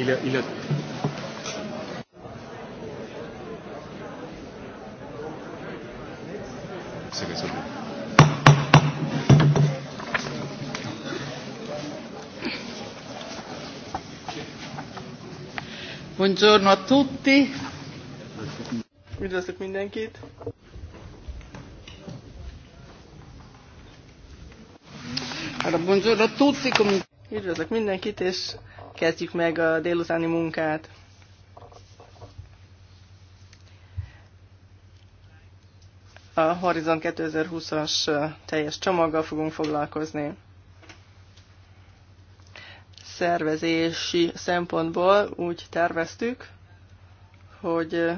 Il lo, y lo, Buongiorno a tutti. Üdvözlök mindenkit. Allora, buongiorno a tutti. Üdvözlök mindenkit, és kezdjük meg a délutáni munkát. A Horizon 2020-as teljes csomaggal fogunk foglalkozni. Szervezési szempontból úgy terveztük, hogy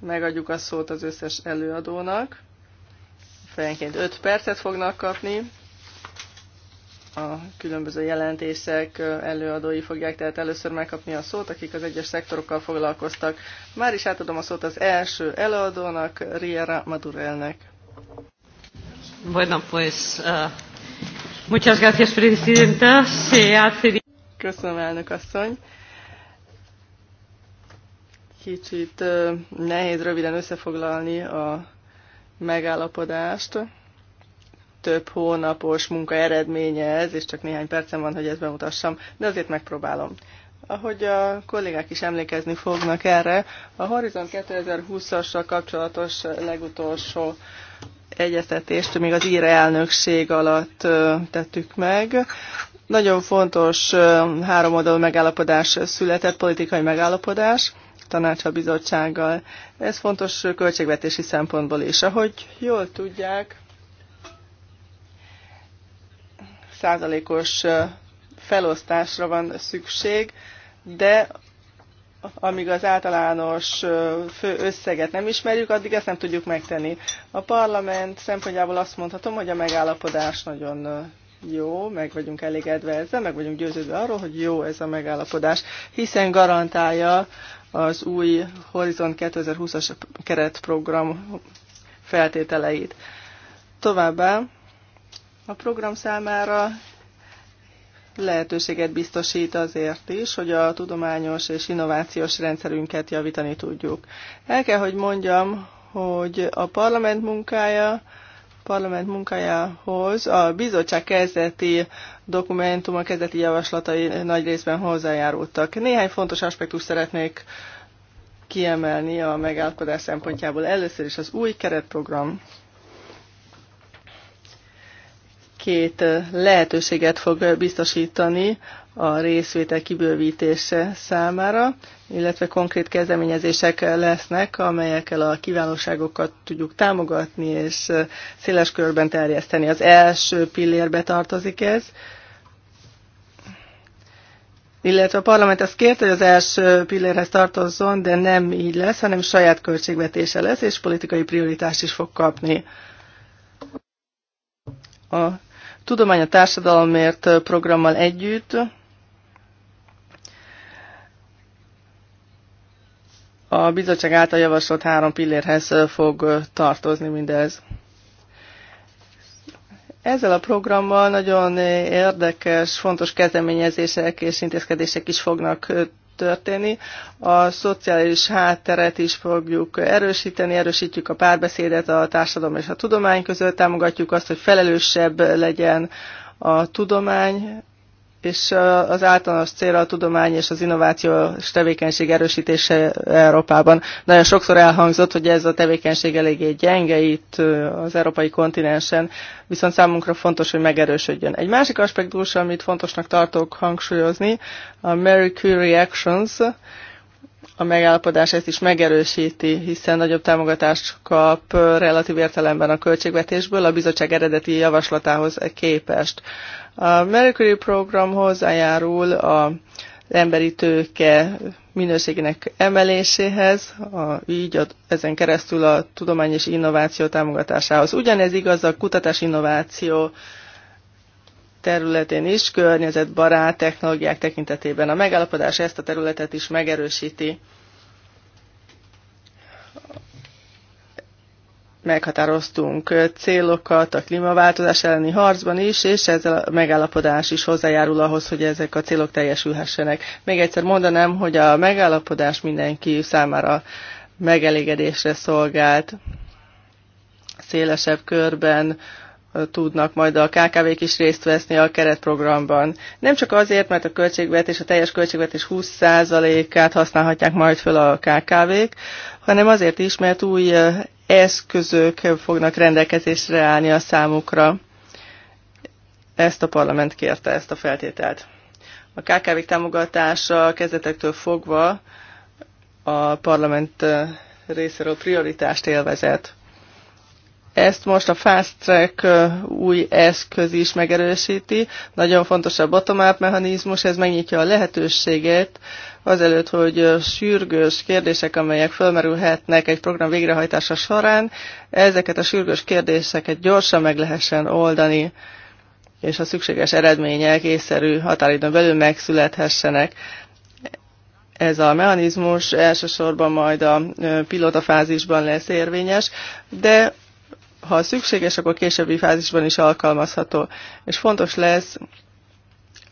megadjuk a szót az összes előadónak. Fejenként 5 percet fognak kapni, a különböző jelentések előadói fogják tehát először megkapni a szót, akik az egyes szektorokkal foglalkoztak. Már is átadom a szót az első előadónak, Riera Madurelnek. Bueno, pues, uh, muchas gracias, presidenta. Köszönöm, elnök asszony. Kicsit uh, nehéz röviden összefoglalni a megállapodást több hónapos munka eredménye ez, és csak néhány percem van, hogy ezt bemutassam, de azért megpróbálom. Ahogy a kollégák is emlékezni fognak erre, a Horizon 2020-assal kapcsolatos legutolsó egyeztetést még az ír elnökség alatt tettük meg. Nagyon fontos három oldalú megállapodás született, politikai megállapodás tanácsa bizottsággal. Ez fontos költségvetési szempontból is. Ahogy jól tudják, százalékos felosztásra van szükség, de amíg az általános fő összeget nem ismerjük, addig ezt nem tudjuk megtenni. A parlament szempontjából azt mondhatom, hogy a megállapodás nagyon jó, meg vagyunk elégedve ezzel, meg vagyunk győződve arról, hogy jó ez a megállapodás, hiszen garantálja az új Horizon 2020-as keretprogram feltételeit. Továbbá a program számára lehetőséget biztosít azért is, hogy a tudományos és innovációs rendszerünket javítani tudjuk. El kell, hogy mondjam, hogy a parlament munkája, parlament munkájához a bizottság kezdeti dokumentuma, kezdeti javaslatai nagy részben hozzájárultak. Néhány fontos aspektus szeretnék kiemelni a megállapodás szempontjából. Először is az új keretprogram két lehetőséget fog biztosítani a részvétel kibővítése számára, illetve konkrét kezdeményezések lesznek, amelyekkel a kiválóságokat tudjuk támogatni és széles körben terjeszteni. Az első pillérbe tartozik ez, illetve a parlament azt kérte, hogy az első pillérhez tartozzon, de nem így lesz, hanem saját költségvetése lesz, és politikai prioritást is fog kapni. A Tudomány a Társadalomért programmal együtt a bizottság által javasolt három pillérhez fog tartozni mindez. Ezzel a programmal nagyon érdekes, fontos kezdeményezések és intézkedések is fognak történni. A szociális hátteret is fogjuk erősíteni, erősítjük a párbeszédet a társadalom és a tudomány között, támogatjuk azt, hogy felelősebb legyen a tudomány, és az általános cél a tudomány és az és tevékenység erősítése Európában. Nagyon sokszor elhangzott, hogy ez a tevékenység eléggé gyenge itt az európai kontinensen, viszont számunkra fontos, hogy megerősödjön. Egy másik aspektus, amit fontosnak tartok hangsúlyozni, a Mary Curie Actions, a megállapodás ezt is megerősíti, hiszen nagyobb támogatást kap relatív értelemben a költségvetésből a bizottság eredeti javaslatához képest. A Mercury program hozzájárul a emberi tőke minőségének emeléséhez, a, így a, ezen keresztül a tudomány és innováció támogatásához. Ugyanez igaz a kutatás innováció területén is környezetbarát technológiák tekintetében. A megállapodás ezt a területet is megerősíti. Meghatároztunk célokat a klímaváltozás elleni harcban is, és ez a megállapodás is hozzájárul ahhoz, hogy ezek a célok teljesülhessenek. Még egyszer mondanám, hogy a megállapodás mindenki számára megelégedésre szolgált szélesebb körben tudnak majd a KKV-k is részt veszni a keretprogramban. Nem csak azért, mert a költségvetés, a teljes költségvetés 20%-át használhatják majd föl a KKV-k, hanem azért is, mert új eszközök fognak rendelkezésre állni a számukra. Ezt a parlament kérte, ezt a feltételt. A kkv támogatása kezdetektől fogva a parlament részéről prioritást élvezett ezt most a Fast Track új eszköz is megerősíti. Nagyon fontos a bottom-up mechanizmus, ez megnyitja a lehetőséget azelőtt, hogy sürgős kérdések, amelyek felmerülhetnek egy program végrehajtása során, ezeket a sürgős kérdéseket gyorsan meg lehessen oldani és a szükséges eredmények észszerű határidőn belül megszülethessenek. Ez a mechanizmus elsősorban majd a pilotafázisban lesz érvényes, de ha szükséges, akkor későbbi fázisban is alkalmazható. És fontos lesz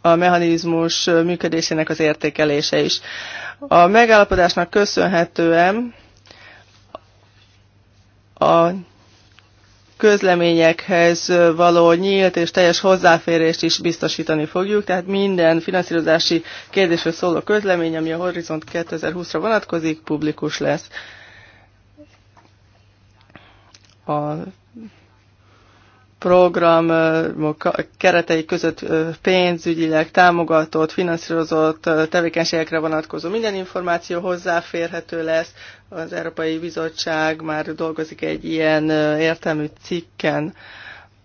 a mechanizmus működésének az értékelése is. A megállapodásnak köszönhetően a közleményekhez való nyílt és teljes hozzáférést is biztosítani fogjuk, tehát minden finanszírozási kérdésről szóló közlemény, ami a Horizont 2020-ra vonatkozik, publikus lesz. A program keretei között pénzügyileg támogatott, finanszírozott tevékenységekre vonatkozó minden információ hozzáférhető lesz. Az Európai Bizottság már dolgozik egy ilyen értelmű cikken.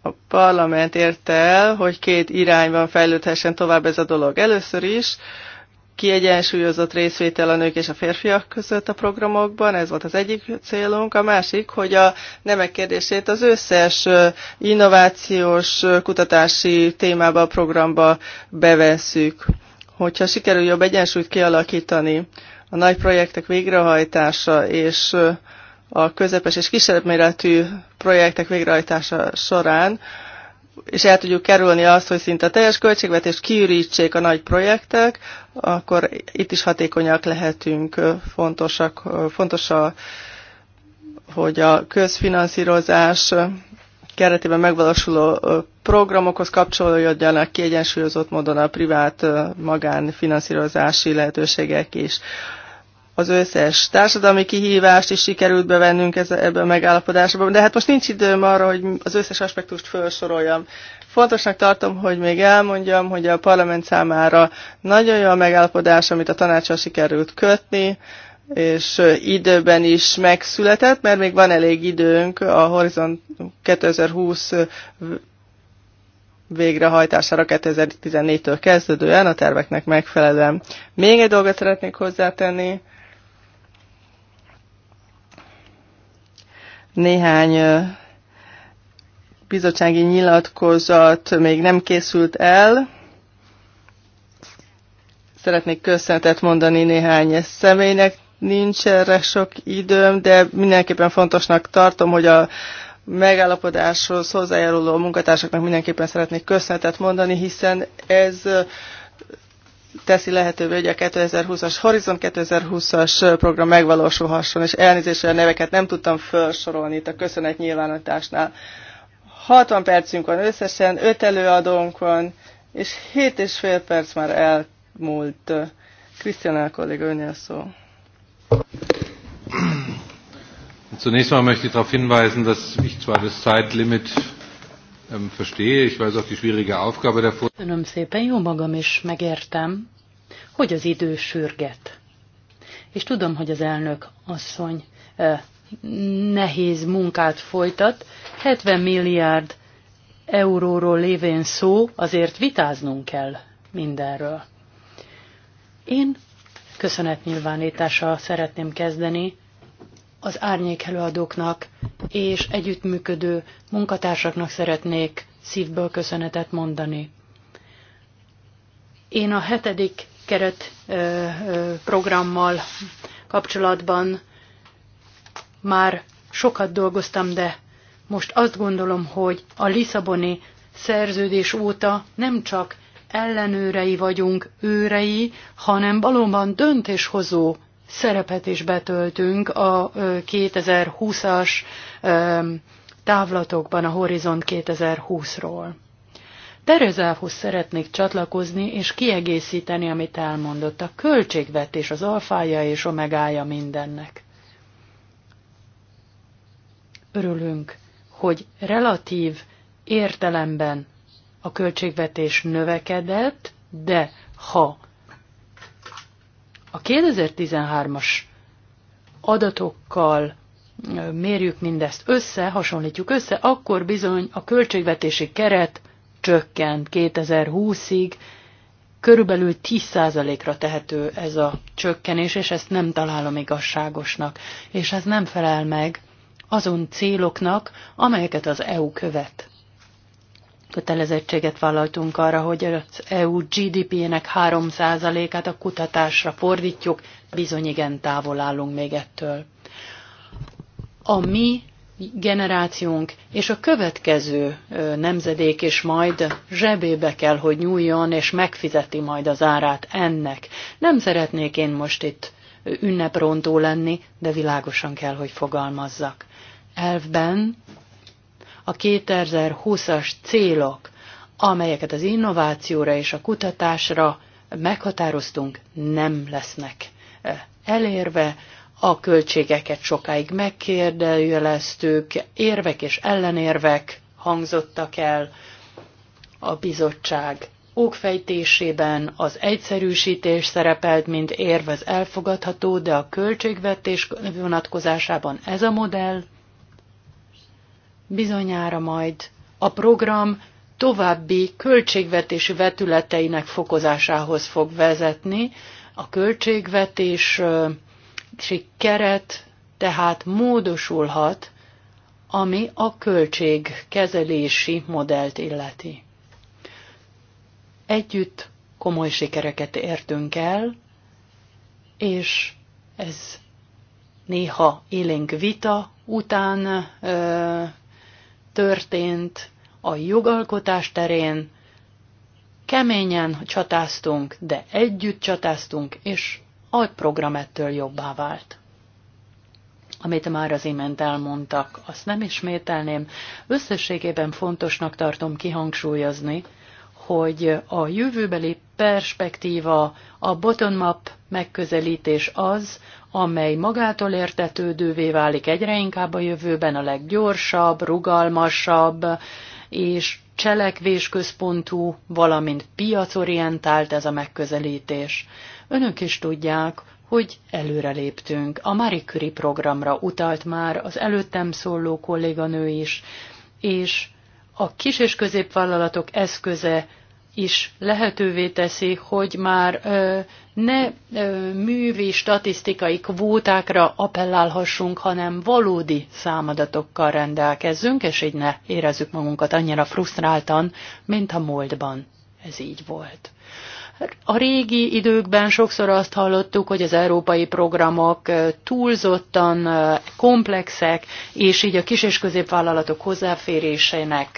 A parlament érte el, hogy két irányban fejlődhessen tovább ez a dolog. Először is kiegyensúlyozott részvétel a nők és a férfiak között a programokban, ez volt az egyik célunk. A másik, hogy a nemek kérdését az összes innovációs kutatási témába, a programba bevesszük, hogyha sikerül jobb egyensúlyt kialakítani a nagy projektek végrehajtása és a közepes és kisebb méretű projektek végrehajtása során, és el tudjuk kerülni azt, hogy szinte a teljes költségvetést kiürítsék a nagy projektek, akkor itt is hatékonyak lehetünk. Fontosak, fontos, a, hogy a közfinanszírozás keretében megvalósuló programokhoz kapcsolódjanak kiegyensúlyozott módon a privát magánfinanszírozási lehetőségek is az összes társadalmi kihívást is sikerült bevennünk ebbe a megállapodásba, de hát most nincs időm arra, hogy az összes aspektust felsoroljam. Fontosnak tartom, hogy még elmondjam, hogy a parlament számára nagyon jó a megállapodás, amit a tanácssal sikerült kötni, és időben is megszületett, mert még van elég időnk a Horizon 2020 végrehajtására 2014-től kezdődően a terveknek megfelelően. Még egy dolgot szeretnék hozzátenni, Néhány bizottsági nyilatkozat még nem készült el. Szeretnék köszönetet mondani néhány személynek, nincs erre sok időm, de mindenképpen fontosnak tartom, hogy a megállapodáshoz hozzájáruló munkatársaknak mindenképpen szeretnék köszönetet mondani, hiszen ez teszi lehetővé, hogy a 2020-as Horizon 2020-as program megvalósulhasson, és elnézésre a neveket nem tudtam felsorolni itt a köszönet nyilvánításnál. 60 percünk van összesen, 5 előadónk van, és 7 és fél perc már elmúlt. Krisztián kolléga, önnél szó. Zunächst mal möchte ich darauf hinweisen, dass ich zwar das Zeitlimit ähm, verstehe, ich weiß auch die schwierige Aufgabe der Köszönöm szépen, jó magam is megértem hogy az idő sürget. És tudom, hogy az elnök asszony nehéz munkát folytat, 70 milliárd euróról lévén szó, azért vitáznunk kell mindenről. Én köszönetnyilvánítással szeretném kezdeni az árnyékelőadóknak és együttműködő munkatársaknak szeretnék szívből köszönetet mondani. Én a hetedik keret programmal kapcsolatban már sokat dolgoztam, de most azt gondolom, hogy a Lisszaboni szerződés óta nem csak ellenőrei vagyunk, őrei, hanem valóban döntéshozó szerepet is betöltünk a 2020-as távlatokban a Horizont 2020-ról. Terezához szeretnék csatlakozni és kiegészíteni, amit elmondott. A költségvetés az alfája és omegája mindennek. Örülünk, hogy relatív értelemben a költségvetés növekedett, de ha a 2013-as adatokkal mérjük mindezt össze, hasonlítjuk össze, akkor bizony a költségvetési keret csökkent 2020-ig, körülbelül 10%-ra tehető ez a csökkenés, és ezt nem találom igazságosnak, és ez nem felel meg azon céloknak, amelyeket az EU követ. Kötelezettséget vállaltunk arra, hogy az EU GDP-nek 3%-át a kutatásra fordítjuk, bizony igen távol állunk még ettől. A mi generációnk és a következő nemzedék is majd zsebébe kell, hogy nyúljon, és megfizeti majd az árát ennek. Nem szeretnék én most itt ünneprontó lenni, de világosan kell, hogy fogalmazzak. Elvben a 2020-as célok, amelyeket az innovációra és a kutatásra meghatároztunk, nem lesznek elérve, a költségeket sokáig megkérdőjeleztük, érvek és ellenérvek hangzottak el a bizottság okfejtésében az egyszerűsítés szerepelt, mint érv az elfogadható, de a költségvetés vonatkozásában ez a modell bizonyára majd a program további költségvetési vetületeinek fokozásához fog vezetni, a költségvetés keret tehát módosulhat, ami a költségkezelési modellt illeti. Együtt komoly sikereket értünk el, és ez néha élénk vita után ö, történt a jogalkotás terén. Keményen csatáztunk, de együtt csatáztunk, és agyprogram ettől jobbá vált. Amit már az imént elmondtak, azt nem ismételném. Összességében fontosnak tartom kihangsúlyozni, hogy a jövőbeli perspektíva, a bottom-up megközelítés az, amely magától értetődővé válik egyre inkább a jövőben a leggyorsabb, rugalmasabb és cselekvésközpontú, valamint piacorientált ez a megközelítés. Önök is tudják, hogy előre léptünk. A Marie Curie programra utalt már az előttem szóló kolléganő is, és a kis és középvállalatok eszköze is lehetővé teszi, hogy már ne művi statisztikai kvótákra appellálhassunk, hanem valódi számadatokkal rendelkezzünk, és így ne érezzük magunkat annyira frusztráltan, mint a múltban ez így volt. A régi időkben sokszor azt hallottuk, hogy az európai programok túlzottan komplexek, és így a kis- és középvállalatok hozzáférésének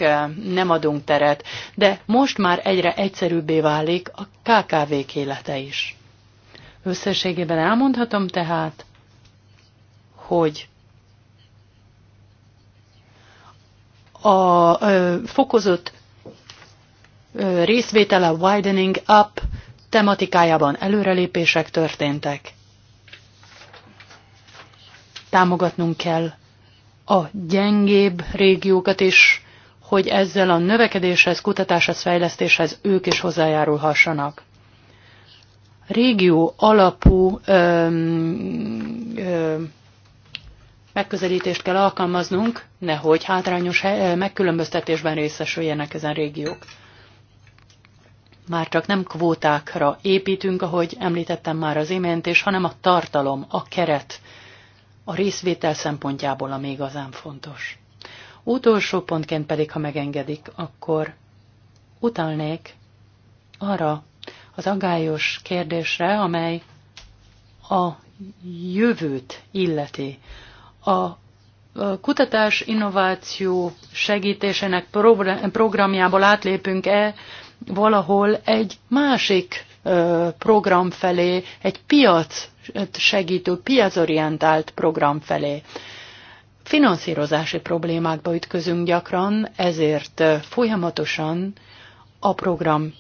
nem adunk teret, de most már egyre egyszerűbbé válik a KKV-k élete is. Összességében elmondhatom tehát, hogy a fokozott részvétele Widening Up tematikájában előrelépések történtek. Támogatnunk kell a gyengébb régiókat is, hogy ezzel a növekedéshez, kutatáshoz, fejlesztéshez ők is hozzájárulhassanak. Régió alapú öm, ö, megközelítést kell alkalmaznunk, nehogy hátrányos megkülönböztetésben részesüljenek ezen régiók már csak nem kvótákra építünk, ahogy említettem már az imént, és hanem a tartalom, a keret, a részvétel szempontjából, ami igazán fontos. Utolsó pontként pedig, ha megengedik, akkor utalnék arra az agályos kérdésre, amely a jövőt illeti. A kutatás innováció segítésének programjából átlépünk-e valahol egy másik program felé, egy piac segítő, piacorientált program felé. Finanszírozási problémákba ütközünk gyakran, ezért folyamatosan a program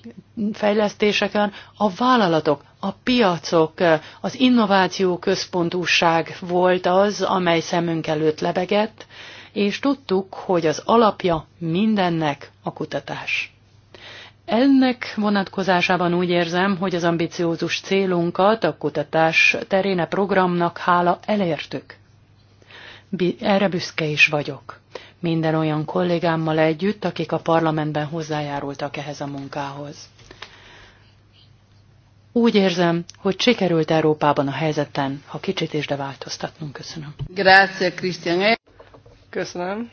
fejlesztéseken a vállalatok, a piacok, az innováció központúság volt az, amely szemünk előtt lebegett, és tudtuk, hogy az alapja mindennek a kutatás. Ennek vonatkozásában úgy érzem, hogy az ambiciózus célunkat a kutatás teréne programnak hála elértük. Erre büszke is vagyok. Minden olyan kollégámmal együtt, akik a parlamentben hozzájárultak ehhez a munkához. Úgy érzem, hogy sikerült Európában a helyzeten, ha kicsit is de változtatnunk. Köszönöm. Grazie, Krisztián. Köszönöm.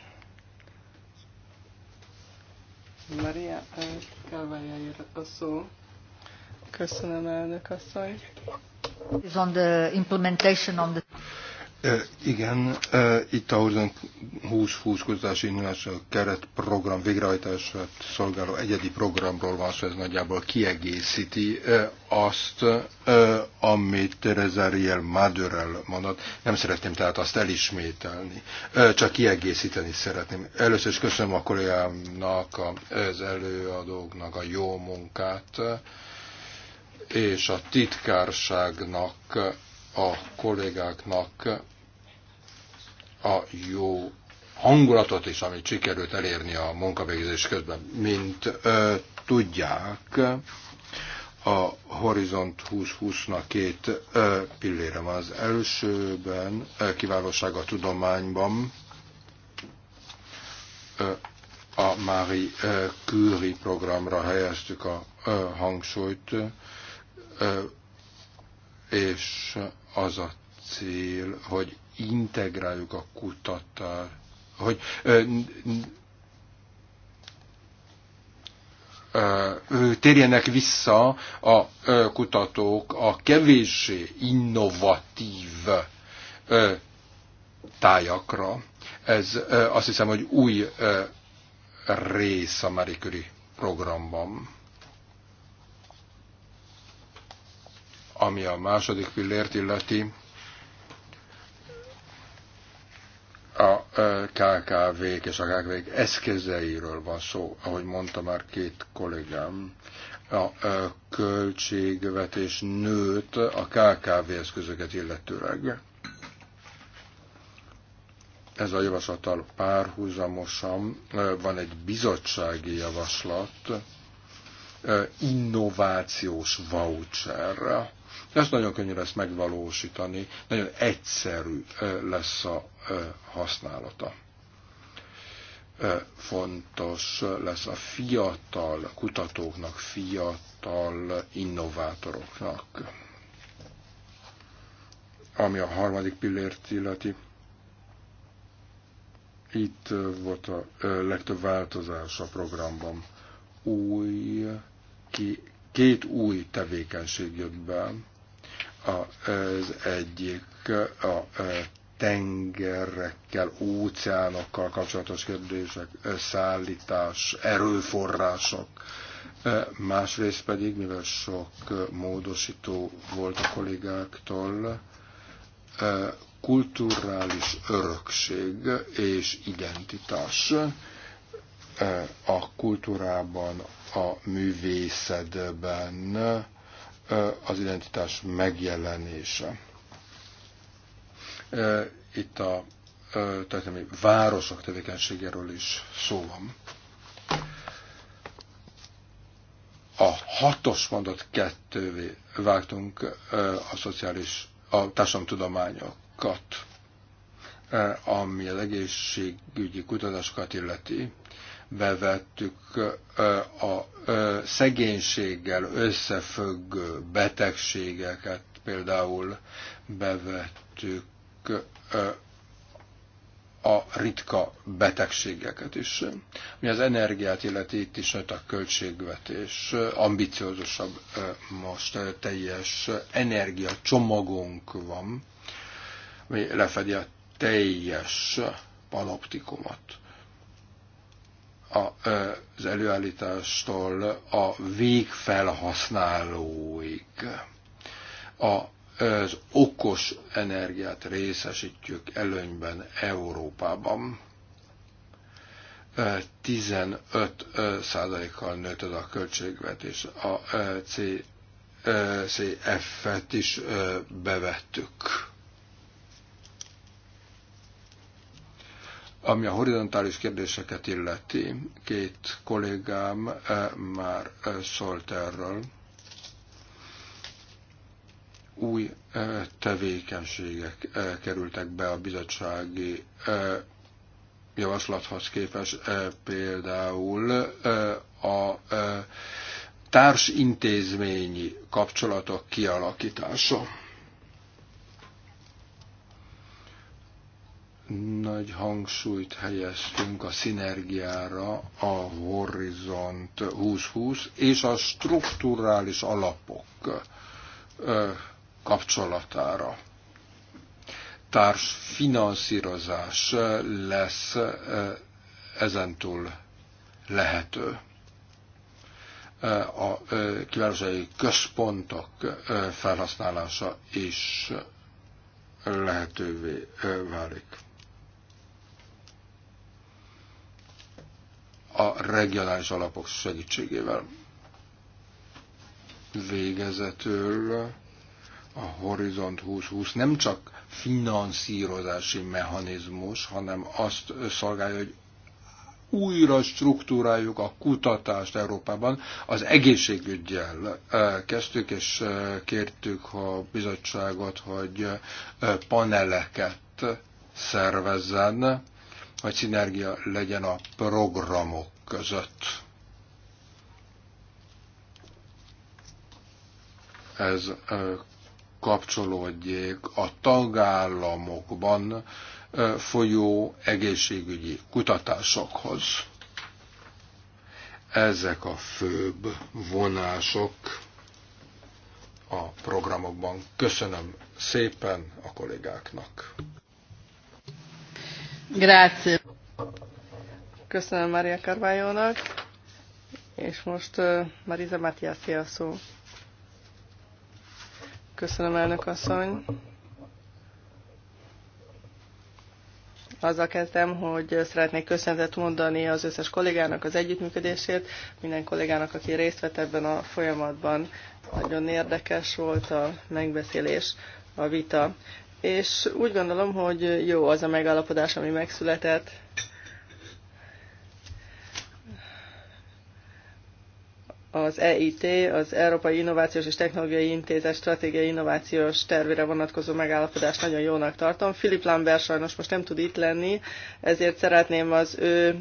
Maria eh, Calvajáért a szó. Köszönöm, elnök asszony. On the implementation on the... Igen, itt a Horizon 2020 kutatási indulása keret program végrehajtását szolgáló egyedi programról van szó, ez nagyjából kiegészíti azt, amit Teresa Riel Madurel mondott. Nem szeretném tehát azt elismételni, csak kiegészíteni szeretném. Először is köszönöm a kollégámnak, az előadóknak a jó munkát, és a titkárságnak, a kollégáknak, a jó hangulatot is, amit sikerült elérni a munkavégzés közben. Mint ö, tudják, a Horizont 2020-nak két ö, pillére van. Az elsőben ö, kiválóság a tudományban, ö, a Mári Curie programra helyeztük a ö, hangsúlyt, ö, és az a cél, hogy integráljuk a kutatást, hogy ö, ö, ö, térjenek vissza a ö, kutatók a kevéssé innovatív ö, tájakra. Ez ö, azt hiszem, hogy új ö, rész a Marie Curie programban. Ami a második pillért illeti, a KKV-k és a KKV-k eszközeiről van szó, ahogy mondta már két kollégám. A költségvetés nőtt a KKV eszközöket illetőleg. Ez a javaslattal párhuzamosan van egy bizottsági javaslat, innovációs voucherre ezt nagyon könnyű lesz megvalósítani, nagyon egyszerű lesz a használata fontos lesz a fiatal kutatóknak, fiatal innovátoroknak. Ami a harmadik pillért illeti, itt volt a legtöbb változás a programban. Új, két új tevékenység jött be, az egyik a tengerekkel, óceánokkal kapcsolatos kérdések, szállítás, erőforrások. Másrészt pedig, mivel sok módosító volt a kollégáktól, kulturális örökség és identitás a kultúrában, a művészetben, az identitás megjelenése. Itt a történelmi városok tevékenységéről is szó van. A hatos mondat kettővé vágtunk a szociális, a társadalomtudományokat, ami az egészségügyi kutatásokat illeti bevettük a szegénységgel összefüggő betegségeket, például bevettük a ritka betegségeket is. Ami az energiát illeti, itt is nagy a költségvetés, ambiciózusabb most teljes energiacsomagunk van, ami lefedi a teljes panoptikumot az előállítástól a végfelhasználóig. az okos energiát részesítjük előnyben Európában. 15%-kal nőtt a költségvetés. A cff et is bevettük. Ami a horizontális kérdéseket illeti, két kollégám eh, már eh, szólt erről. Új eh, tevékenységek kerültek be a bizottsági javaslathoz képest, például a társintézményi kapcsolatok kialakítása nagy hangsúlyt helyeztünk a szinergiára, a Horizont 2020 és a strukturális alapok kapcsolatára. Társ finanszírozás lesz ezentúl lehető. A kiválósági központok felhasználása is lehetővé válik a regionális alapok segítségével. Végezetül a Horizont 2020 nem csak finanszírozási mechanizmus, hanem azt szolgálja, hogy újra struktúráljuk a kutatást Európában. Az egészségügyjel eh, kezdtük, és eh, kértük a bizottságot, hogy eh, paneleket szervezzen hogy szinergia legyen a programok között. Ez kapcsolódjék a tagállamokban folyó egészségügyi kutatásokhoz. Ezek a főbb vonások a programokban. Köszönöm szépen a kollégáknak. Grazie. Köszönöm Maria Carvájónak, és most Mariza Matias a szó. Köszönöm, elnök asszony. Azzal kezdtem, hogy szeretnék köszönetet mondani az összes kollégának az együttműködését, minden kollégának, aki részt vett ebben a folyamatban. Nagyon érdekes volt a megbeszélés, a vita és úgy gondolom, hogy jó az a megállapodás, ami megszületett. Az EIT, az Európai Innovációs és Technológiai Intézet stratégiai innovációs tervére vonatkozó megállapodást nagyon jónak tartom. Filip Lambert sajnos most nem tud itt lenni, ezért szeretném az ő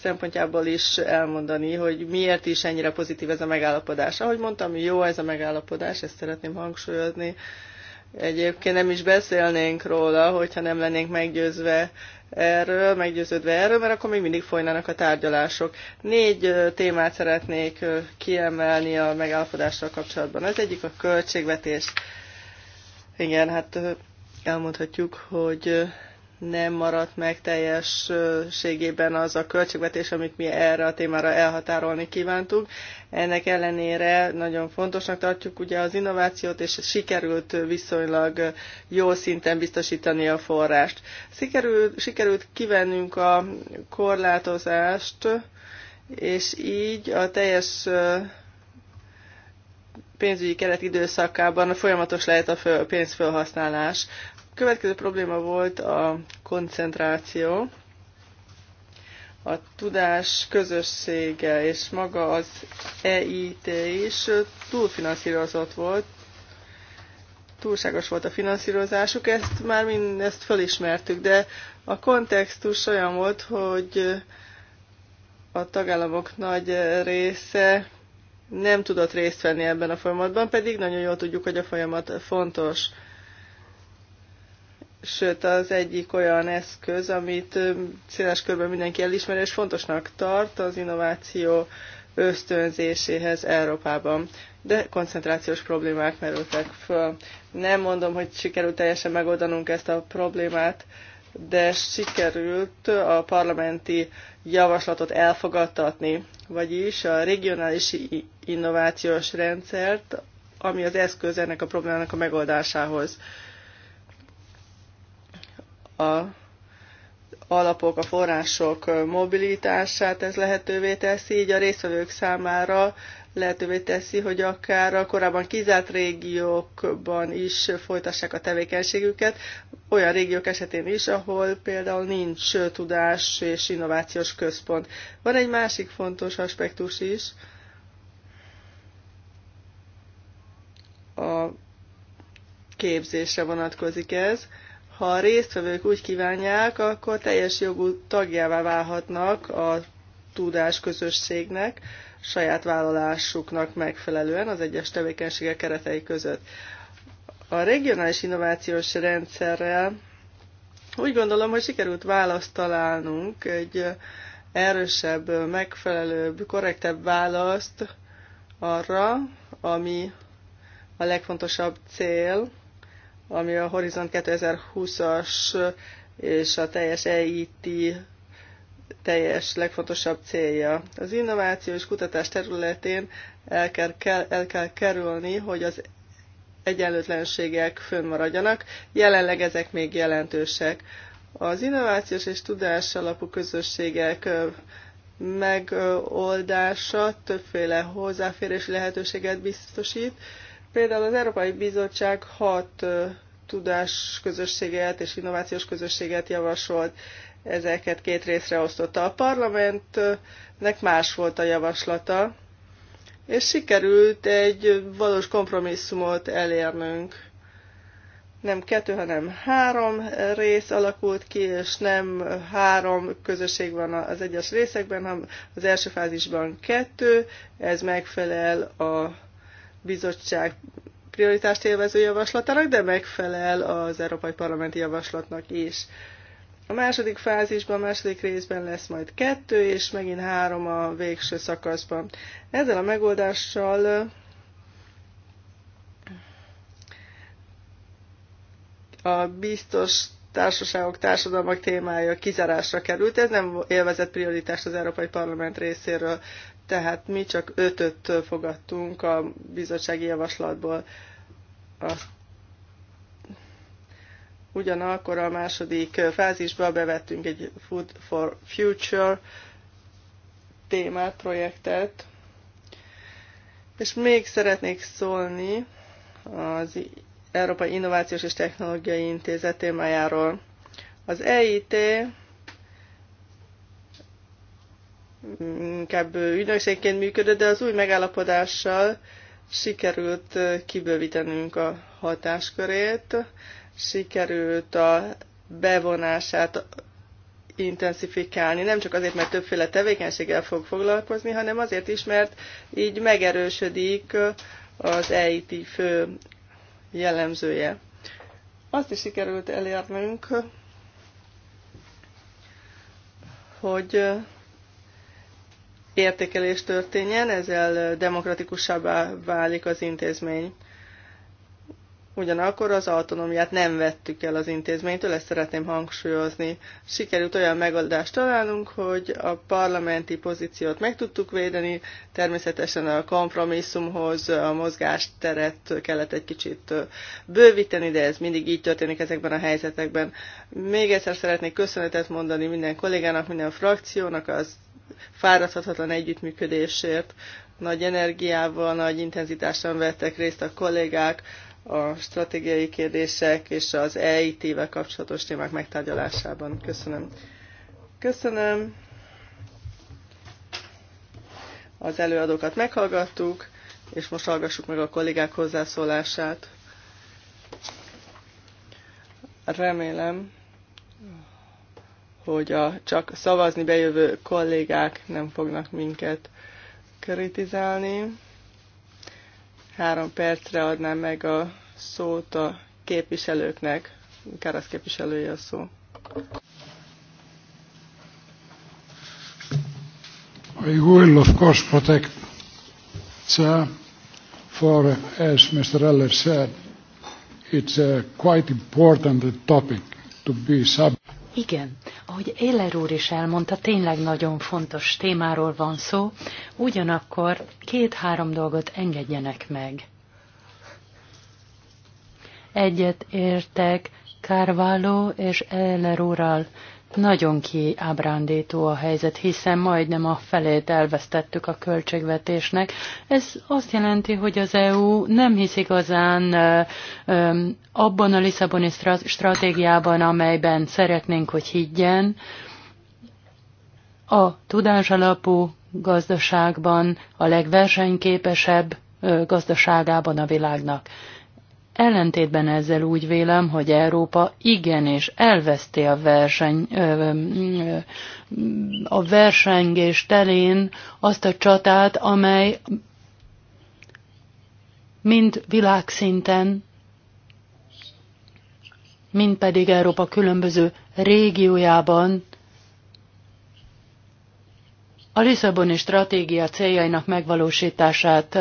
szempontjából is elmondani, hogy miért is ennyire pozitív ez a megállapodás. Ahogy mondtam, jó ez a megállapodás, ezt szeretném hangsúlyozni. Egyébként nem is beszélnénk róla, hogyha nem lennénk meggyőzve erről, meggyőződve erről, mert akkor még mindig folynának a tárgyalások. Négy témát szeretnék kiemelni a megállapodással kapcsolatban. Az egyik a költségvetés. Igen, hát elmondhatjuk, hogy nem maradt meg teljességében az a költségvetés, amit mi erre a témára elhatárolni kívántuk. Ennek ellenére nagyon fontosnak tartjuk ugye az innovációt, és sikerült viszonylag jó szinten biztosítani a forrást. Sikerült, sikerült kivennünk a korlátozást, és így a teljes pénzügyi keret időszakában folyamatos lehet a pénz felhasználás. Következő probléma volt a koncentráció, a tudás közössége és maga az EIT is túlfinanszírozott volt, túlságos volt a finanszírozásuk, ezt már mindezt felismertük, de a kontextus olyan volt, hogy a tagállamok nagy része nem tudott részt venni ebben a folyamatban, pedig nagyon jól tudjuk, hogy a folyamat fontos sőt az egyik olyan eszköz, amit széles körben mindenki elismer, és fontosnak tart az innováció ösztönzéséhez Európában. De koncentrációs problémák merültek föl. Nem mondom, hogy sikerült teljesen megoldanunk ezt a problémát, de sikerült a parlamenti javaslatot elfogadtatni, vagyis a regionális innovációs rendszert, ami az eszköz ennek a problémának a megoldásához a alapok, a források mobilitását ez lehetővé teszi, így a résztvevők számára lehetővé teszi, hogy akár a korábban kizárt régiókban is folytassák a tevékenységüket, olyan régiók esetén is, ahol például nincs tudás és innovációs központ. Van egy másik fontos aspektus is, a képzésre vonatkozik ez ha a résztvevők úgy kívánják, akkor teljes jogú tagjává válhatnak a tudásközösségnek, saját vállalásuknak megfelelően az egyes tevékenységek keretei között. A regionális innovációs rendszerrel úgy gondolom, hogy sikerült választ találnunk egy erősebb, megfelelőbb, korrektebb választ arra, ami a legfontosabb cél, ami a Horizon 2020-as és a teljes EIT teljes legfontosabb célja. Az innováció és kutatás területén el kell, kell, el kell kerülni, hogy az egyenlőtlenségek fönnmaradjanak. Jelenleg ezek még jelentősek. Az innovációs és tudás alapú közösségek megoldása többféle hozzáférési lehetőséget biztosít, Például az Európai Bizottság hat tudásközösséget és innovációs közösséget javasolt, ezeket két részre osztotta. A parlamentnek más volt a javaslata, és sikerült egy valós kompromisszumot elérnünk. Nem kettő, hanem három rész alakult ki, és nem három közösség van az egyes részekben, hanem az első fázisban kettő, ez megfelel a bizottság prioritást élvező javaslatának, de megfelel az Európai Parlamenti Javaslatnak is. A második fázisban, a második részben lesz majd kettő, és megint három a végső szakaszban. Ezzel a megoldással a biztos társaságok, társadalmak témája kizárásra került. Ez nem élvezett prioritást az Európai Parlament részéről tehát mi csak ötöt fogadtunk a bizottsági javaslatból. A... ugyanakkor a második fázisba bevettünk egy Food for Future témát, projektet, és még szeretnék szólni az Európai Innovációs és Technológiai Intézet témájáról. Az EIT inkább ügynökségként működött, de az új megállapodással sikerült kibővítenünk a hatáskörét, sikerült a bevonását intenzifikálni, nem csak azért, mert többféle tevékenységgel fog foglalkozni, hanem azért is, mert így megerősödik az EIT fő jellemzője. Azt is sikerült elérnünk, hogy értékelés történjen, ezzel demokratikusabbá válik az intézmény. Ugyanakkor az autonómiát nem vettük el az intézménytől, ezt szeretném hangsúlyozni. Sikerült olyan megoldást találnunk, hogy a parlamenti pozíciót meg tudtuk védeni, természetesen a kompromisszumhoz a mozgásteret kellett egy kicsit bővíteni, de ez mindig így történik ezekben a helyzetekben. Még egyszer szeretnék köszönetet mondani minden kollégának, minden frakciónak az fáradhatatlan együttműködésért. Nagy energiával, nagy intenzitással vettek részt a kollégák, a stratégiai kérdések és az EIT-vel kapcsolatos témák megtárgyalásában. Köszönöm. Köszönöm. Az előadókat meghallgattuk, és most hallgassuk meg a kollégák hozzászólását. Remélem, hogy a csak szavazni bejövő kollégák nem fognak minket kritizálni. Három percre adnám meg a szót a képviselőknek. Kárasz képviselője a szó. A will of course protect for as Mr. Eller said, it's a quite important topic to be sub. Igen, ahogy Éler úr is elmondta, tényleg nagyon fontos témáról van szó, ugyanakkor két-három dolgot engedjenek meg. Egyet értek Kárváló és Éler úrral nagyon kiábrándító a helyzet, hiszen majdnem a felét elvesztettük a költségvetésnek. Ez azt jelenti, hogy az EU nem hisz igazán abban a Lisszaboni stratégiában, amelyben szeretnénk, hogy higgyen. A alapú gazdaságban a legversenyképesebb gazdaságában a világnak. Ellentétben ezzel úgy vélem, hogy Európa igenis elveszti a verseny, a versengés terén azt a csatát, amely mind világszinten, mind pedig Európa különböző régiójában a Lisszaboni stratégia céljainak megvalósítását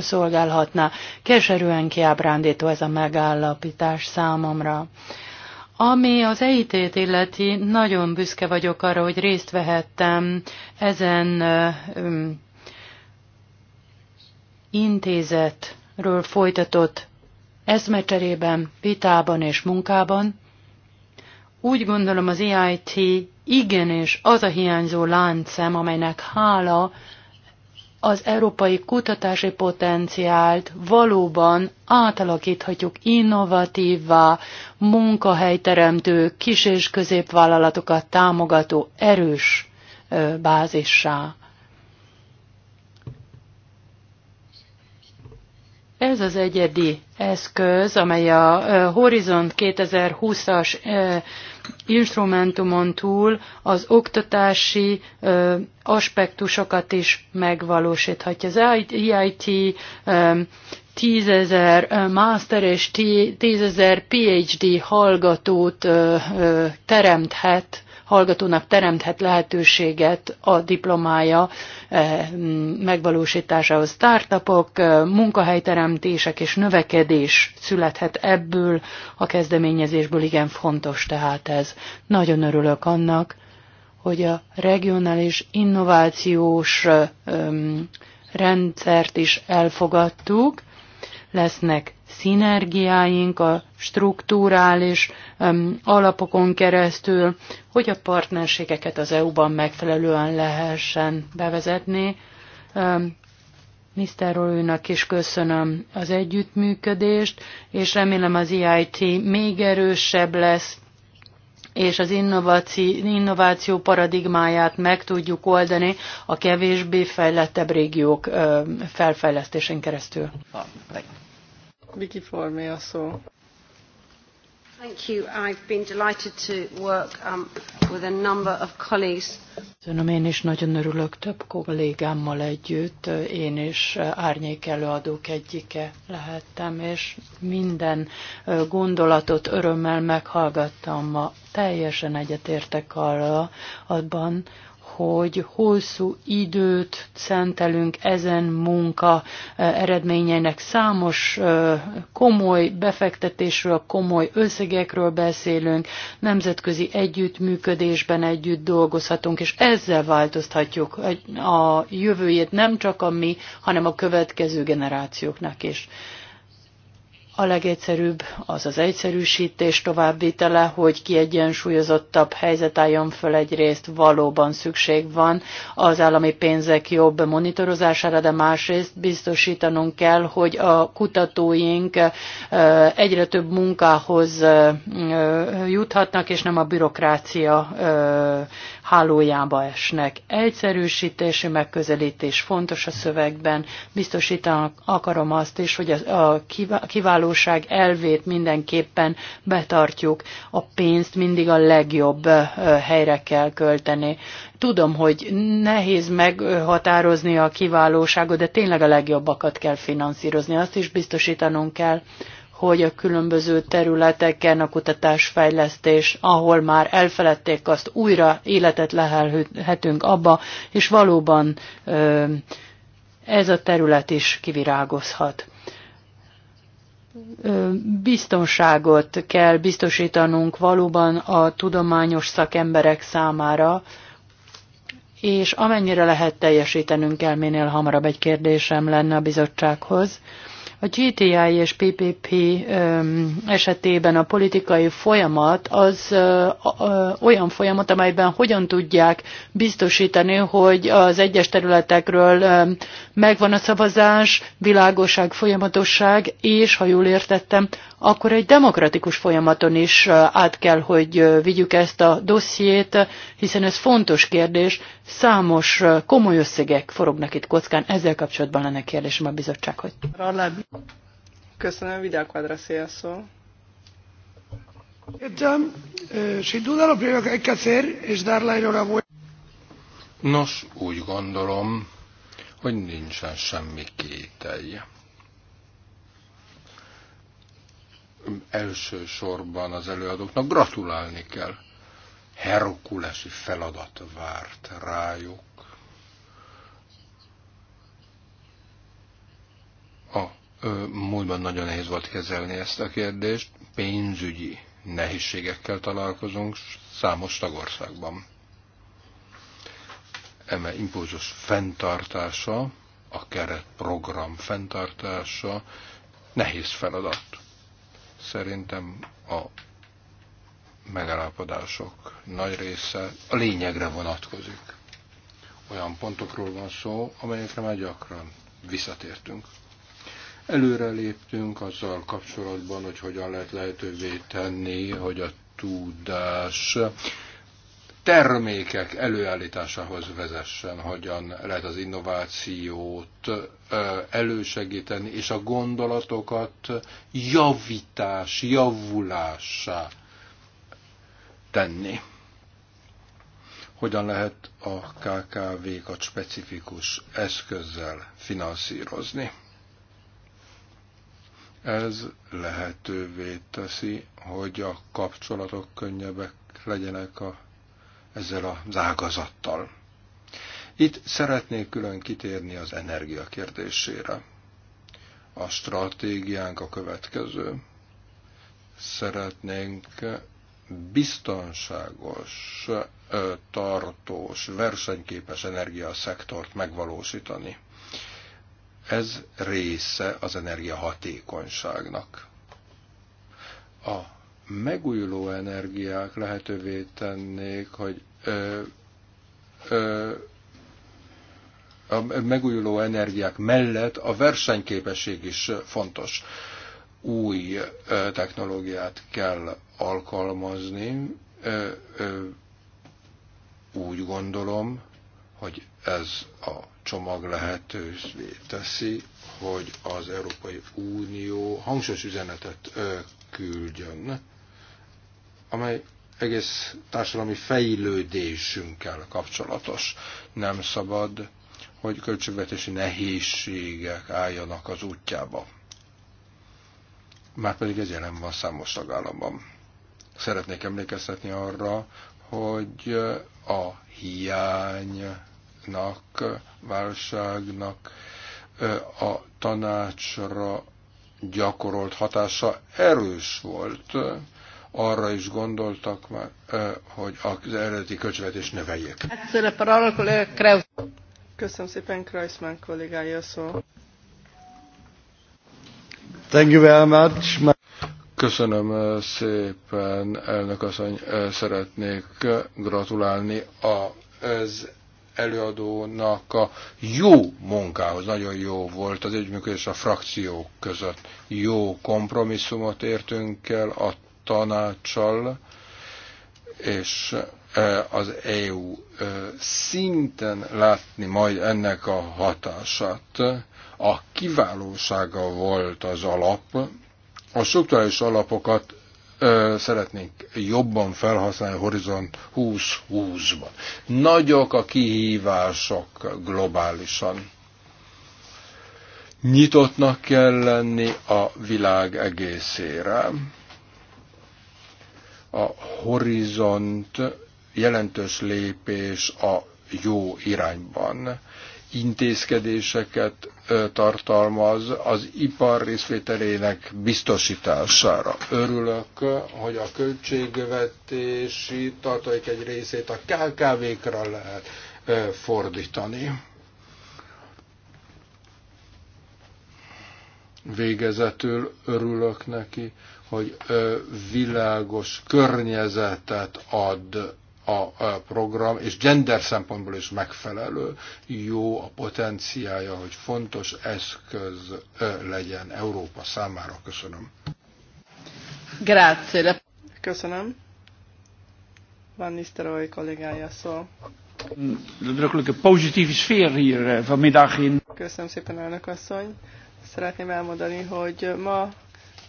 szolgálhatná. Keserűen kiábrándító ez a megállapítás számomra. Ami az EIT-t illeti, nagyon büszke vagyok arra, hogy részt vehettem ezen intézetről folytatott eszmecserében, vitában és munkában, úgy gondolom az EIT igenis az a hiányzó láncem, amelynek hála az európai kutatási potenciált valóban átalakíthatjuk innovatívvá, munkahelyteremtő, kis- és középvállalatokat támogató erős bázissá. Ez az egyedi eszköz, amely a Horizont 2020-as instrumentumon túl az oktatási ö, aspektusokat is megvalósíthatja. Az EIT ö, tízezer master és tízezer PhD hallgatót ö, ö, teremthet hallgatónak teremthet lehetőséget a diplomája eh, megvalósításához. Startupok, eh, munkahelyteremtések és növekedés születhet ebből a kezdeményezésből, igen fontos tehát ez. Nagyon örülök annak, hogy a regionális innovációs eh, rendszert is elfogadtuk, lesznek szinergiáink a struktúrális um, alapokon keresztül, hogy a partnerségeket az EU-ban megfelelően lehessen bevezetni. Um, Mr. Rolőnak is köszönöm az együttműködést, és remélem az EIT még erősebb lesz, és az innováció paradigmáját meg tudjuk oldani a kevésbé fejlettebb régiók felfejlesztésén keresztül. Ah, Vicky a szó. Thank you. I've been delighted to work um, with a number of colleagues. Köszönöm, én is nagyon örülök több kollégámmal együtt. Én is árnyék előadók egyike lehettem, és minden gondolatot örömmel meghallgattam ma. Teljesen egyetértek arra abban, hogy hosszú időt szentelünk ezen munka eh, eredményeinek. Számos eh, komoly befektetésről, komoly összegekről beszélünk, nemzetközi együttműködésben együtt dolgozhatunk, és ezzel változtatjuk a jövőjét nem csak a mi, hanem a következő generációknak is. A legegyszerűbb az az egyszerűsítés továbbvitele, hogy kiegyensúlyozottabb helyzet álljon föl egyrészt, valóban szükség van az állami pénzek jobb monitorozására, de másrészt biztosítanunk kell, hogy a kutatóink egyre több munkához juthatnak, és nem a bürokrácia hálójába esnek. Egyszerűsítési megközelítés fontos a szövegben, biztosítanak akarom azt is, hogy a kiválóság elvét mindenképpen betartjuk, a pénzt mindig a legjobb helyre kell költeni. Tudom, hogy nehéz meghatározni a kiválóságot, de tényleg a legjobbakat kell finanszírozni. Azt is biztosítanunk kell, hogy a különböző területeken a kutatásfejlesztés, ahol már elfeledték azt, újra életet lehelhetünk abba, és valóban ez a terület is kivirágozhat biztonságot kell biztosítanunk valóban a tudományos szakemberek számára, és amennyire lehet teljesítenünk kell, minél hamarabb egy kérdésem lenne a bizottsághoz. A GTI és PPP esetében a politikai folyamat az olyan folyamat, amelyben hogyan tudják biztosítani, hogy az egyes területekről megvan a szavazás, világosság, folyamatosság, és, ha jól értettem, akkor egy demokratikus folyamaton is át kell, hogy vigyük ezt a dossziét, hiszen ez fontos kérdés, számos komoly összegek forognak itt kockán, ezzel kapcsolatban lenne kérdésem a bizottsághoz. Köszönöm, Vidal Quadra, szó. Nos, úgy gondolom, hogy nincsen semmi kételje elsősorban az előadóknak gratulálni kell. Herokulesi feladat várt rájuk. A múltban nagyon nehéz volt kezelni ezt a kérdést, pénzügyi nehézségekkel találkozunk számos tagországban. Eme impulzus fenntartása, a keretprogram fenntartása nehéz feladat Szerintem a megállapodások nagy része a lényegre vonatkozik. Olyan pontokról van szó, amelyekre már gyakran visszatértünk. Előre léptünk azzal kapcsolatban, hogy hogyan lehet lehetővé tenni, hogy a tudás termékek előállításához vezessen, hogyan lehet az innovációt elősegíteni, és a gondolatokat javítás, javulássá tenni. Hogyan lehet a KKV-kat specifikus eszközzel finanszírozni? Ez lehetővé teszi, hogy a kapcsolatok könnyebbek legyenek a ezzel az ágazattal. Itt szeretnék külön kitérni az energia kérdésére. A stratégiánk a következő. Szeretnénk biztonságos, tartós, versenyképes energiaszektort megvalósítani. Ez része az energiahatékonyságnak. A megújuló energiák lehetővé tennék, hogy ö, ö, a megújuló energiák mellett a versenyképesség is fontos. Új ö, technológiát kell alkalmazni. Ö, ö, úgy gondolom, hogy ez a csomag lehetővé teszi, hogy az Európai Unió hangsúlyos üzenetet küldjön amely egész társadalmi fejlődésünkkel kapcsolatos. Nem szabad, hogy költségvetési nehézségek álljanak az útjába. Márpedig ez jelen van számos tagállamban. Szeretnék emlékeztetni arra, hogy a hiánynak, válságnak a tanácsra gyakorolt hatása erős volt arra is gondoltak hogy az eredeti költségvetés növeljék. Köszönöm szépen, Kreisman kollégája szó. Thank you very much. Köszönöm szépen, elnök asszony, szeretnék gratulálni az előadónak a jó munkához. Nagyon jó volt az együttműködés a frakciók között. Jó kompromisszumot értünk el a tanácsal és e, az EU e, szinten látni majd ennek a hatását. A kiválósága volt az alap. A struktúrális alapokat e, szeretnénk jobban felhasználni Horizont 2020-ban. Nagyok a kihívások globálisan. Nyitottnak kell lenni a világ egészére a horizont jelentős lépés a jó irányban. Intézkedéseket tartalmaz az ipar részvételének biztosítására. Örülök, hogy a költségvetési tartalék egy részét a KKV-kra lehet fordítani. Végezetül örülök neki, hogy világos környezetet ad a program, és gender szempontból is megfelelő, jó a potenciája, hogy fontos eszköz legyen Európa számára. Köszönöm. Grazie. Köszönöm. Van Nisztelrooy kollégája szó. Drukkelijke positieve sfeer hier eh, vanmiddag in. Köszönöm szépen, elnök asszony. Szeretném elmondani, hogy ma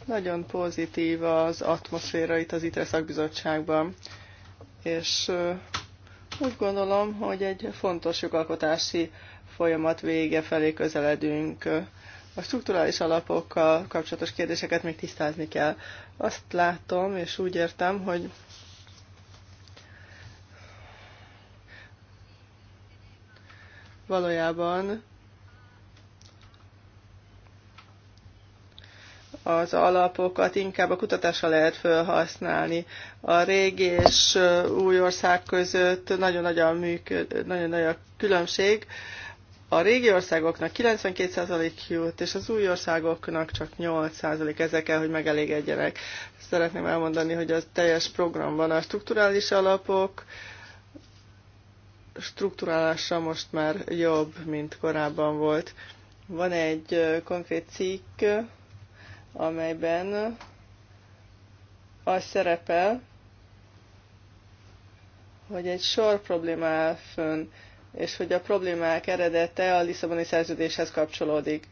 nagyon pozitív az atmoszféra itt az ITRE szakbizottságban, és úgy gondolom, hogy egy fontos jogalkotási folyamat vége felé közeledünk. A strukturális alapokkal kapcsolatos kérdéseket még tisztázni kell. Azt látom, és úgy értem, hogy valójában az alapokat inkább a kutatásra lehet felhasználni. A régi és új ország között nagyon nagy a, működ, nagyon nagy a különbség. A régi országoknak 92% jut, és az új országoknak csak 8% ezekkel, hogy megelégedjenek. Szeretném elmondani, hogy az teljes programban a strukturális alapok strukturálása most már jobb, mint korábban volt. Van egy konkrét cikk, amelyben az szerepel, hogy egy sor probléma áll fönn, és hogy a problémák eredete a Lisszaboni szerződéshez kapcsolódik.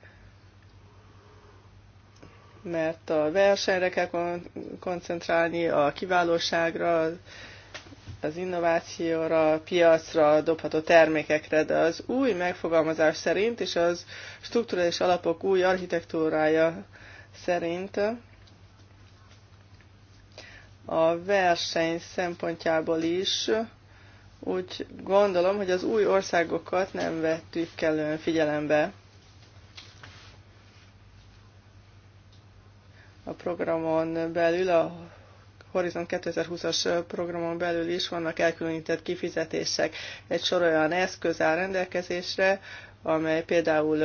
Mert a versenyre kell kon- koncentrálni, a kiválóságra, az innovációra, a piacra dobható termékekre, de az új megfogalmazás szerint és az strukturális alapok új architektúrája szerint a verseny szempontjából is úgy gondolom, hogy az új országokat nem vettük kellően figyelembe. A programon belül, a Horizon 2020-as programon belül is vannak elkülönített kifizetések. Egy sor olyan eszköz áll rendelkezésre, amely például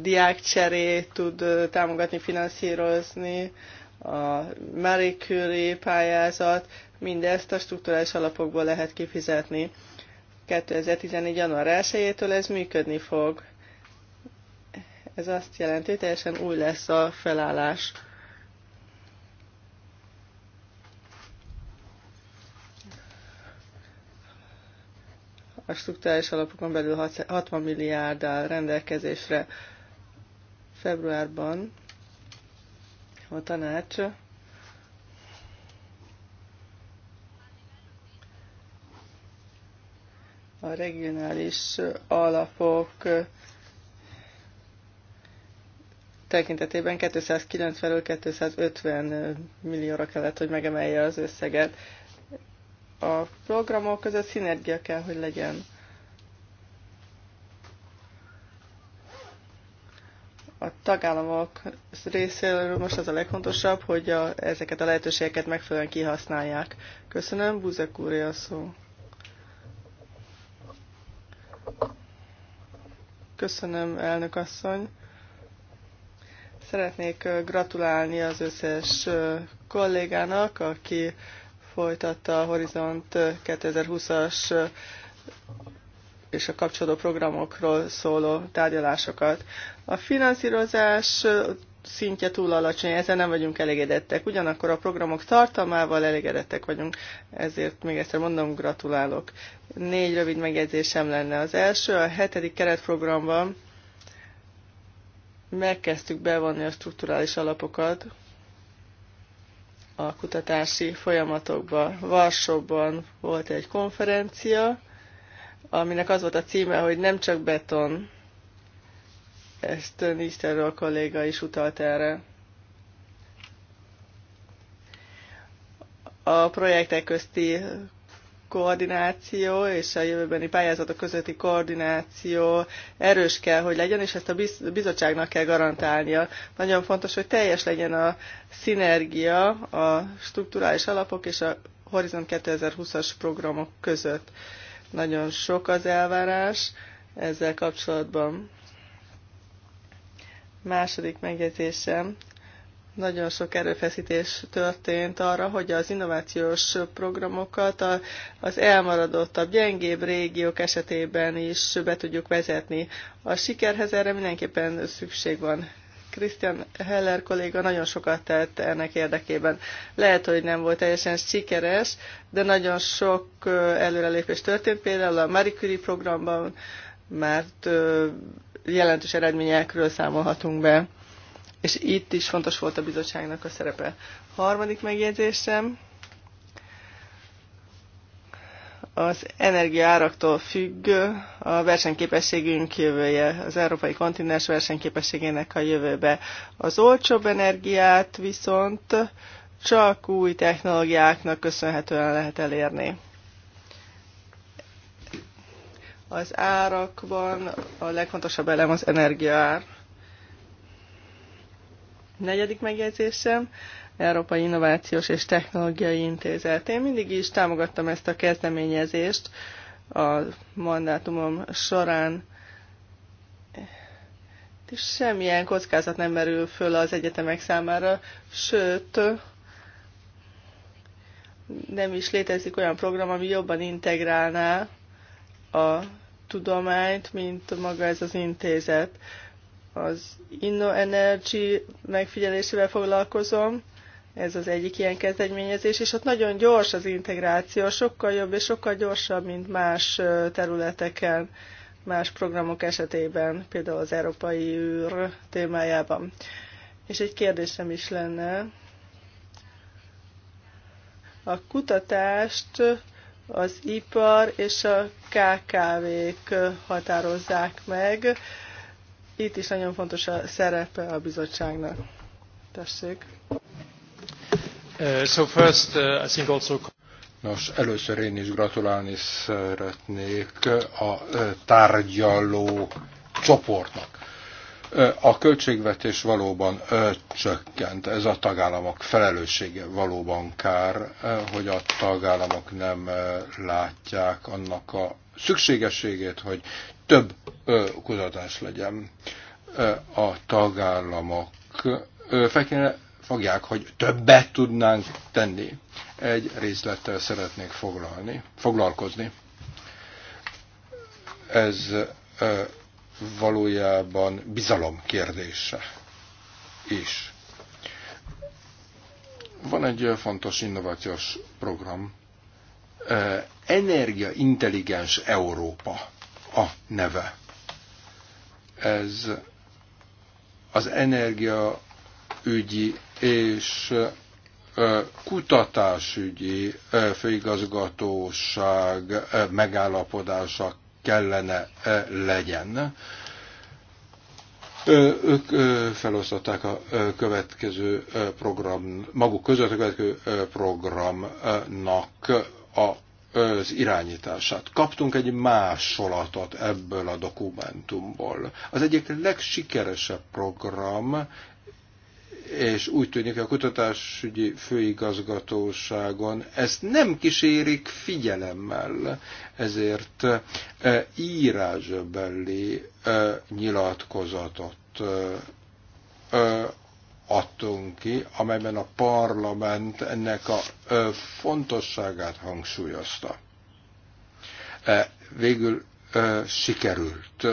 diákcseré tud támogatni, finanszírozni, a Marie Curie pályázat, mindezt a struktúrális alapokból lehet kifizetni. 2014. január 1-től ez működni fog. Ez azt jelenti, hogy teljesen új lesz a felállás. a struktúrális alapokon belül 60 milliárd áll rendelkezésre februárban a tanács a regionális alapok tekintetében 290-250 millióra kellett, hogy megemelje az összeget a programok között szinergia kell, hogy legyen. A tagállamok részéről most az a legfontosabb, hogy a, ezeket a lehetőségeket megfelelően kihasználják. Köszönöm, Buzek úr, a szó. Köszönöm, elnök asszony. Szeretnék gratulálni az összes kollégának, aki folytatta a Horizont 2020-as és a kapcsolódó programokról szóló tárgyalásokat. A finanszírozás szintje túl alacsony, ezzel nem vagyunk elégedettek. Ugyanakkor a programok tartalmával elégedettek vagyunk, ezért még egyszer mondom, gratulálok. Négy rövid megjegyzésem lenne. Az első, a hetedik keretprogramban megkezdtük bevonni a strukturális alapokat, a kutatási folyamatokba. Varsóban volt egy konferencia, aminek az volt a címe, hogy nem csak beton. Ezt Nisztelről kolléga is utalt erre. A projektek közti koordináció és a jövőbeni pályázatok közötti koordináció erős kell, hogy legyen, és ezt a bizottságnak kell garantálnia. Nagyon fontos, hogy teljes legyen a szinergia a strukturális alapok és a Horizon 2020-as programok között. Nagyon sok az elvárás ezzel kapcsolatban. Második megjegyzésem nagyon sok erőfeszítés történt arra, hogy az innovációs programokat az elmaradottabb, gyengébb régiók esetében is be tudjuk vezetni. A sikerhez erre mindenképpen szükség van. Christian Heller kolléga nagyon sokat tett ennek érdekében. Lehet, hogy nem volt teljesen sikeres, de nagyon sok előrelépés történt, például a Marie Curie programban, mert jelentős eredményekről számolhatunk be és itt is fontos volt a bizottságnak a szerepe. Harmadik megjegyzésem, az energiaáraktól függ a versenyképességünk jövője, az európai kontinens versenyképességének a jövőbe. Az olcsóbb energiát viszont csak új technológiáknak köszönhetően lehet elérni. Az árakban a legfontosabb elem az energiaár. Negyedik megjegyzésem, Európai Innovációs és Technológiai Intézet. Én mindig is támogattam ezt a kezdeményezést a mandátumom során, és semmilyen kockázat nem merül föl az egyetemek számára, sőt, nem is létezik olyan program, ami jobban integrálná a tudományt, mint maga ez az intézet az Energy megfigyelésével foglalkozom, ez az egyik ilyen kezdeményezés, és ott nagyon gyors az integráció, sokkal jobb és sokkal gyorsabb, mint más területeken, más programok esetében, például az európai űr témájában. És egy kérdésem is lenne. A kutatást az ipar és a KKV-k határozzák meg, itt is nagyon fontos a szerepe a bizottságnak. Tessék. Uh, so first, uh, I think also... Nos, először én is gratulálni szeretnék a uh, tárgyaló csoportnak. Uh, a költségvetés valóban uh, csökkent, ez a tagállamok felelőssége valóban kár, hogy a tagállamok nem látják annak a szükségességét, hogy több kutatás legyen a tagállamok. Fel fogják, hogy többet tudnánk tenni. Egy részlettel szeretnék foglalni, foglalkozni. Ez valójában bizalom kérdése is. Van egy fontos innovációs program, Energiaintelligens Európa a neve. Ez az energiaügyi és kutatásügyi főigazgatóság megállapodása kellene legyen. Ők felosztották a következő program, maguk között a következő programnak a, az irányítását. Kaptunk egy másolatot ebből a dokumentumból. Az egyik legsikeresebb program, és úgy tűnik, a kutatásügyi főigazgatóságon ezt nem kísérik figyelemmel, ezért e, írásbeli e, nyilatkozatot e, adtunk ki, amelyben a parlament ennek a fontosságát hangsúlyozta. E, végül sikerült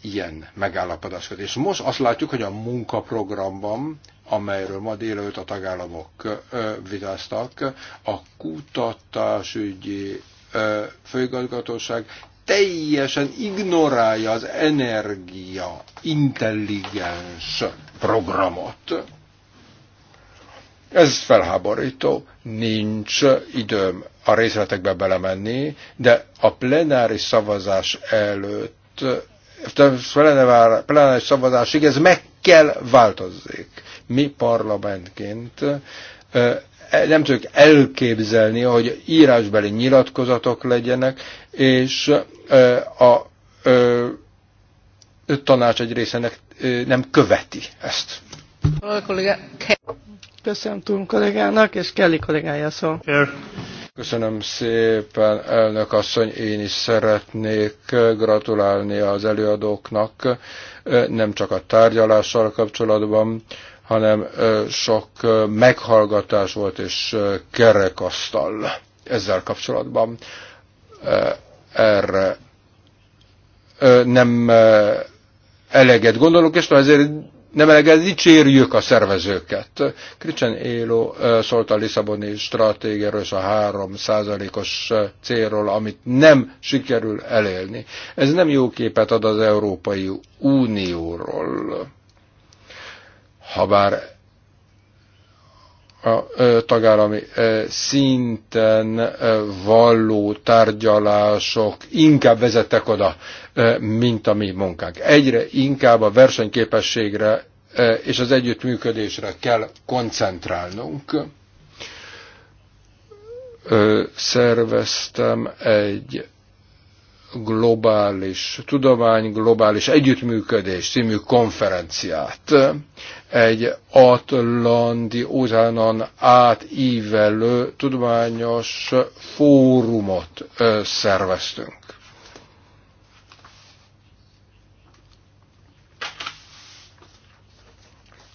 ilyen megállapodásokat. És most azt látjuk, hogy a munkaprogramban, amelyről ma délelőtt a tagállamok vitáztak, a kutatásügyi főigazgatóság teljesen ignorálja az energia intelligens programot. Ez felháborító, nincs időm a részletekbe belemenni, de a plenáris szavazás előtt, a plenáris szavazásig ez meg kell változzék. Mi parlamentként e, nem tudjuk elképzelni, hogy írásbeli nyilatkozatok legyenek, és a tanács egy részének nem követi ezt. Köszönöm túl kollégának, és Kelly kollégája szó. Köszönöm szépen, elnök asszony, én is szeretnék gratulálni az előadóknak, nem csak a tárgyalással kapcsolatban, hanem sok meghallgatás volt és kerekasztal ezzel kapcsolatban erre nem eleget gondolok, és azért nem eleget dicsérjük a szervezőket. Kricsen Éló szólt a Lisszaboni stratégiáról és a 3%-os célról, amit nem sikerül elérni. Ez nem jó képet ad az Európai Unióról. Habár a tagállami szinten való tárgyalások inkább vezettek oda, mint a mi munkánk. Egyre inkább a versenyképességre és az együttműködésre kell koncentrálnunk. Szerveztem egy globális tudomány, globális együttműködés című konferenciát. Egy Atlanti utánon átívelő tudományos fórumot szerveztünk.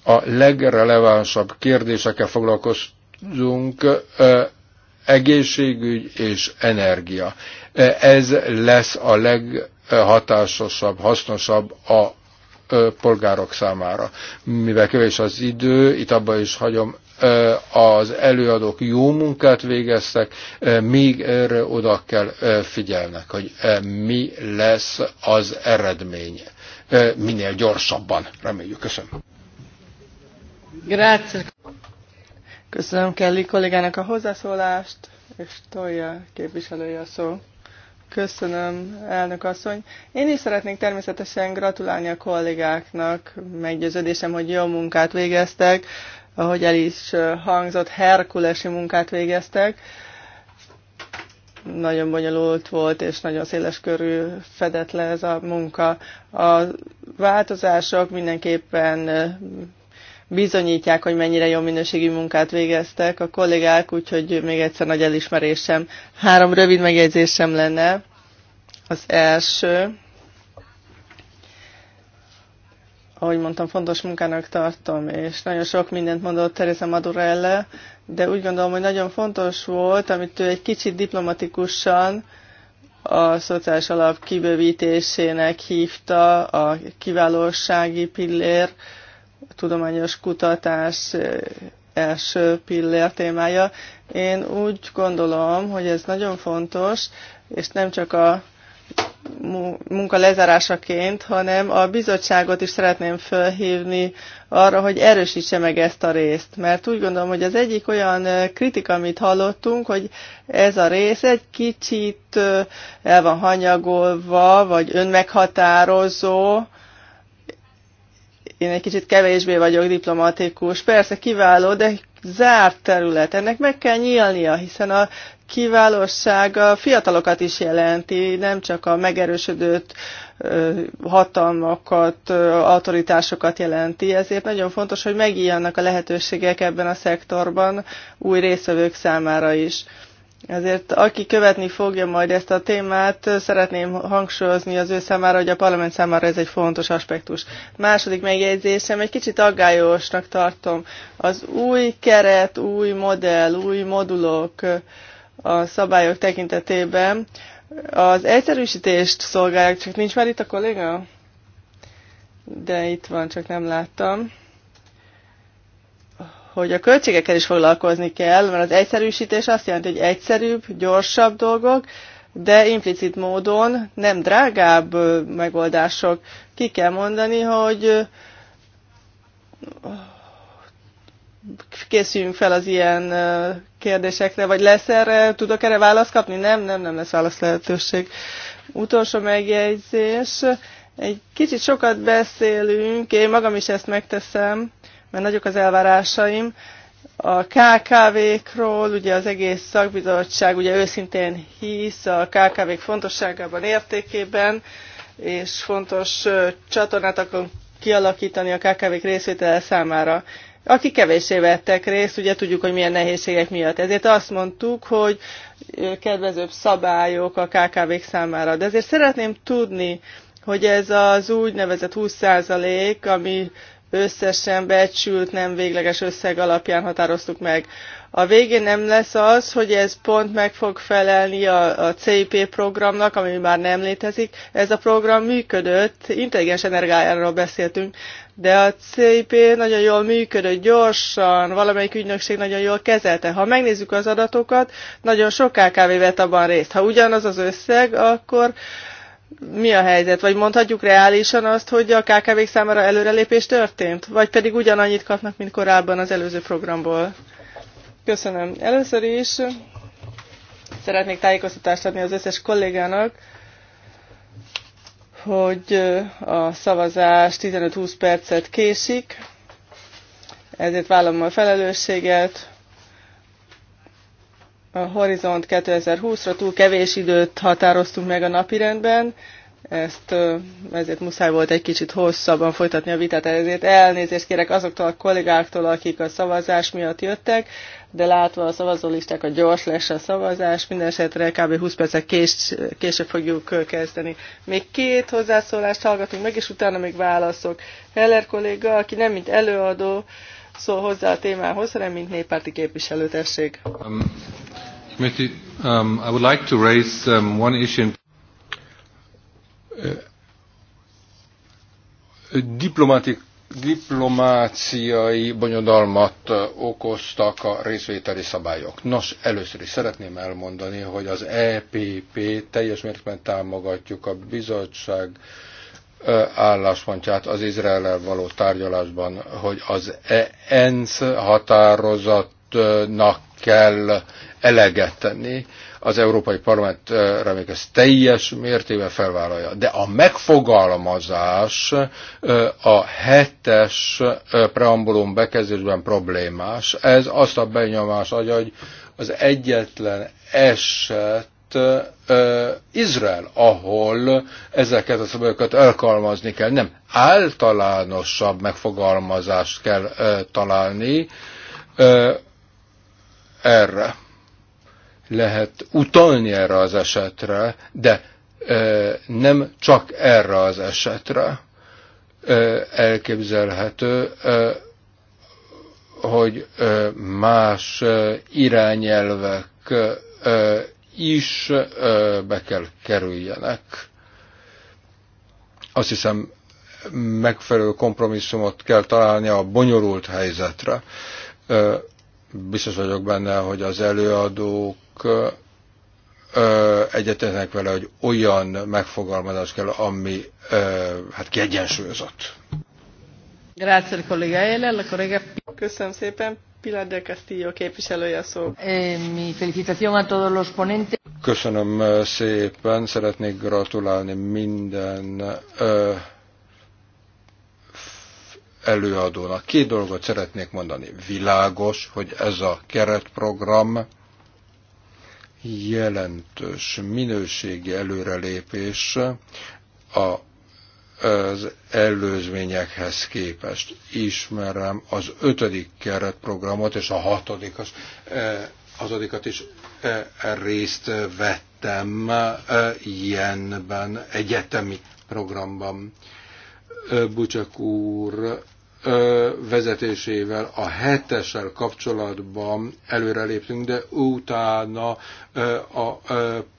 A legrelevánsabb kérdésekkel foglalkoztunk egészségügy és energia. E, ez lesz a leghatásosabb, hasznosabb a e, polgárok számára. Mivel kevés az idő, itt abban is hagyom, e, az előadók jó munkát végeztek, még erre oda kell figyelnek, hogy mi lesz az eredmény. Minél gyorsabban, reméljük. Köszönöm. Grazie. Köszönöm Kelly kollégának a hozzászólást, és tolja képviselője a szó. Köszönöm, elnök asszony. Én is szeretnék természetesen gratulálni a kollégáknak. Meggyőződésem, hogy jó munkát végeztek, ahogy el is hangzott, herkulesi munkát végeztek. Nagyon bonyolult volt, és nagyon széles körű fedett le ez a munka. A változások mindenképpen bizonyítják, hogy mennyire jó minőségű munkát végeztek a kollégák, úgyhogy még egyszer nagy elismerésem. Három rövid megjegyzésem lenne. Az első, ahogy mondtam, fontos munkának tartom, és nagyon sok mindent mondott Teresa Madurelle, de úgy gondolom, hogy nagyon fontos volt, amit ő egy kicsit diplomatikusan a szociális alap kibővítésének hívta a kiválósági pillér tudományos kutatás első pillér témája. Én úgy gondolom, hogy ez nagyon fontos, és nem csak a munka lezárásaként, hanem a bizottságot is szeretném felhívni arra, hogy erősítse meg ezt a részt. Mert úgy gondolom, hogy az egyik olyan kritika, amit hallottunk, hogy ez a rész egy kicsit el van hanyagolva, vagy önmeghatározó, én egy kicsit kevésbé vagyok diplomatikus. Persze kiváló, de zárt terület. Ennek meg kell nyílnia, hiszen a kiválóság a fiatalokat is jelenti, nem csak a megerősödött hatalmakat, autoritásokat jelenti. Ezért nagyon fontos, hogy megíjannak a lehetőségek ebben a szektorban új részvevők számára is. Ezért aki követni fogja majd ezt a témát, szeretném hangsúlyozni az ő számára, hogy a parlament számára ez egy fontos aspektus. Második megjegyzésem, egy kicsit aggályosnak tartom. Az új keret, új modell, új modulok a szabályok tekintetében az egyszerűsítést szolgálják, csak nincs már itt a kolléga? De itt van, csak nem láttam hogy a költségekkel is foglalkozni kell, mert az egyszerűsítés azt jelenti, hogy egyszerűbb, gyorsabb dolgok, de implicit módon nem drágább megoldások. Ki kell mondani, hogy készüljünk fel az ilyen kérdésekre, vagy lesz erre, tudok erre választ kapni? Nem, nem, nem lesz válasz lehetőség. Utolsó megjegyzés. Egy kicsit sokat beszélünk, én magam is ezt megteszem, mert nagyok az elvárásaim. A KKV-król ugye az egész szakbizottság ugye őszintén hisz a KKV-k fontosságában, értékében, és fontos csatornát akarunk kialakítani a KKV-k részvétele számára. Akik kevésé vettek részt, ugye tudjuk, hogy milyen nehézségek miatt. Ezért azt mondtuk, hogy kedvezőbb szabályok a KKV-k számára. De ezért szeretném tudni, hogy ez az úgynevezett 20 ami összesen becsült, nem végleges összeg alapján határoztuk meg. A végén nem lesz az, hogy ez pont meg fog felelni a, a CIP programnak, ami már nem létezik. Ez a program működött, intelligens energiáról beszéltünk, de a CIP nagyon jól működött, gyorsan, valamelyik ügynökség nagyon jól kezelte. Ha megnézzük az adatokat, nagyon sok KKV vett abban részt. Ha ugyanaz az összeg, akkor uh, mi a helyzet? Vagy mondhatjuk reálisan azt, hogy a KKV-k számára előrelépés történt? Vagy pedig ugyanannyit kapnak, mint korábban az előző programból? Köszönöm. Először is szeretnék tájékoztatást adni az összes kollégának, hogy a szavazás 15-20 percet késik, ezért vállalom a felelősséget, a Horizont 2020-ra túl kevés időt határoztunk meg a napirendben, ezt, ezért muszáj volt egy kicsit hosszabban folytatni a vitát, ezért elnézést kérek azoktól a kollégáktól, akik a szavazás miatt jöttek, de látva a szavazólisták, a gyors lesz a szavazás, minden esetre kb. 20 percet kés, később fogjuk kezdeni. Még két hozzászólást hallgatunk meg, és utána még válaszok. Heller kolléga, aki nem mint előadó, szól hozzá a témához, hanem mint néppárti képviselő, tessék. Um, Um, I would like to raise um, one issue. diplomáciai bonyodalmat uh, okoztak a részvételi szabályok. Nos, először is szeretném elmondani, hogy az EPP teljes mértékben támogatjuk a bizottság uh, álláspontját az izrael való tárgyalásban, hogy az ENSZ határozatnak kell eleget tenni. Az Európai Parlament remélem ez teljes mértében felvállalja. De a megfogalmazás a hetes preambulum bekezdésben problémás. Ez azt a benyomás adja, hogy az egyetlen eset Izrael, ahol ezeket a szabályokat alkalmazni kell. Nem, általánosabb megfogalmazást kell találni erre lehet utalni erre az esetre, de nem csak erre az esetre elképzelhető, hogy más irányelvek is be kell kerüljenek. Azt hiszem, megfelelő kompromisszumot kell találni a bonyolult helyzetre. Biztos vagyok benne, hogy az előadók egyetetnek vele, hogy olyan megfogalmazás kell, ami hát kiegyensúlyozott. Grazie, kollega Eller, la Köszönöm szépen, Pilar del Castillo képviselője a szó. Eh, mi felicitación a todos los ponentes. Köszönöm szépen, szeretnék gratulálni minden ö, előadónak. Két dolgot szeretnék mondani. Világos, hogy ez a keretprogram jelentős minőségi előrelépés a az előzményekhez képest ismerem az ötödik keretprogramot és a az, e, hatodikat is e, részt vettem e, ilyenben egyetemi programban. Bucsak úr vezetésével a hetessel kapcsolatban előreléptünk, de utána a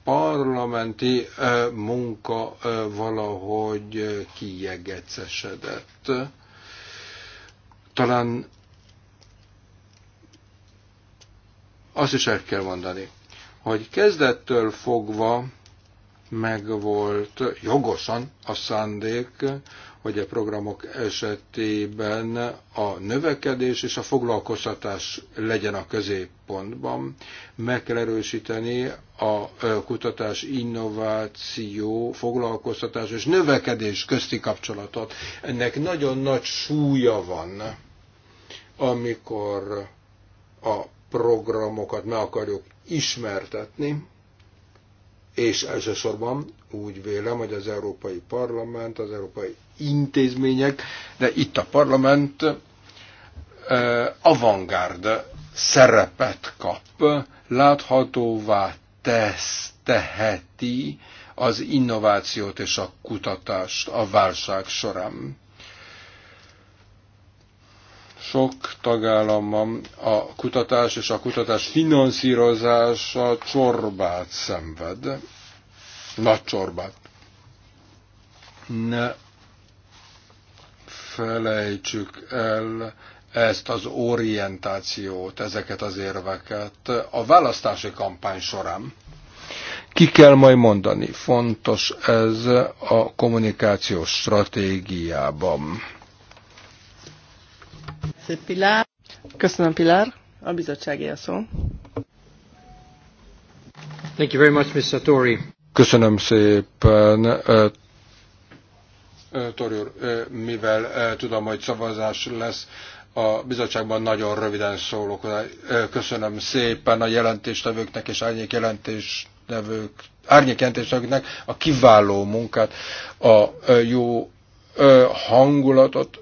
parlamenti munka valahogy kiegecesedett. Talán azt is el kell mondani, hogy kezdettől fogva megvolt jogosan a szándék, hogy a programok esetében a növekedés és a foglalkoztatás legyen a középpontban. Meg kell erősíteni a kutatás, innováció, foglalkoztatás és növekedés közti kapcsolatot. Ennek nagyon nagy súlya van, amikor a programokat meg akarjuk ismertetni, és elsősorban úgy vélem, hogy az Európai Parlament, az európai intézmények, de itt a parlament avantgárd szerepet kap, láthatóvá tesz, teheti az innovációt és a kutatást a válság során. Sok tagállamban a kutatás és a kutatás finanszírozása csorbát szenved. Nagy csorbát. Ne felejtsük el ezt az orientációt, ezeket az érveket a választási kampány során. Ki kell majd mondani, fontos ez a kommunikációs stratégiában. Pilar. Köszönöm, Pilar. A bizottsági a szó. Thank you very much, Mr. Tory. Köszönöm szépen, Tori úr, mivel tudom, hogy szavazás lesz, a bizottságban nagyon röviden szólok. Köszönöm szépen a jelentéstevőknek és árnyék jelentéstevők, árnyék jelentéstevőknek a kiváló munkát, a jó hangulatot,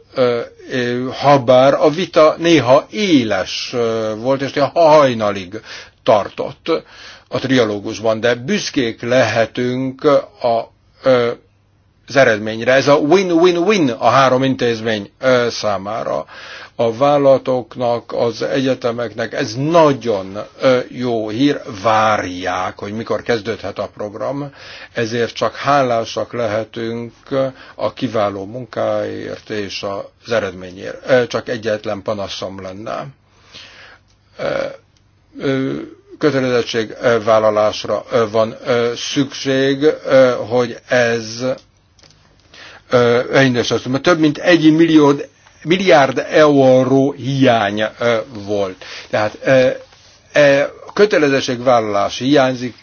habár a vita néha éles volt, és néha hajnalig tartott a trialógusban, de büszkék lehetünk a az eredményre. Ez a win-win-win a három intézmény számára. A vállalatoknak, az egyetemeknek ez nagyon jó hír, várják, hogy mikor kezdődhet a program, ezért csak hálásak lehetünk a kiváló munkáért és az eredményért. Csak egyetlen panaszom lenne kötelezettségvállalásra van szükség, hogy ez Reinders azt több mint egy millió, milliárd euró hiány volt. Tehát e, a vállalás hiányzik,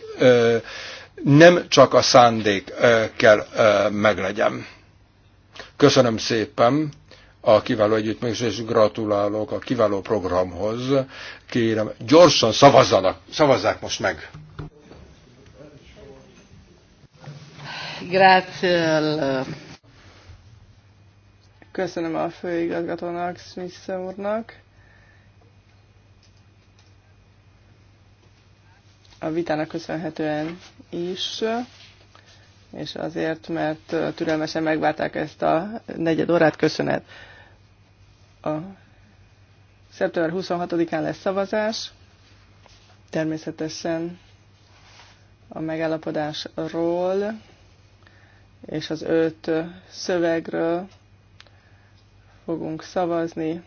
nem csak a szándék kell meglegyen. Köszönöm szépen a kiváló együttműködés, és gratulálok a kiváló programhoz. Kérem, gyorsan szavazzanak, szavazzák most meg. Grazie Köszönöm a főigazgatónak, Smith úrnak. A vitának köszönhetően is, és azért, mert türelmesen megvárták ezt a negyed órát, köszönet. A szeptember 26-án lesz szavazás. Természetesen a megállapodásról és az öt szövegről fogunk szavazni.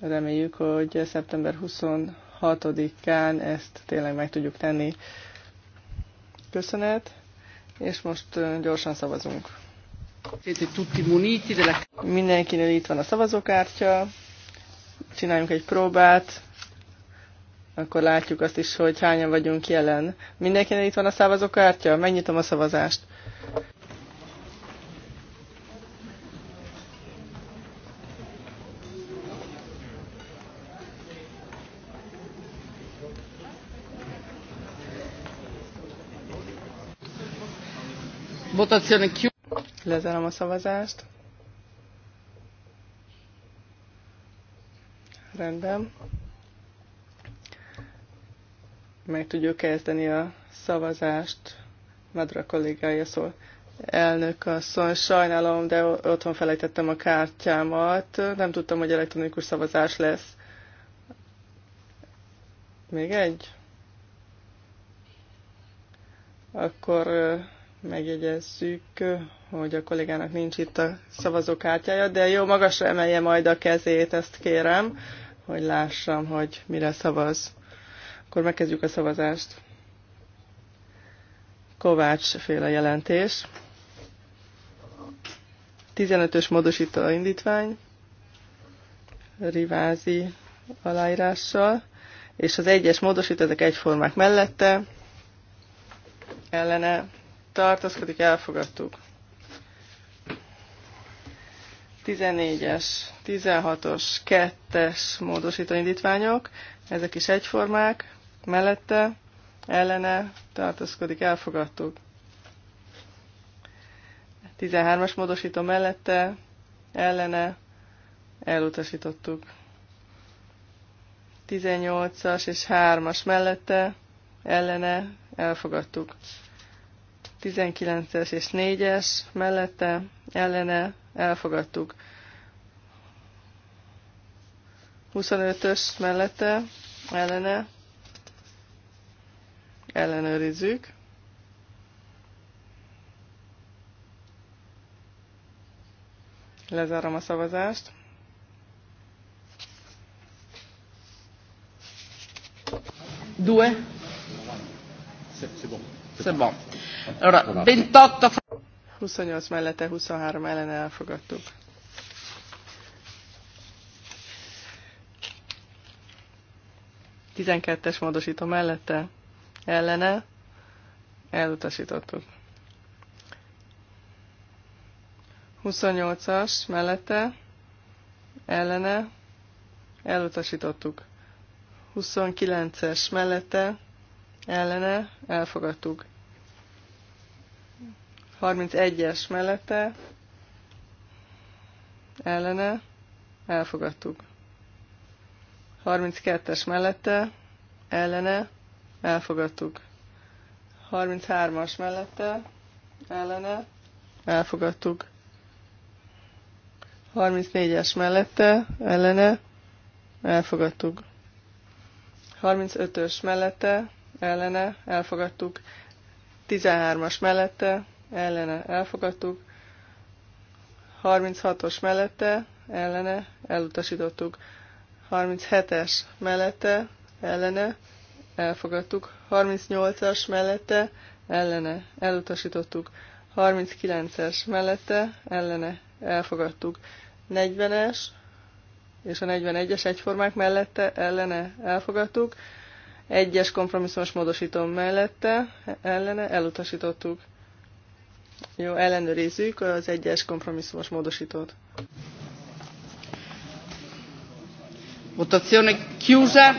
Reméljük, hogy szeptember 26-án ezt tényleg meg tudjuk tenni. Köszönet, és most gyorsan szavazunk. Mindenkinél itt van a szavazókártya. Csináljunk egy próbát akkor látjuk azt is, hogy hányan vagyunk jelen. Mindenkinek itt van a szavazókártya? Megnyitom a szavazást. Votazione chiusa. Lezárom a szavazást. Rendben. Meg tudjuk kezdeni a szavazást. Madra kollégája szól. Elnök asszony, sajnálom, de otthon felejtettem a kártyámat. Nem tudtam, hogy elektronikus szavazás lesz. Még egy? Akkor megjegyezzük, hogy a kollégának nincs itt a szavazókártyája, de jó, magasra emelje majd a kezét, ezt kérem, hogy lássam, hogy mire szavaz. Akkor megkezdjük a szavazást. Kovács féle jelentés. 15-ös módosító indítvány. Rivázi aláírással. És az egyes módosít, ezek egyformák mellette. Ellene tartózkodik, elfogadtuk. 14-es, 16-os, 2-es indítványok ezek is egyformák, mellette, ellene, tartózkodik, elfogadtuk. 13-as módosító mellette, ellene, elutasítottuk. 18-as és 3-as mellette, ellene, elfogadtuk. 19-es és 4-es mellette ellene elfogadtuk. 25-ös mellette ellene ellenőrizzük. Lezárom a szavazást. Due. C'est bon. C'est bon. 28... 28 mellette, 23 ellen elfogadtuk. Tizenkettes módosító mellette, ellene, elutasítottuk. 28-as mellette, ellene, elutasítottuk. 29-es mellette, ellene elfogadtuk. 31-es mellette ellene elfogadtuk. 32-es mellette ellene elfogadtuk. 33-as mellette ellene elfogadtuk. 34-es mellette ellene elfogadtuk. 35-ös mellette ellene elfogadtuk, 13-as mellette ellene elfogadtuk, 36-os mellette ellene elutasítottuk, 37-es mellette ellene elfogadtuk, 38-as mellette ellene elutasítottuk, 39-es mellette ellene elfogadtuk, 40-es és a 41-es egyformák mellette ellene elfogadtuk, egyes kompromisszumos módosító mellette, ellene elutasítottuk. Jó, ellenőrizzük az egyes kompromisszumos módosítót. Votazione chiusa.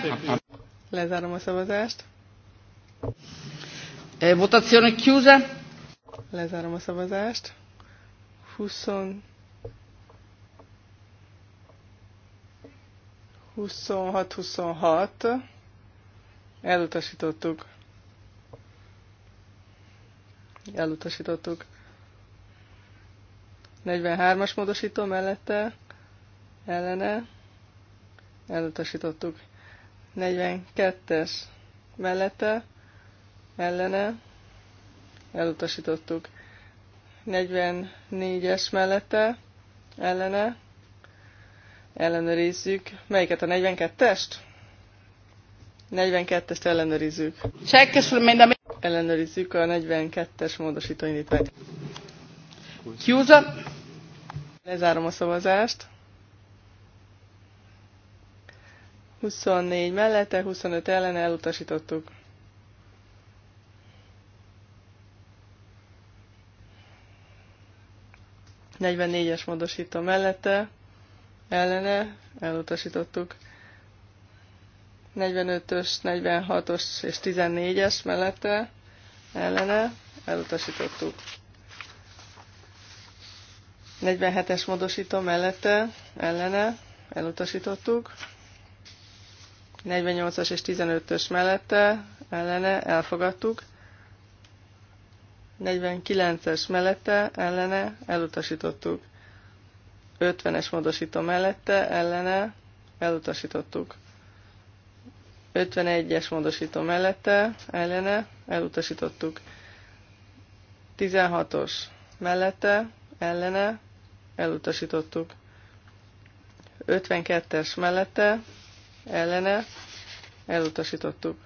Lezárom a szavazást. Eh, votazione chiusa. Lezárom a szavazást. 20 26-26 Elutasítottuk. Elutasítottuk. 43-as módosító mellette, ellene, elutasítottuk. 42-es mellette, ellene, elutasítottuk. 44-es mellette, ellene, ellenőrizzük. Melyiket a 42-est? 42-est ellenőrizzük. Csekkesül minden... Ellenőrizzük a 42-es módosító indítványt. Kiúza. Lezárom a szavazást. 24 mellette, 25 ellen elutasítottuk. Negyvennégyes módosító mellette, ellene elutasítottuk. 45-ös, 46-os és 14-es mellette ellene elutasítottuk. 47-es módosító mellette ellene elutasítottuk. 48-as és 15-ös mellette ellene elfogadtuk. 49-es mellette ellene elutasítottuk. 50-es módosító mellette ellene elutasítottuk. 51-es módosító mellette, ellene, elutasítottuk. 16-os mellette, ellene, elutasítottuk. 52-es mellette, ellene, elutasítottuk.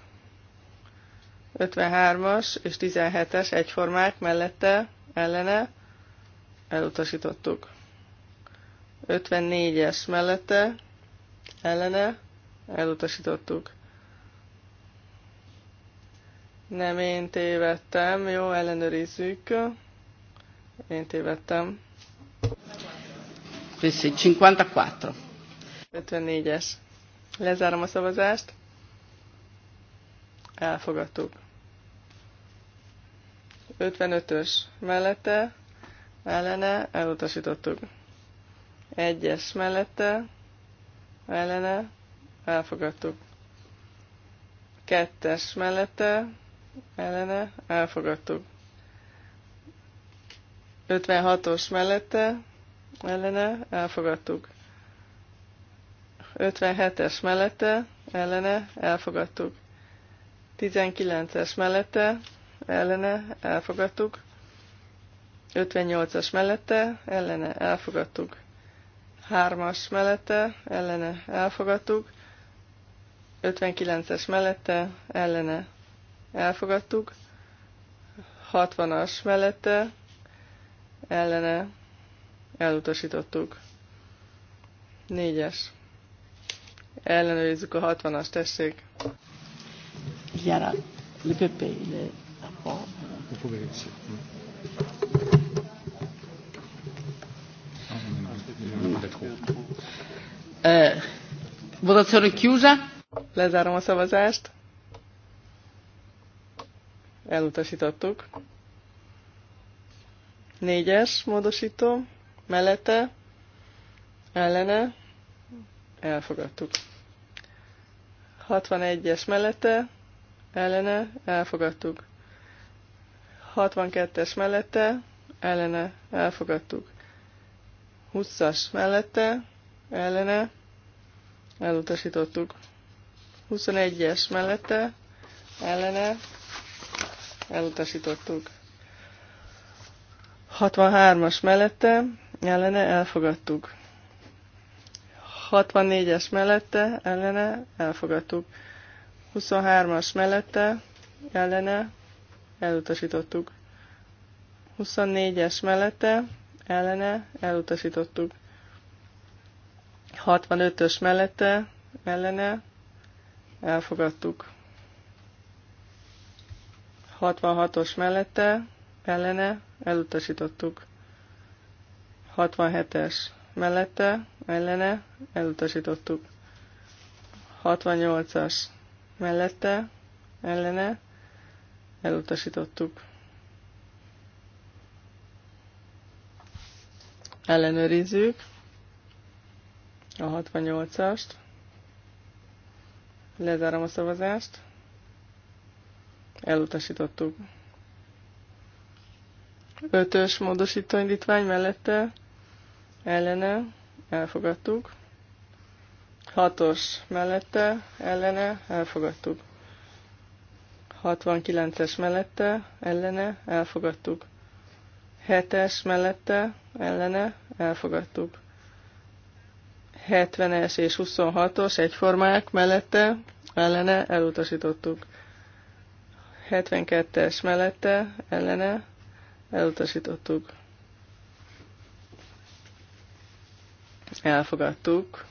53-as és 17-es egyformák mellette, ellene, elutasítottuk. 54-es mellette, ellene, elutasítottuk. Nem én tévedtem, jó, ellenőrizzük. Én tévedtem. 54. 54-es. Lezárom a szavazást. Elfogadtuk. 55-ös mellette, ellene, elutasítottuk. 1-es mellette, ellene, elfogadtuk. 2-es mellette, ellene elfogadtuk. 56-os mellette ellene elfogadtuk. 57-es mellette ellene elfogadtuk. 19-es mellette ellene elfogadtuk. 58-as mellette ellene elfogadtuk. 3-as mellette ellene elfogadtuk. 59-es mellette ellene elfogadtuk. 60-as mellette ellene elutasítottuk. 4-es. Ellenőrizzük a 60-as, tessék. Jara, le PP, le euh, Votazione chiusa. Lezárom a szavazást elutasítottuk. Négyes módosító, mellette, ellene, elfogadtuk. 61-es mellette, ellene, elfogadtuk. 62-es mellette, ellene, elfogadtuk. 20-as mellette, ellene, elutasítottuk. 21-es mellette, ellene, elutasítottuk. 63-as mellette, ellene elfogadtuk. 64-es mellette, ellene elfogadtuk. 23-as mellette, ellene elutasítottuk. 24-es mellette, ellene elutasítottuk. 65-ös mellette, ellene elfogadtuk. 66-os mellette, ellene, elutasítottuk. 67-es mellette, ellene, elutasítottuk. 68-as mellette, ellene, elutasítottuk. Ellenőrizzük a 68-ast. Lezárom a szavazást. Elutasítottuk. Ötös módosító indítvány mellette ellene elfogadtuk. Hatos mellette ellene elfogadtuk. 69-es mellette ellene elfogadtuk. 7-es mellette ellene elfogadtuk. 70-es és 26-os egyformák mellette ellene elutasítottuk. 72-es mellette, ellene, elutasítottuk. Elfogadtuk.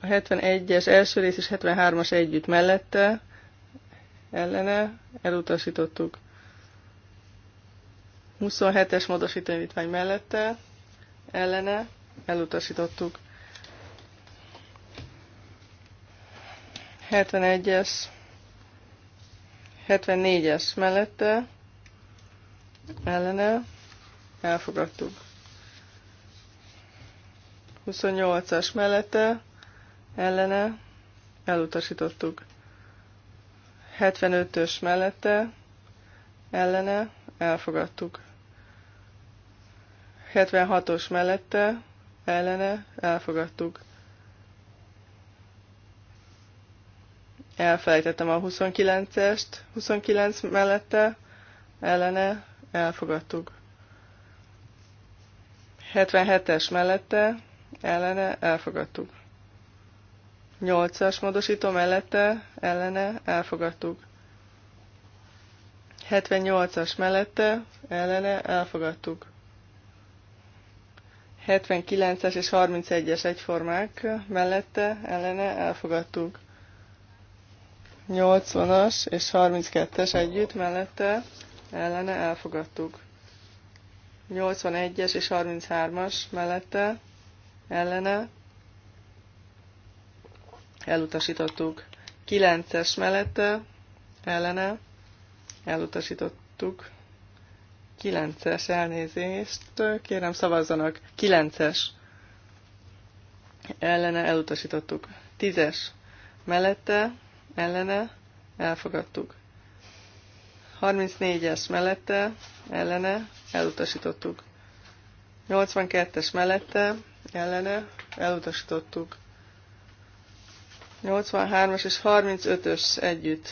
A 71-es első rész és 73-as együtt mellette, ellene, elutasítottuk. 27-es módosítóindítvány mellette, ellene, elutasítottuk. 71-es, 74-es mellette, ellene, elfogadtuk. 28-as mellette, ellene, elutasítottuk. 75-ös mellette, ellene, elfogadtuk. 76-os mellette, ellene, elfogadtuk. Elfelejtettem a 29-est, 29 mellette, ellene, elfogadtuk. 77-es mellette, ellene, elfogadtuk. 8-as módosító mellette, ellene, elfogadtuk. 78-as mellette ellene elfogadtuk. 79-es és 31-es egyformák mellette ellene elfogadtuk. 80-as és 32-es együtt mellette ellene elfogadtuk. 81-es és 33-as mellette ellene elutasítottuk. 9-es mellette ellene elutasítottuk. 9-es elnézést, kérem szavazzanak. 9-es ellene elutasítottuk. 10-es mellette, ellene elfogadtuk. 34-es mellette, ellene elutasítottuk. 82-es mellette, ellene elutasítottuk. 83-as és 35-ös együtt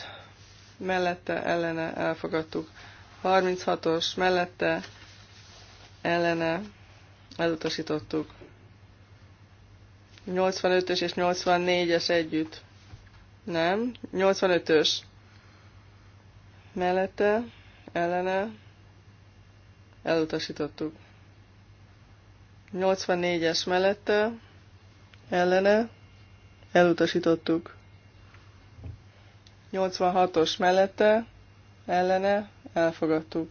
mellette ellene elfogadtuk. 36-os mellette ellene elutasítottuk. 85-ös és 84-es együtt. Nem, 85-ös mellette ellene elutasítottuk. 84-es mellette ellene elutasítottuk. 86-os mellette, ellene, elfogadtuk.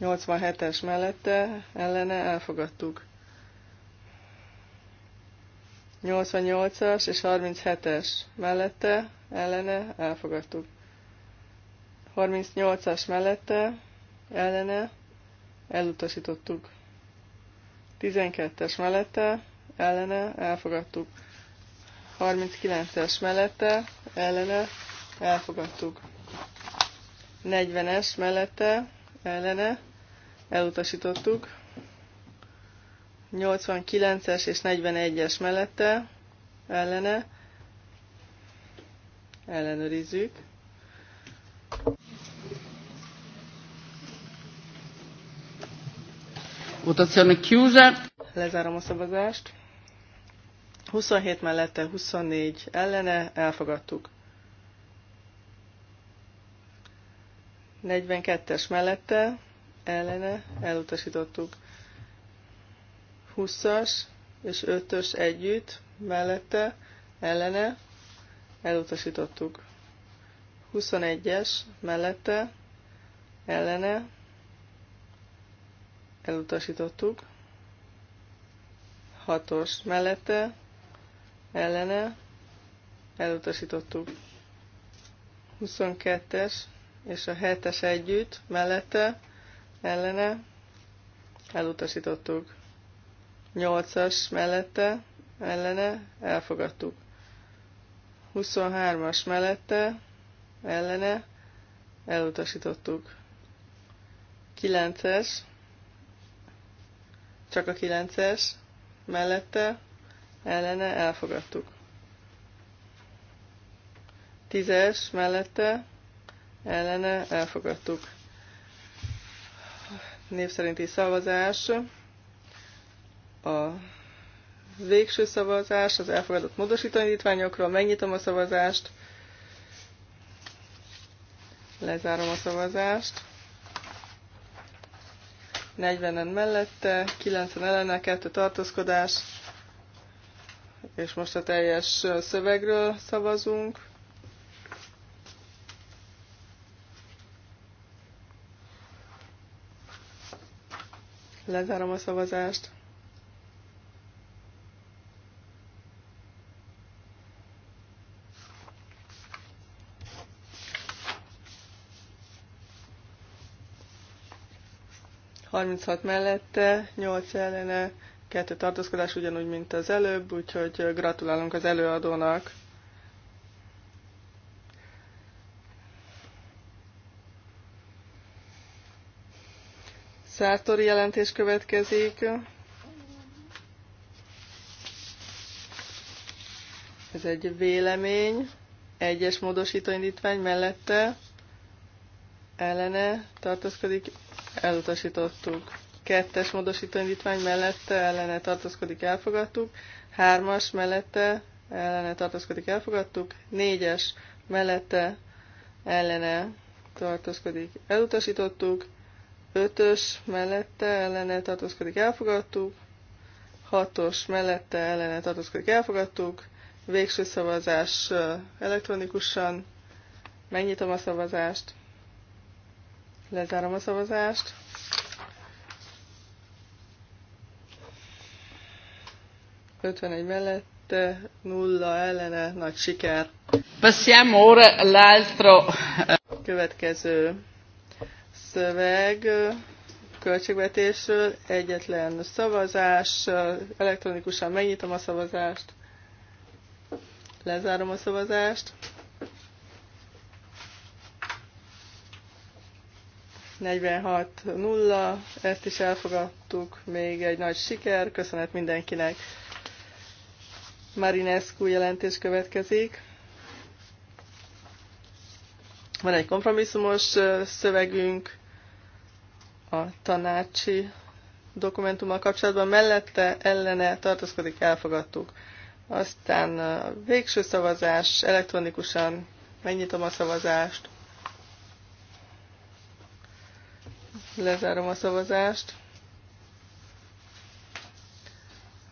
87-es mellette, ellene, elfogadtuk. 88-as és 37-es mellette, ellene, elfogadtuk. 38-as mellette, ellene, elutasítottuk. 12-es mellette, ellene, elfogadtuk. 39-es mellette, ellene, elfogadtuk. 40-es mellette, ellene, elutasítottuk. 89-es és 41-es mellette, ellene, ellenőrizzük. Votazione chiusa. Lezárom a szavazást. 27 mellette, 24 ellene, elfogadtuk. 42-es mellette, ellene, elutasítottuk. 20-as és 5-ös együtt, mellette, ellene, elutasítottuk. 21-es mellette, ellene, elutasítottuk. 6-os mellette, ellene elutasítottuk. 22-es és a 7-es együtt mellette ellene elutasítottuk. 8-as mellette ellene elfogadtuk. 23-as mellette ellene elutasítottuk. 9-es, csak a 9-es mellette ellene elfogadtuk. Tízes mellette ellene elfogadtuk. Név szerinti szavazás. A végső szavazás az elfogadott módosítóindítványokról. Megnyitom a szavazást. Lezárom a szavazást. 40-en mellette, 90 ellene, 2 tartózkodás. És most a teljes szövegről szavazunk. Lezárom a szavazást. Harminchat mellette, nyolc ellene, kettő tartózkodás ugyanúgy, mint az előbb, úgyhogy gratulálunk az előadónak. Szártori jelentés következik. Ez egy vélemény, egyes módosítóindítvány mellette ellene tartozkodik elutasítottuk. Kettes módosító indítvány mellette ellene tartózkodik, elfogadtuk. Hármas mellette ellene tartózkodik, elfogadtuk. Négyes mellette ellene tartózkodik, elutasítottuk. Ötös mellette ellene tartózkodik, elfogadtuk. Hatos mellette ellene tartózkodik, elfogadtuk. Végső szavazás elektronikusan. Megnyitom a szavazást. Lezárom a szavazást. 51 mellette, nulla ellene, nagy siker. Passiamo ora all'altro. Eh, Következő szöveg költségvetésről egyetlen szavazás, elektronikusan megnyitom a szavazást, lezárom a szavazást. 46-0, ezt is elfogadtuk, még egy nagy siker, köszönet mindenkinek. Marinescu jelentés következik. Van egy kompromisszumos szövegünk a tanácsi dokumentummal kapcsolatban, mellette ellene tartozkodik elfogadtuk. Aztán a végső szavazás, elektronikusan megnyitom a szavazást, lezárom a szavazást.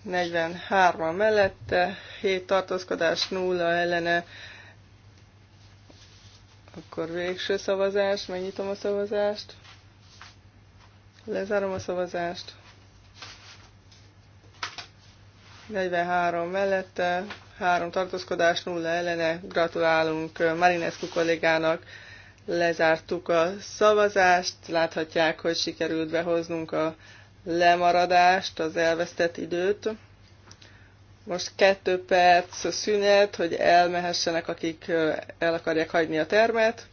43 mellette, 7 tartózkodás, 0 ellene. Akkor végső szavazás, megnyitom a szavazást. Lezárom a szavazást. 43 mellette, 3 tartózkodás, 0 ellene. Gratulálunk Marinescu kollégának. Lezártuk a szavazást. Láthatják, hogy sikerült behoznunk a lemaradást, az elvesztett időt. Most kettő perc szünet, hogy elmehessenek, akik el akarják hagyni a termet.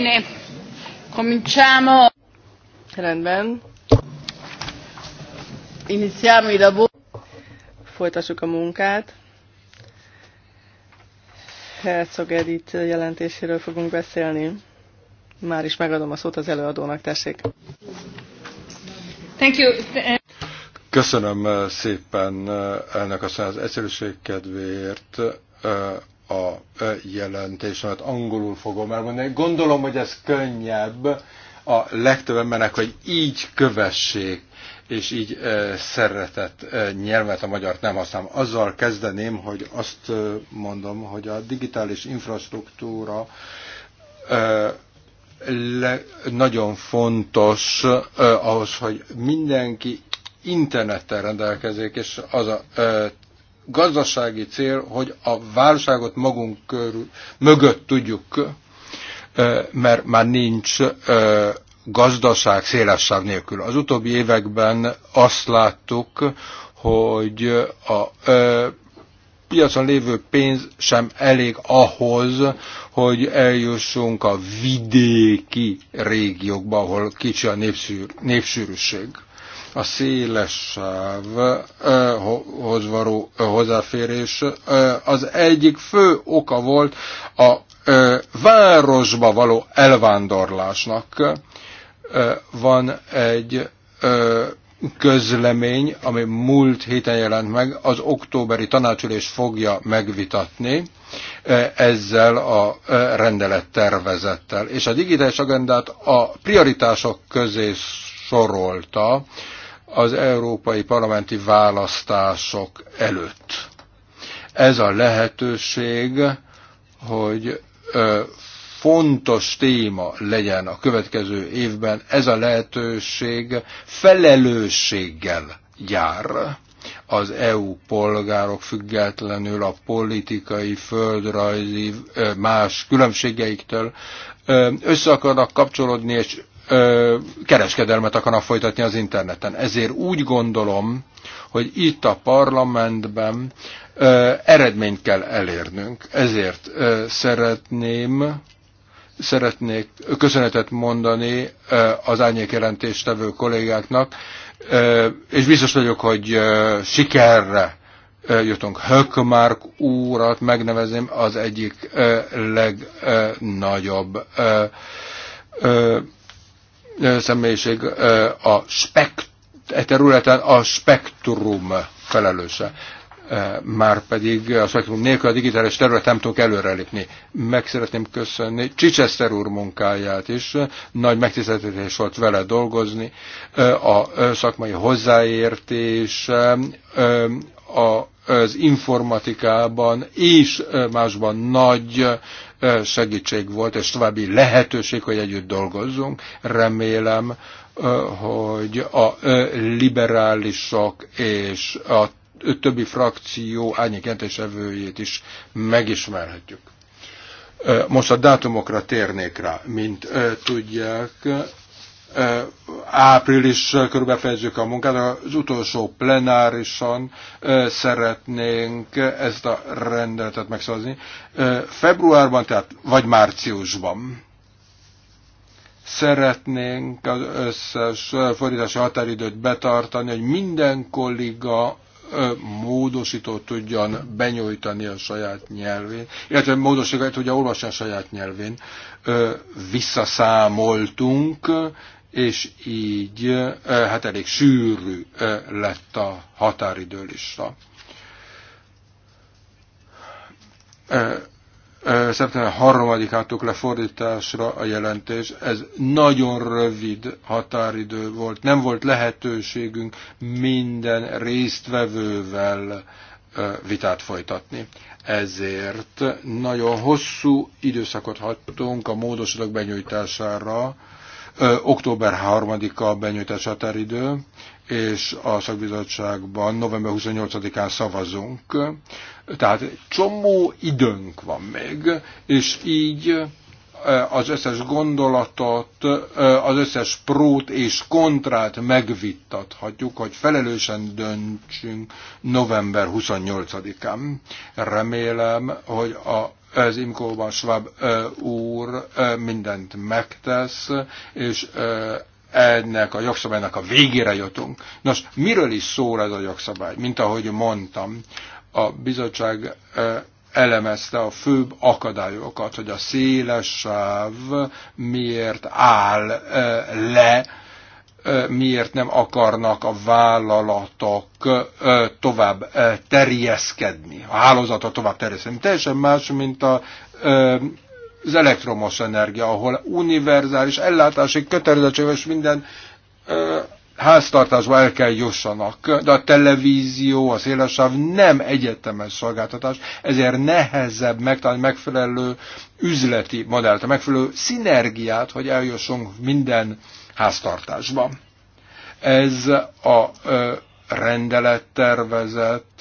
Bene, cominciamo. Rendben. Iniziamo i lavori. Folytassuk a munkát. Herzog Edith jelentéséről fogunk beszélni. Már is megadom a szót az előadónak, tessék. Thank you. Köszönöm eh, szépen ennek eh, a száz egyszerűség kedvéért eh, a e, mert Angolul fogom elmondani. Gondolom, hogy ez könnyebb a legtöbb embernek, hogy így kövessék, és így e, szeretett e, nyelvet a magyar nem használom. Azzal kezdeném, hogy azt mondom, hogy a digitális infrastruktúra le, nagyon fontos ahhoz, hogy mindenki internettel rendelkezik, és az a gazdasági cél, hogy a válságot magunk körül, mögött tudjuk, mert már nincs gazdaság szélessáv nélkül. Az utóbbi években azt láttuk, hogy a piacon lévő pénz sem elég ahhoz, hogy eljussunk a vidéki régiókba, ahol kicsi a népsűr, népsűrűség a széles sávhoz való hozzáférés az egyik fő oka volt a városba való elvándorlásnak. Van egy közlemény, ami múlt héten jelent meg, az októberi tanácsülés fogja megvitatni ezzel a rendelettervezettel. És a digitális agendát a prioritások közé sorolta az európai parlamenti választások előtt. Ez a lehetőség, hogy fontos téma legyen a következő évben, ez a lehetőség felelősséggel jár az EU polgárok függetlenül a politikai, földrajzi, más különbségeiktől össze akarnak kapcsolódni, és ö, kereskedelmet akarnak folytatni az interneten. Ezért úgy gondolom, hogy itt a parlamentben ö, eredményt kell elérnünk. Ezért ö, szeretném szeretnék köszönetet mondani az jelentéstevő kollégáknak, és biztos vagyok, hogy sikerre jutunk. Hökmark úrat megnevezem az egyik legnagyobb személyiség a spekt, e területen a spektrum felelőse. Már pedig a spektrum nélkül a digitális terület nem tudunk előrelépni. Meg szeretném köszönni Csicseszter úr munkáját is. Nagy megtiszteltetés volt vele dolgozni. A szakmai hozzáértés, az informatikában és másban nagy segítség volt, és további lehetőség, hogy együtt dolgozzunk. Remélem, hogy a liberálisok és a többi frakció árnyékjelentésevőjét is megismerhetjük. Most a dátumokra térnék rá. Mint tudják, április körül befejezzük a munkát, az utolsó plenárisan szeretnénk ezt a rendeletet megszavazni. Februárban, tehát vagy márciusban szeretnénk az összes fordítási határidőt betartani, hogy minden kolléga módosító tudjon benyújtani a saját nyelvén, illetve módosítót tudja olvasni a saját nyelvén. Visszaszámoltunk, és így hát elég sűrű lett a határidőlista. Szeptember 3-ától lefordításra a jelentés. Ez nagyon rövid határidő volt. Nem volt lehetőségünk minden résztvevővel vitát folytatni. Ezért nagyon hosszú időszakot hattunk a módosodok benyújtására, Október 3-a benyújtás határidő, és a szakbizottságban november 28-án szavazunk. Tehát csomó időnk van még, és így az összes gondolatot, az összes prót és kontrát megvittathatjuk, hogy felelősen döntsünk november 28-án. Remélem, hogy a az Imkóban Schwab úr mindent megtesz, és ennek a jogszabálynak a végére jutunk. Nos, miről is szól ez a jogszabály? Mint ahogy mondtam, a bizottság elemezte a főbb akadályokat, hogy a széles sáv miért áll le miért nem akarnak a vállalatok tovább terjeszkedni, a hálózatot tovább terjeszkedni. Teljesen más, mint a, az elektromos energia, ahol univerzális ellátási kötelezettség és minden háztartásba el kell jussanak, de a televízió, a szélesáv nem egyetemes szolgáltatás, ezért nehezebb megtalálni megfelelő üzleti modellt, a megfelelő szinergiát, hogy eljussunk minden háztartásban. Ez a rendelettervezet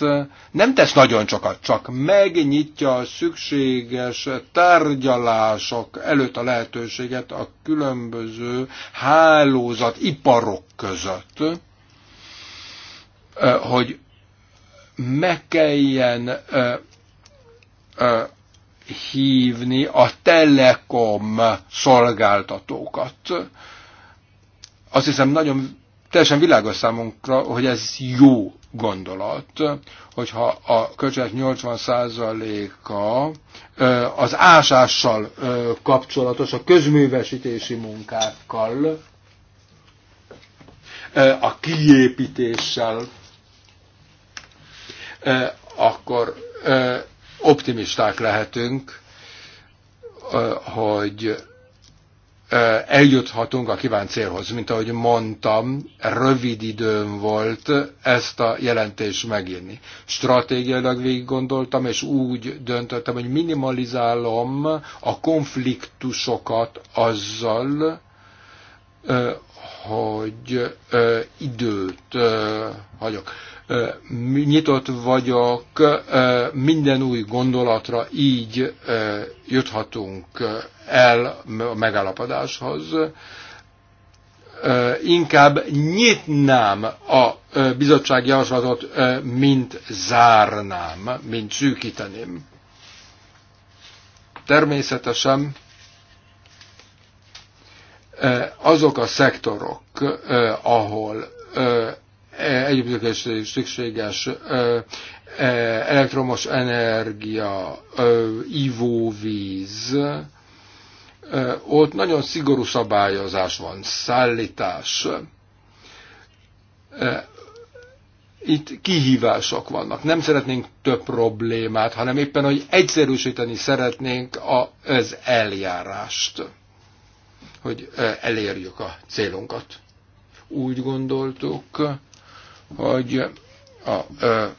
nem tesz nagyon sokat, csak megnyitja a szükséges tárgyalások előtt a lehetőséget a különböző hálózat iparok között, hogy meg kelljen hívni a telekom szolgáltatókat, azt hiszem nagyon teljesen világos számunkra, hogy ez jó gondolat, hogyha a költségek 80%-a az ásással kapcsolatos, a közművesítési munkákkal, a kiépítéssel, akkor optimisták lehetünk, hogy eljuthatunk a kívánt célhoz. Mint ahogy mondtam, rövid időm volt ezt a jelentést megírni. Stratégiailag végig gondoltam, és úgy döntöttem, hogy minimalizálom a konfliktusokat azzal, hogy időt hagyok nyitott vagyok minden új gondolatra, így juthatunk el a megállapodáshoz. Inkább nyitnám a bizottság javaslatot, mint zárnám, mint szűkíteném. Természetesen azok a szektorok, ahol együttműködésre szükséges elektromos energia, ivóvíz, ott nagyon szigorú szabályozás van, szállítás. Itt kihívások vannak. Nem szeretnénk több problémát, hanem éppen, hogy egyszerűsíteni szeretnénk az eljárást, hogy elérjük a célunkat. Úgy gondoltuk, hogy a,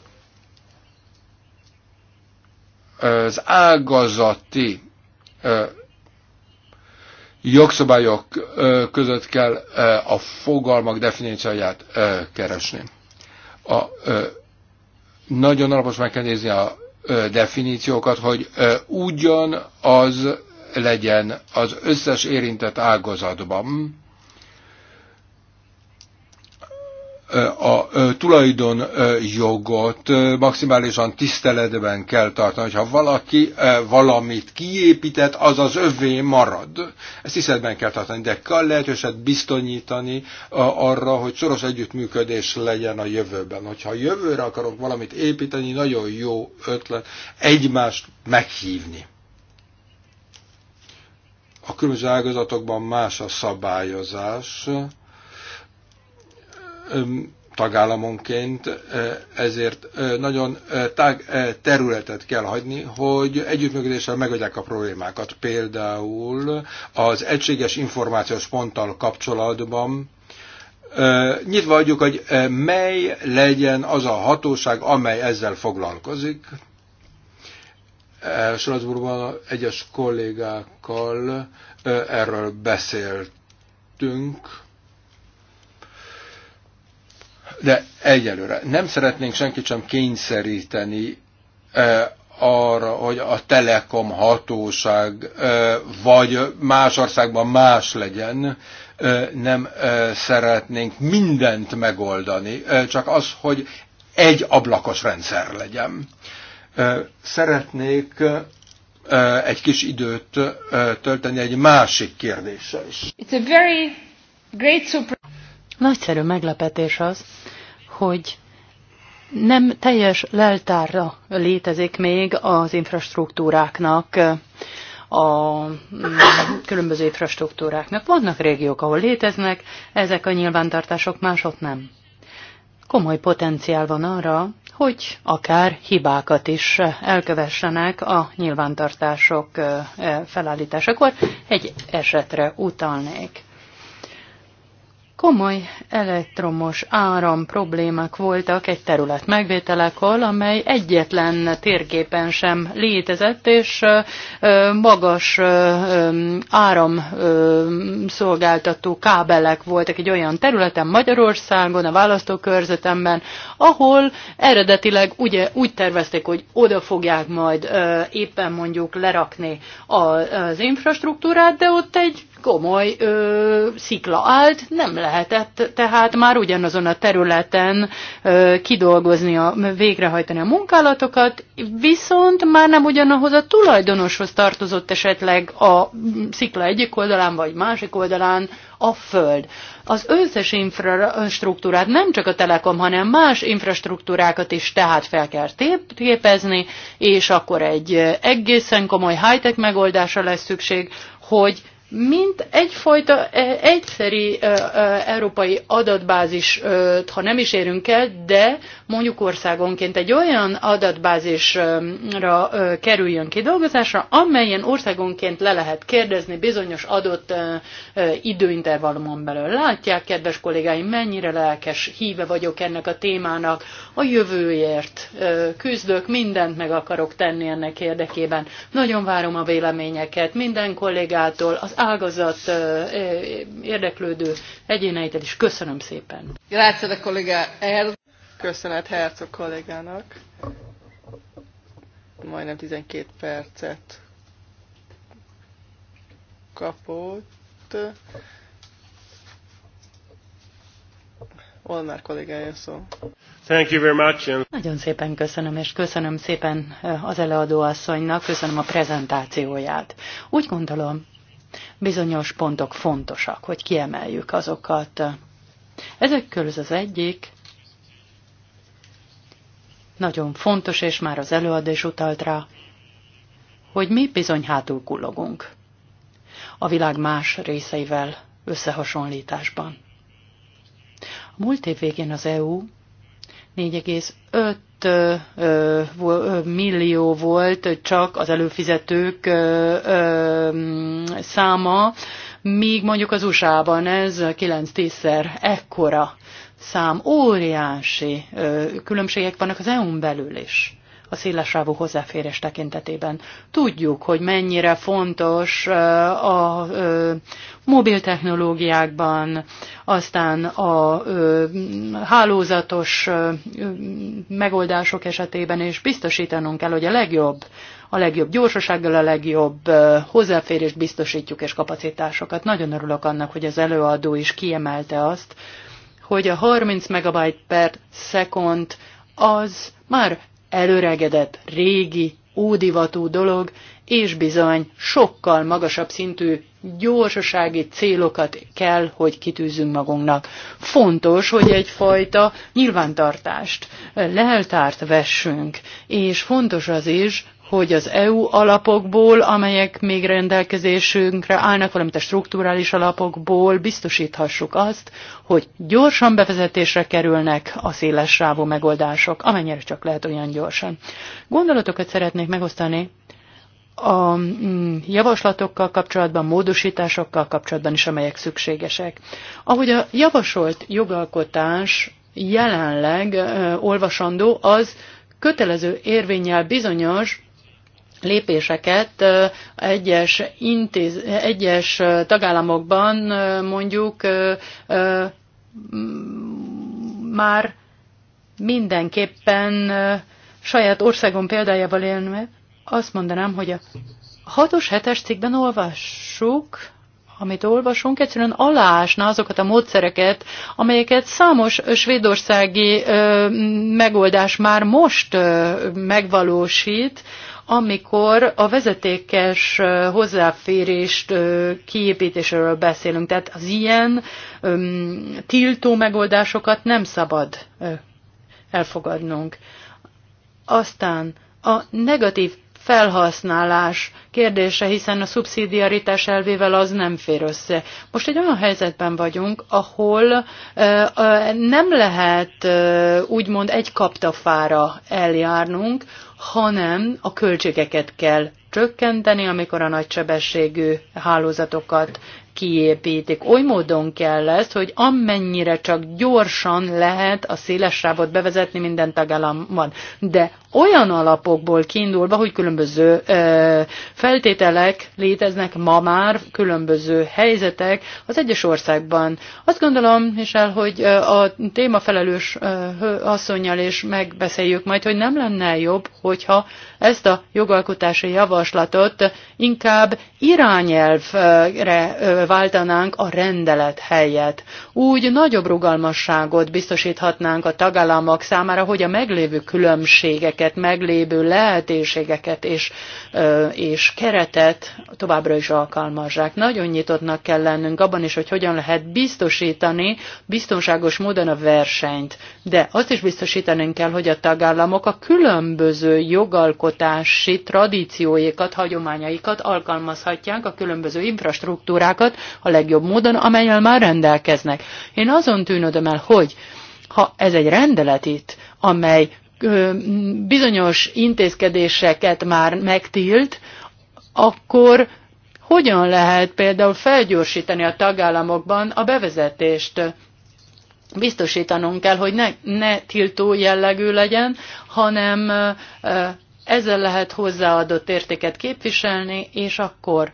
az ágazati jogszabályok között kell a fogalmak definícióját keresni. A, nagyon alapos meg kell nézni a definíciókat, hogy ugyanaz legyen az összes érintett ágazatban, a tulajdon jogot maximálisan tiszteletben kell tartani. Ha valaki valamit kiépített, az az övé marad. Ezt tiszteletben kell tartani, de kell lehetőséget biztonyítani arra, hogy szoros együttműködés legyen a jövőben. Hogyha jövőre akarok valamit építeni, nagyon jó ötlet egymást meghívni. A különböző ágazatokban más a szabályozás tagállamonként, ezért nagyon tág területet kell hagyni, hogy együttműködéssel megoldják a problémákat. Például az egységes információs ponttal kapcsolatban nyitva adjuk, hogy mely legyen az a hatóság, amely ezzel foglalkozik. Strasbourgban egyes kollégákkal erről beszéltünk de egyelőre nem szeretnénk senkit sem kényszeríteni arra, hogy a telekom hatóság vagy más országban más legyen, nem szeretnénk mindent megoldani, csak az, hogy egy ablakos rendszer legyen. Szeretnék egy kis időt tölteni egy másik kérdéssel is. It's a very great Nagyszerű meglepetés az, hogy nem teljes leltárra létezik még az infrastruktúráknak, a mm, különböző infrastruktúráknak. Vannak régiók, ahol léteznek, ezek a nyilvántartások másod nem. Komoly potenciál van arra, hogy akár hibákat is elkövessenek a nyilvántartások felállításakor. Egy esetre utalnék komoly elektromos áram problémák voltak egy terület megvételekor, amely egyetlen térképen sem létezett, és magas áramszolgáltató kábelek voltak egy olyan területen Magyarországon, a választókörzetemben, ahol eredetileg ugye úgy tervezték, hogy oda fogják majd éppen mondjuk lerakni az infrastruktúrát, de ott egy komoly ö, szikla állt, nem lehetett tehát már ugyanazon a területen ö, kidolgozni, a, végrehajtani a munkálatokat, viszont már nem ugyanahoz a tulajdonoshoz tartozott esetleg a szikla egyik oldalán vagy másik oldalán a föld. Az összes infrastruktúrát, nem csak a Telekom, hanem más infrastruktúrákat is tehát fel kell képezni, és akkor egy egészen komoly high-tech megoldásra lesz szükség, hogy mint egyfajta e, egyszeri e, e, európai adatbázis, ha nem is érünk el, de mondjuk országonként egy olyan adatbázisra kerüljön kidolgozásra, amelyen országonként le lehet kérdezni bizonyos adott időintervallumon belül. Látják, kedves kollégáim, mennyire lelkes híve vagyok ennek a témának, a jövőért küzdök, mindent meg akarok tenni ennek érdekében. Nagyon várom a véleményeket minden kollégától, az ágazat érdeklődő egyéneitet is. Köszönöm szépen. Grazie, kollega Köszönet Herzog kollégának. Majdnem 12 percet kapott. Olmár kollégája szó. Thank you very much. Nagyon szépen köszönöm, és köszönöm szépen az előadó asszonynak, köszönöm a prezentációját. Úgy gondolom, Bizonyos pontok fontosak, hogy kiemeljük azokat. Ezek körül az egyik nagyon fontos, és már az előadás utalt rá, hogy mi bizony hátul kullogunk a világ más részeivel összehasonlításban. A múlt év végén az EU 4,5 millió volt csak az előfizetők száma, míg mondjuk az USA-ban ez 9-10-szer ekkora szám. Óriási különbségek vannak az EU-n belül is a szélesávú hozzáférés tekintetében. Tudjuk, hogy mennyire fontos a mobil technológiákban, aztán a hálózatos megoldások esetében, és biztosítanunk kell, hogy a legjobb a legjobb gyorsasággal, a legjobb hozzáférést biztosítjuk és kapacitásokat. Nagyon örülök annak, hogy az előadó is kiemelte azt, hogy a 30 megabyte per szekund az már előregedett, régi, ódivatú dolog, és bizony sokkal magasabb szintű gyorsasági célokat kell, hogy kitűzzünk magunknak. Fontos, hogy egyfajta nyilvántartást, leltárt vessünk, és fontos az is, hogy az EU alapokból, amelyek még rendelkezésünkre állnak, valamint a strukturális alapokból biztosíthassuk azt, hogy gyorsan bevezetésre kerülnek a széles sávú megoldások, amennyire csak lehet olyan gyorsan. Gondolatokat szeretnék megosztani a mm, javaslatokkal kapcsolatban, módosításokkal kapcsolatban is, amelyek szükségesek. Ahogy a javasolt jogalkotás jelenleg olvasandó, az kötelező érvényel bizonyos lépéseket egyes, intéz, egyes tagállamokban mondjuk már mindenképpen saját országom példájával élve azt mondanám, hogy a 6-os, 7-es cikkben olvassuk, amit olvasunk, egyszerűen aláásna azokat a módszereket, amelyeket számos svédországi ö, megoldás már most ö, megvalósít, amikor a vezetékes hozzáférést kiépítéséről beszélünk. Tehát az ilyen tiltó megoldásokat nem szabad elfogadnunk. Aztán a negatív felhasználás kérdése, hiszen a szubszidiaritás elvével az nem fér össze. Most egy olyan helyzetben vagyunk, ahol nem lehet úgymond egy kaptafára eljárnunk, hanem a költségeket kell csökkenteni, amikor a nagysebességű hálózatokat kiépítik. Oly módon kell lesz, hogy amennyire csak gyorsan lehet a széles sávot bevezetni minden tagállamban. De olyan alapokból kiindulva, hogy különböző ö, feltételek léteznek ma már, különböző helyzetek az egyes országban. Azt gondolom, Michel, hogy a témafelelős asszonynal is megbeszéljük majd, hogy nem lenne jobb, hogyha ezt a jogalkotási javaslatot inkább irányelvre váltanánk a rendelet helyet. Úgy nagyobb rugalmasságot biztosíthatnánk a tagállamok számára, hogy a meglévő különbségeket, meglévő lehetőségeket és, és keretet továbbra is alkalmazzák. Nagyon nyitottnak kell lennünk abban is, hogy hogyan lehet biztosítani biztonságos módon a versenyt. De azt is biztosítanunk kell, hogy a tagállamok a különböző jogalkotási tradícióikat, hagyományaikat alkalmazhatják, a különböző infrastruktúrákat, a legjobb módon, amelyel már rendelkeznek. Én azon tűnödöm el, hogy ha ez egy rendelet itt, amely ö, bizonyos intézkedéseket már megtilt, akkor hogyan lehet például felgyorsítani a tagállamokban a bevezetést? Biztosítanunk kell, hogy ne, ne tiltó jellegű legyen, hanem ezzel lehet hozzáadott értéket képviselni, és akkor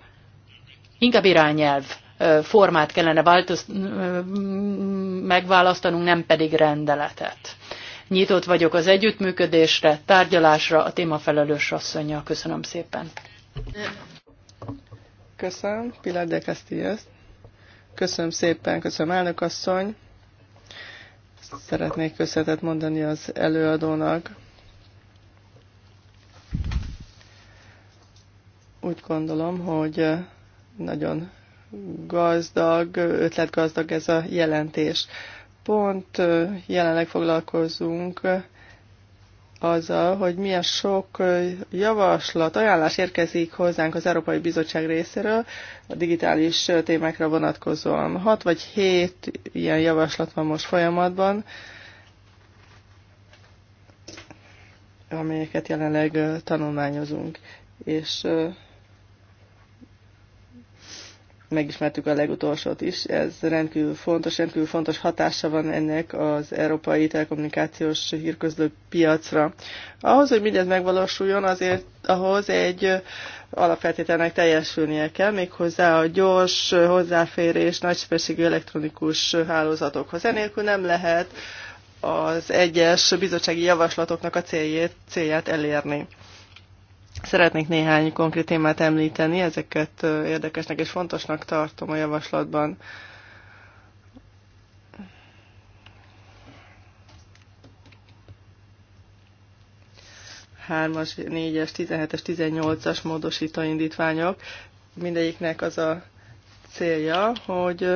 inkább irányelv formát kellene változt megválasztanunk, nem pedig rendeletet. Nyitott vagyok az együttműködésre, tárgyalásra, a témafelelős asszonynal. Köszönöm szépen. Köszönöm, Pilar de Castillas. Köszönöm szépen, köszönöm elnök asszony. Szeretnék köszönetet mondani az előadónak. Úgy gondolom, hogy nagyon gazdag, ötletgazdag ez a jelentés. Pont jelenleg foglalkozunk azzal, hogy milyen sok javaslat, ajánlás érkezik hozzánk az Európai Bizottság részéről a digitális témákra vonatkozóan. Hat vagy hét ilyen javaslat van most folyamatban, amelyeket jelenleg tanulmányozunk. És megismertük a legutolsót is. Ez rendkívül fontos, rendkívül fontos hatása van ennek az európai telekommunikációs hírközlő piacra. Ahhoz, hogy mindez megvalósuljon, azért ahhoz egy alapfeltételnek teljesülnie kell, méghozzá a gyors hozzáférés nagysebességű elektronikus hálózatokhoz. Enélkül nem lehet az egyes bizottsági javaslatoknak a céljét, célját elérni. Szeretnék néhány konkrét témát említeni, ezeket érdekesnek és fontosnak tartom a javaslatban. Hármas, négyes, tizenhetes, tizennyolcas módosító indítványok. Mindegyiknek az a célja, hogy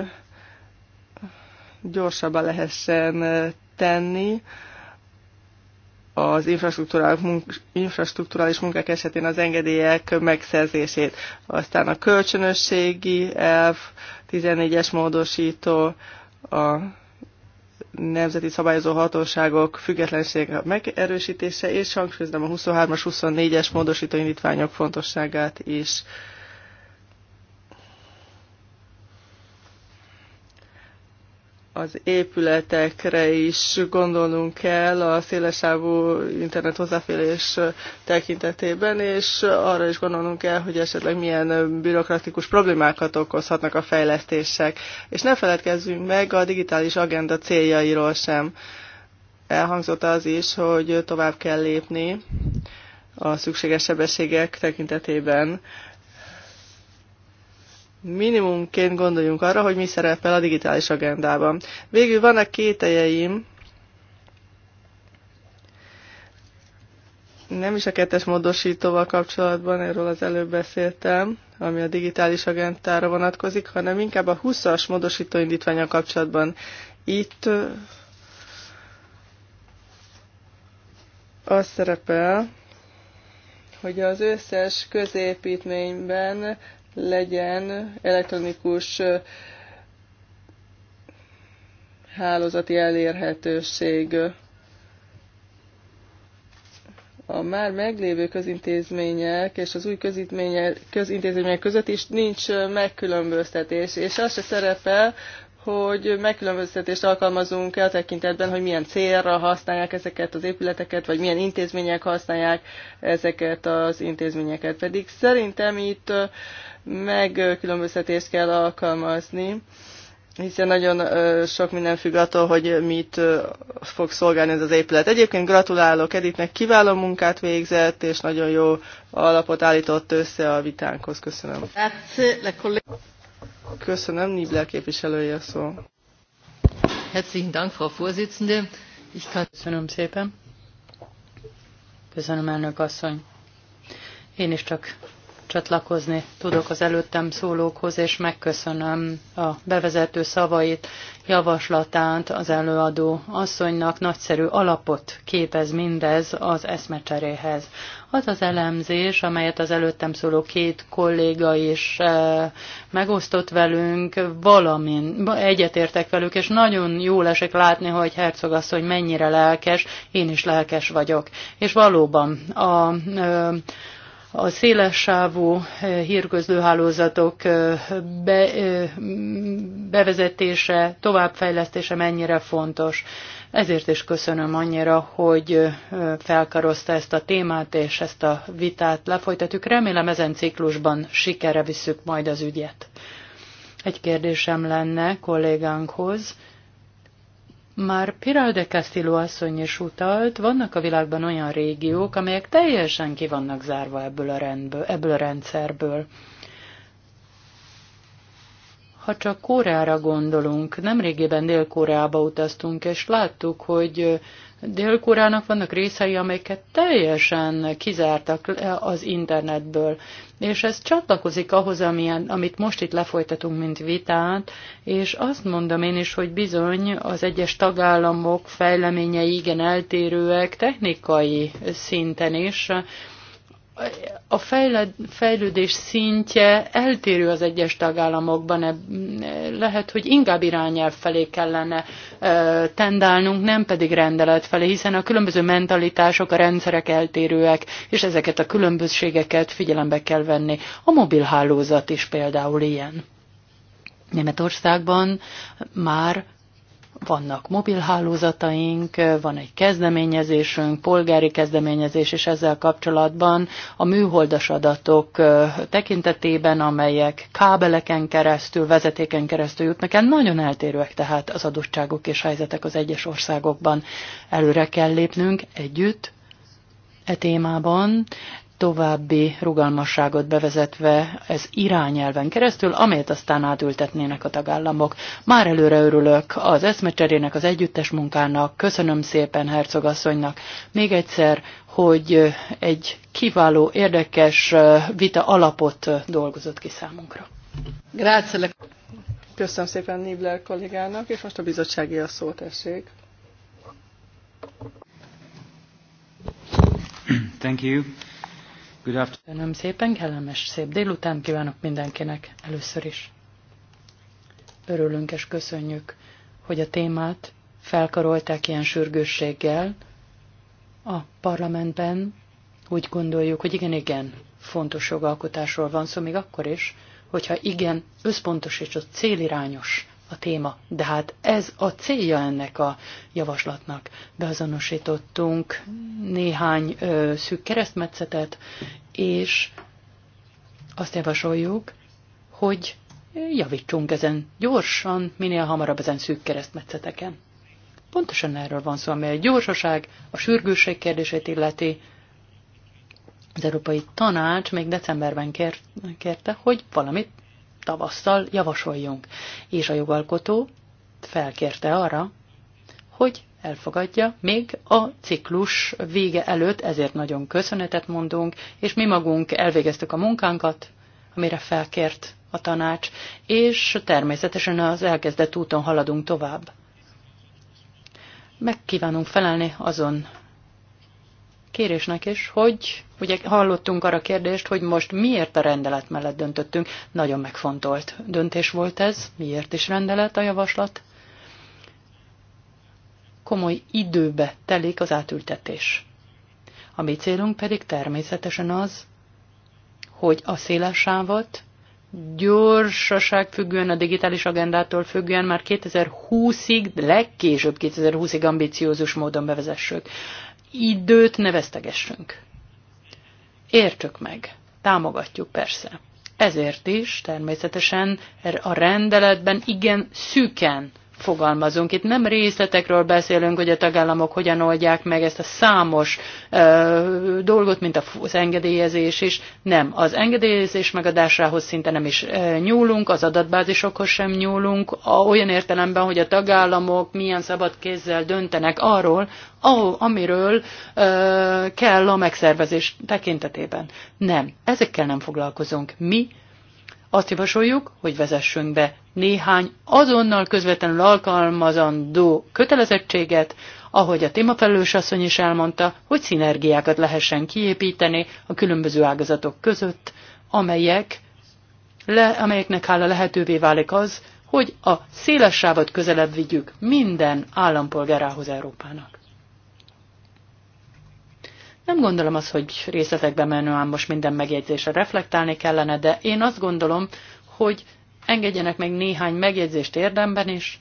gyorsabban lehessen tenni az infrastruktúrális munkák esetén az engedélyek megszerzését. Aztán a kölcsönösségi elv, 14-es módosító, a nemzeti szabályozó hatóságok függetlensége megerősítése, és hangsúlyoznám a 23-as, 24-es módosító indítványok fontosságát is. És az épületekre is gondolnunk kell a szélesávú internet hozzáférés tekintetében, és arra is gondolnunk kell, hogy esetleg milyen bürokratikus problémákat okozhatnak a fejlesztések. És ne feledkezzünk meg a digitális agenda céljairól sem. Elhangzott az is, hogy tovább kell lépni a szükséges sebességek tekintetében minimumként gondoljunk arra, hogy mi szerepel a digitális agendában. Végül vannak kételjeim, nem is a kettes módosítóval kapcsolatban, erről az előbb beszéltem, ami a digitális agentára vonatkozik, hanem inkább a 20-as módosítóindítványa kapcsolatban. Itt az szerepel, hogy az összes középítményben legyen elektronikus hálózati elérhetőség. A már meglévő közintézmények és az új közintézmények között is nincs megkülönböztetés, és az se szerepel, hogy megkülönböztetést alkalmazunk el tekintetben, hogy milyen célra használják ezeket az épületeket, vagy milyen intézmények használják ezeket az intézményeket. Pedig szerintem itt megkülönböztetést kell alkalmazni, hiszen nagyon sok minden függ attól, hogy mit fog szolgálni ez az épület. Egyébként gratulálok Editnek, kiváló munkát végzett, és nagyon jó alapot állított össze a vitánkhoz. Köszönöm. Köszönöm, Nibler képviselője szó. Herzlichen Dank, Frau Vorsitzende. Ich kann... Köszönöm szépen. Köszönöm, elnök asszony. Én is csak csatlakozni tudok az előttem szólókhoz, és megköszönöm a bevezető szavait, javaslatát az előadó asszonynak. Nagyszerű alapot képez mindez az eszmecseréhez. Az az elemzés, amelyet az előttem szóló két kolléga is e, megosztott velünk, valamin egyetértek velük, és nagyon jól esik látni, hogy Herzog asszony mennyire lelkes, én is lelkes vagyok. És valóban a e, a szélessávú eh, hírközlőhálózatok eh, be, eh, bevezetése, továbbfejlesztése mennyire fontos. Ezért is köszönöm annyira, hogy felkarozta ezt a témát, és ezt a vitát lefolytatjuk. Remélem ezen ciklusban sikerre visszük majd az ügyet. Egy kérdésem lenne kollégánkhoz már Piral de Castillo asszony is utalt, vannak a világban olyan régiók, amelyek teljesen ki vannak zárva ebből a, rendből, ebből a rendszerből. Ha csak Koreára gondolunk, nemrégében Dél-Koreába utaztunk, és láttuk, hogy Dél-Koreának vannak részei, amelyeket teljesen kizártak az internetből, és ez csatlakozik ahhoz, amilyen, amit most itt lefolytatunk, mint vitát, és azt mondom én is, hogy bizony az egyes tagállamok fejleményei igen eltérőek technikai szinten is, a fejlődés szintje eltérő az egyes tagállamokban. Lehet, hogy inkább irányelv felé kellene tendálnunk, nem pedig rendelet felé, hiszen a különböző mentalitások, a rendszerek eltérőek, és ezeket a különbözségeket figyelembe kell venni. A mobilhálózat is például ilyen. Németországban már vannak mobilhálózataink, van egy kezdeményezésünk, polgári kezdeményezés, és ezzel kapcsolatban a műholdas adatok tekintetében, amelyek kábeleken keresztül, vezetéken keresztül jutnak el, nagyon eltérőek tehát az adottságok és helyzetek az egyes országokban. Előre kell lépnünk együtt, e témában további rugalmasságot bevezetve ez irányelven keresztül, amelyet aztán átültetnének a tagállamok. Már előre örülök az eszmecserének, az együttes munkának, köszönöm szépen Hercogasszonynak még egyszer, hogy egy kiváló, érdekes vita alapot dolgozott ki számunkra. Grazie. Köszönöm szépen Nibler kollégának, és most a bizottsági a szót tessék. Thank you. Good afternoon. szépen, kellemes szép délután kívánok mindenkinek először is. Örülünk és köszönjük, hogy a témát felkarolták ilyen sürgősséggel a parlamentben. Úgy gondoljuk, hogy igen-igen, fontos jogalkotásról van szó, még akkor is, hogyha igen, összpontosított, célirányos a téma. De hát ez a célja ennek a javaslatnak. Beazonosítottunk néhány ö, szűk keresztmetszetet, és azt javasoljuk, hogy javítsunk ezen gyorsan, minél hamarabb ezen szűk keresztmetszeteken. Pontosan erről van szó, amely a gyorsaság, a sürgősség kérdését illeti. Az Európai Tanács még decemberben kérte, hogy valamit tavasszal javasoljunk. És a jogalkotó felkérte arra, hogy elfogadja, még a ciklus vége előtt, ezért nagyon köszönetet mondunk, és mi magunk elvégeztük a munkánkat, amire felkért a tanács, és természetesen az elkezdett úton haladunk tovább. Megkívánunk felelni azon kérésnek is, hogy ugye hallottunk arra kérdést, hogy most miért a rendelet mellett döntöttünk. Nagyon megfontolt döntés volt ez, miért is rendelet a javaslat. Komoly időbe telik az átültetés. A mi célunk pedig természetesen az, hogy a széles sávot gyorsaság függően, a digitális agendától függően már 2020-ig, legkésőbb 2020-ig ambiciózus módon bevezessük időt ne vesztegessünk. Értsük meg, támogatjuk persze. Ezért is természetesen er- a rendeletben igen szűken fogalmazunk. Itt nem részletekről beszélünk, hogy a tagállamok hogyan oldják meg ezt a számos ö, dolgot, mint az engedélyezés is. Nem, az engedélyezés megadásához szinte nem is ö, nyúlunk, az adatbázisokhoz sem nyúlunk, a, olyan értelemben, hogy a tagállamok milyen szabad kézzel döntenek arról, ahol, amiről ö, kell a megszervezés tekintetében. Nem, ezekkel nem foglalkozunk. Mi azt javasoljuk, hogy vezessünk be néhány azonnal közvetlenül alkalmazandó kötelezettséget, ahogy a témafelelős asszony is elmondta, hogy szinergiákat lehessen kiépíteni a különböző ágazatok között, amelyek le, amelyeknek hála lehetővé válik az, hogy a széles sávot közelebb vigyük minden állampolgárához Európának. Nem gondolom az, hogy részletekbe menően most minden megjegyzésre reflektálni kellene, de én azt gondolom, hogy engedjenek meg néhány megjegyzést érdemben is.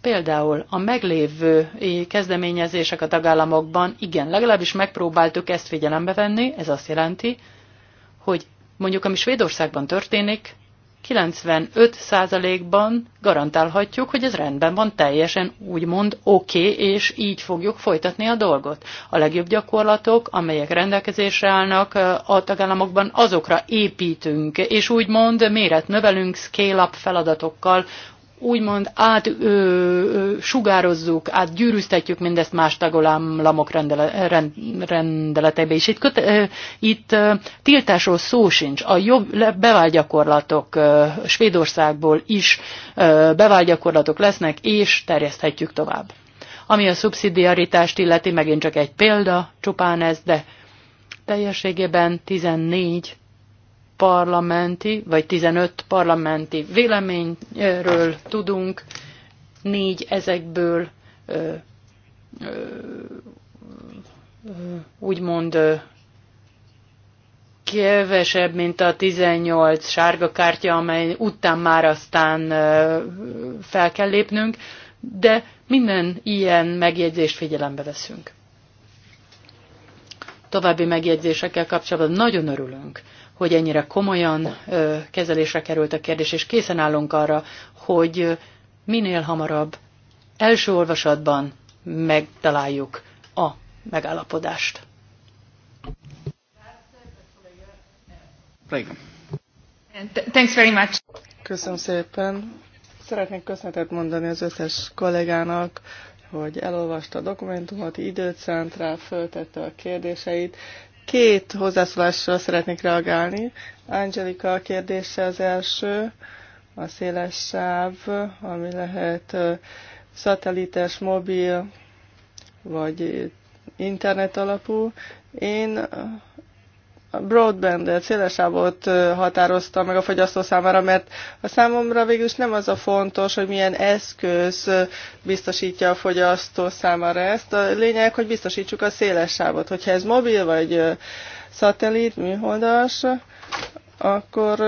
Például a meglévő kezdeményezések a tagállamokban, igen, legalábbis megpróbáltuk ezt figyelembe venni, ez azt jelenti, hogy mondjuk ami Svédországban történik, 95%-ban garantálhatjuk, hogy ez rendben van, teljesen úgymond oké, okay, és így fogjuk folytatni a dolgot. A legjobb gyakorlatok, amelyek rendelkezésre állnak a tagállamokban, azokra építünk, és úgymond méret növelünk scale-up feladatokkal, úgymond át ö, ö, sugározzuk, gyűrűztetjük mindezt más tagolámlamok rendele, rend, rendeleteibe is. Itt, köte, ö, itt ö, tiltásról szó sincs. A jobb beválgyakorlatok ö, Svédországból is ö, beválgyakorlatok lesznek, és terjeszthetjük tovább. Ami a szubszidiaritást illeti, megint csak egy példa, csupán ez, de teljességében 14 parlamenti, vagy 15 parlamenti véleményről tudunk, négy ezekből ö, ö, úgymond kevesebb, mint a 18 sárga kártya, amely után már aztán fel kell lépnünk, de minden ilyen megjegyzést figyelembe veszünk. További megjegyzésekkel kapcsolatban nagyon örülünk, hogy ennyire komolyan kezelésre került a kérdés, és készen állunk arra, hogy minél hamarabb első olvasatban megtaláljuk a megállapodást. Thanks very much. Köszönöm szépen. Szeretnék köszönetet mondani az összes kollégának, hogy elolvasta a dokumentumot, időt szánt rá, föltette a kérdéseit, Két hozzászólásra szeretnék reagálni. Angelika kérdése az első, a széles sáv, ami lehet szatelites, mobil, vagy internet alapú. Én broadbandet, szélesávot határozta meg a fogyasztó számára, mert a számomra végül is nem az a fontos, hogy milyen eszköz biztosítja a fogyasztó számára ezt. A lényeg, hogy biztosítsuk a szélesávot. Hogyha ez mobil vagy szatellit, műholdas, akkor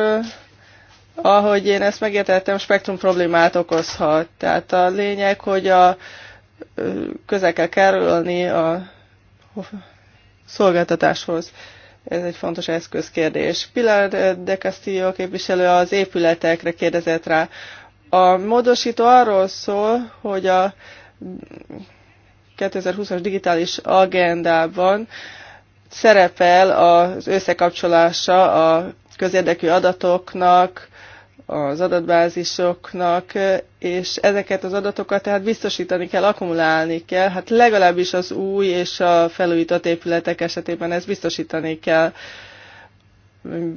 ahogy én ezt megértettem, spektrum problémát okozhat. Tehát a lényeg, hogy a közel kell kerülni a szolgáltatáshoz. Ez egy fontos eszközkérdés. Pilar de Castillo képviselő az épületekre kérdezett rá. A módosító arról szól, hogy a 2020-as digitális agendában szerepel az összekapcsolása a közérdekű adatoknak, az adatbázisoknak, és ezeket az adatokat tehát biztosítani kell, akkumulálni kell, hát legalábbis az új és a felújított épületek esetében ezt biztosítani kell.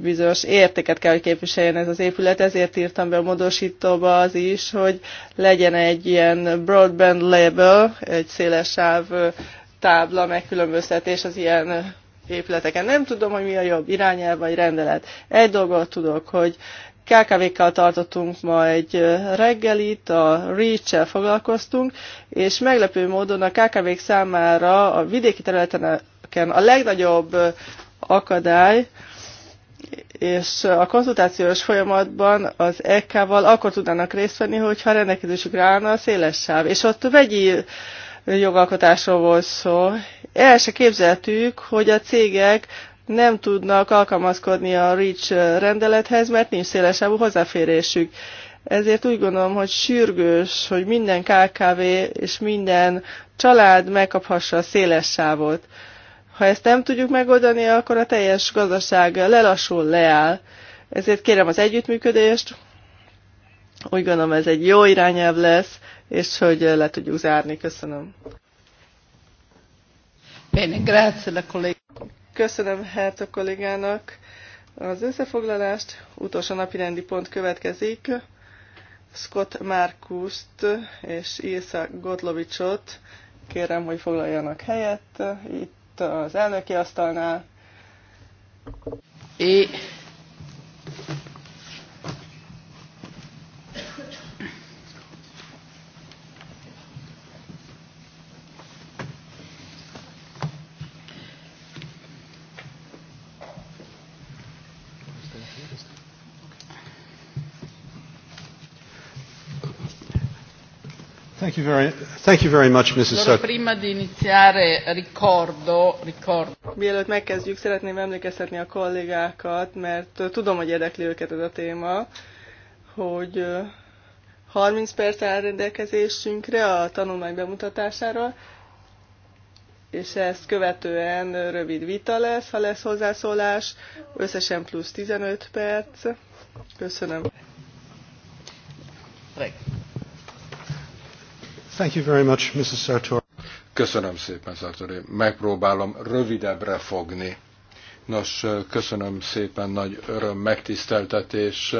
Bizonyos értéket kell, hogy képviseljen ez az épület, ezért írtam be a módosítóba az is, hogy legyen egy ilyen broadband label, egy szélesáv tábla megkülönböztetés az ilyen épületeken. Nem tudom, hogy mi a jobb irányelv vagy rendelet. Egy dolgot tudok, hogy KKV-kkal tartottunk ma egy reggelit, a REACH-el foglalkoztunk, és meglepő módon a KKV-k számára a vidéki területeken a legnagyobb akadály, és a konzultációs folyamatban az EK-val akkor tudnának részt venni, hogyha rendelkezésükre állna a széles sáv. És ott vegyi jogalkotásról volt szó. El se képzeltük, hogy a cégek nem tudnak alkalmazkodni a REACH rendelethez, mert nincs szélesávú hozzáférésük. Ezért úgy gondolom, hogy sürgős, hogy minden KKV és minden család megkaphassa a széles sávot. Ha ezt nem tudjuk megoldani, akkor a teljes gazdaság lelassul, leáll. Ezért kérem az együttműködést. Úgy gondolom, ez egy jó irányelv lesz, és hogy le tudjuk zárni. Köszönöm. Bene, grazie la collega. Köszönöm hát a kollégának az összefoglalást. Utolsó napi rendi pont következik. Scott Markust és Ilsa Gotlovicsot kérem, hogy foglaljanak helyet itt az elnöki asztalnál. É. Thank you very, thank you very much, Mrs. Allora, prima di iniziare, ricordo, ricordo. Mielőtt megkezdjük, szeretném emlékeztetni a kollégákat, mert tudom, hogy érdekli őket ez a téma, hogy 30 perc áll rendelkezésünkre a tanulmány bemutatására, és ezt követően rövid vita lesz, ha lesz hozzászólás, összesen plusz 15 perc. Köszönöm. Prego. Thank you very much, Mrs. Sartori. Köszönöm szépen, Sartori. Megpróbálom rövidebbre fogni. Nos, köszönöm szépen, nagy öröm, megtiszteltetés,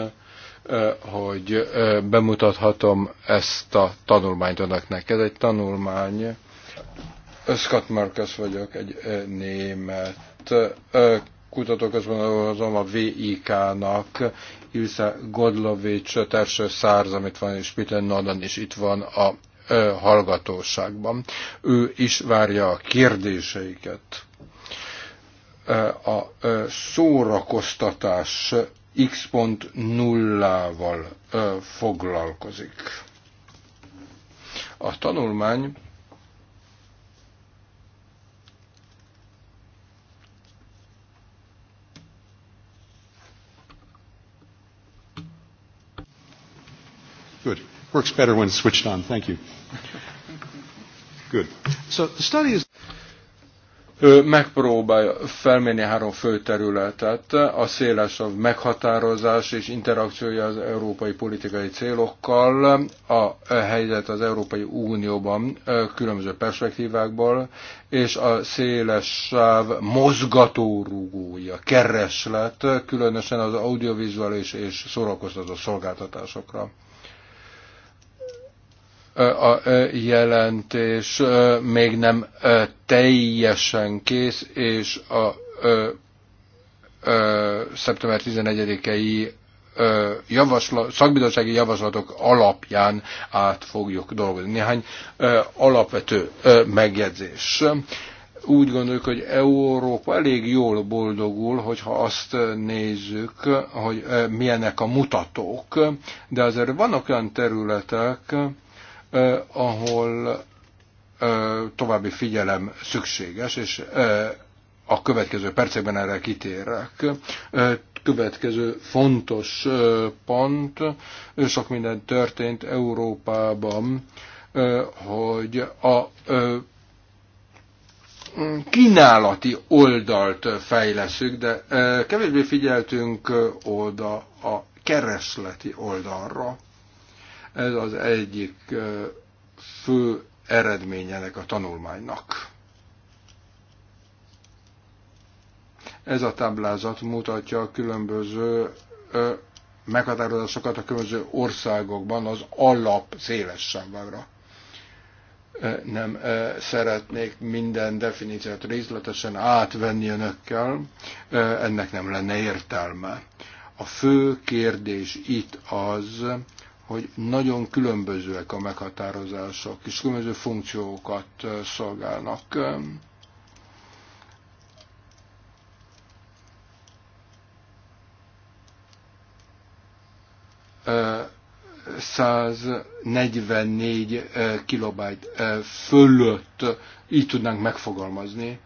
hogy bemutathatom ezt a tanulmányt önöknek. Ez egy tanulmány, Scott Marcus vagyok, egy német kutatóközben azon a VIK-nak, Ilse Godlovics, Terső Szárz, amit van, és Peter Nodan is itt van a hallgatóságban. Ő is várja a kérdéseiket. A szórakoztatás x.0-val foglalkozik. A tanulmány Good. Works better when switched on. Thank you. Good. So the study is... Ő megpróbálja felmérni három fő területet, a a meghatározás és interakciója az európai politikai célokkal, a helyzet az Európai Unióban különböző perspektívákból, és a széles sáv mozgatórugója, kereslet, különösen az audiovizuális és szórakoztató szolgáltatásokra a jelentés még nem teljesen kész, és a szeptember 11-i javaslat, szakbizottsági javaslatok alapján át fogjuk dolgozni. Néhány alapvető megjegyzés. Úgy gondoljuk, hogy Európa elég jól boldogul, hogyha azt nézzük, hogy milyenek a mutatók, de azért vannak olyan területek, ahol további figyelem szükséges, és a következő percekben erre kitérek. Következő fontos pont, sok minden történt Európában, hogy a kínálati oldalt fejleszünk, de kevésbé figyeltünk oda a keresleti oldalra. Ez az egyik fő eredményenek a tanulmánynak. Ez a táblázat mutatja a különböző meghatározásokat a különböző országokban az alap széles sávra. Nem szeretnék minden definíciót részletesen átvenni önökkel, ennek nem lenne értelme. A fő kérdés itt az, hogy nagyon különbözőek a meghatározások, és különböző funkciókat szolgálnak. Ö, 144 kilobájt fölött, így tudnánk megfogalmazni,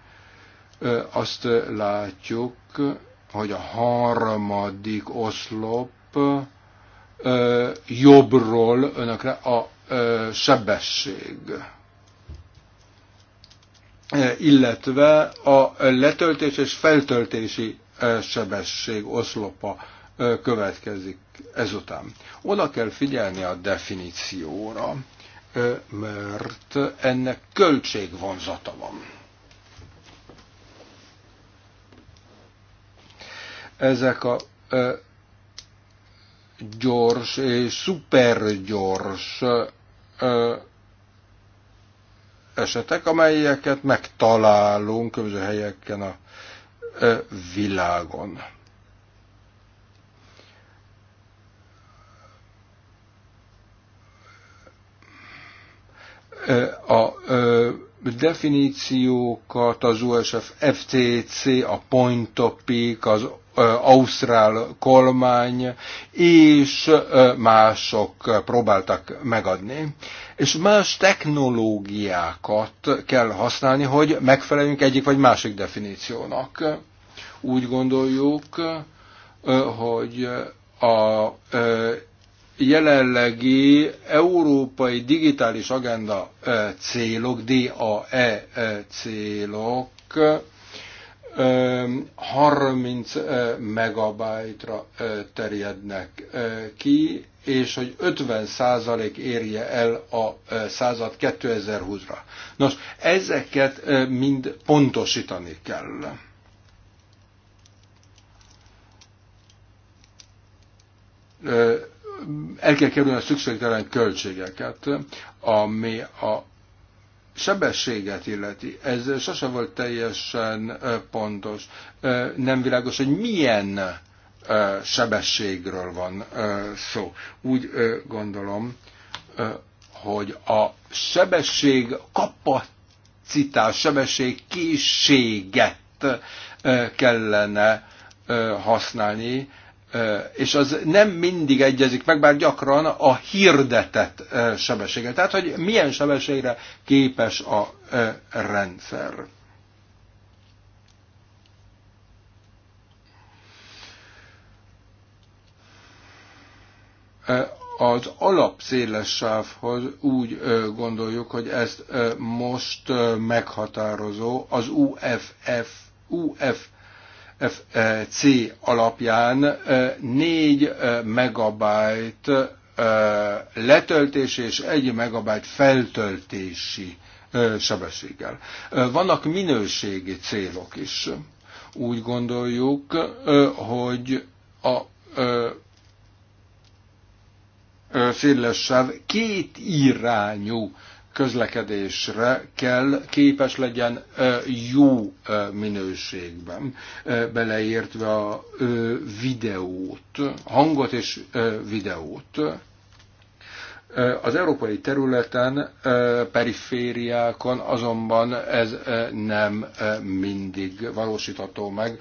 azt látjuk, hogy a harmadik oszlop jobbról önökre a sebesség illetve a letöltés és feltöltési sebesség oszlopa következik ezután. Oda kell figyelni a definícióra, mert ennek költségvonzata van. Ezek a gyors és szupergyors esetek, amelyeket megtalálunk különböző helyeken a világon. A definíciókat az USF FCC, a Point Topic, az ausztrál kormány és mások próbáltak megadni. És más technológiákat kell használni, hogy megfeleljünk egyik vagy másik definíciónak. Úgy gondoljuk, hogy a jelenlegi európai digitális agenda célok, DAE célok, 30 megabájtra terjednek ki, és hogy 50 százalék érje el a század 2020-ra. Nos, ezeket mind pontosítani kell. El kell kerülni a szükségtelen költségeket, ami a sebességet illeti, ez sose volt teljesen pontos. Nem világos, hogy milyen sebességről van szó. Úgy gondolom, hogy a sebesség kapacitás, sebesség készséget kellene használni, és az nem mindig egyezik meg, bár gyakran a hirdetett sebessége. Tehát, hogy milyen sebességre képes a rendszer. Az alapszéles sávhoz úgy gondoljuk, hogy ezt most meghatározó az UFF, UFF FFC e alapján 4 megabájt letöltés és 1 megabájt feltöltési sebességgel. Vannak minőségi célok is. Úgy gondoljuk, hogy a széles sáv két irányú közlekedésre kell képes legyen jó minőségben, beleértve a videót, hangot és videót. Az európai területen, perifériákon azonban ez nem mindig valósítható meg,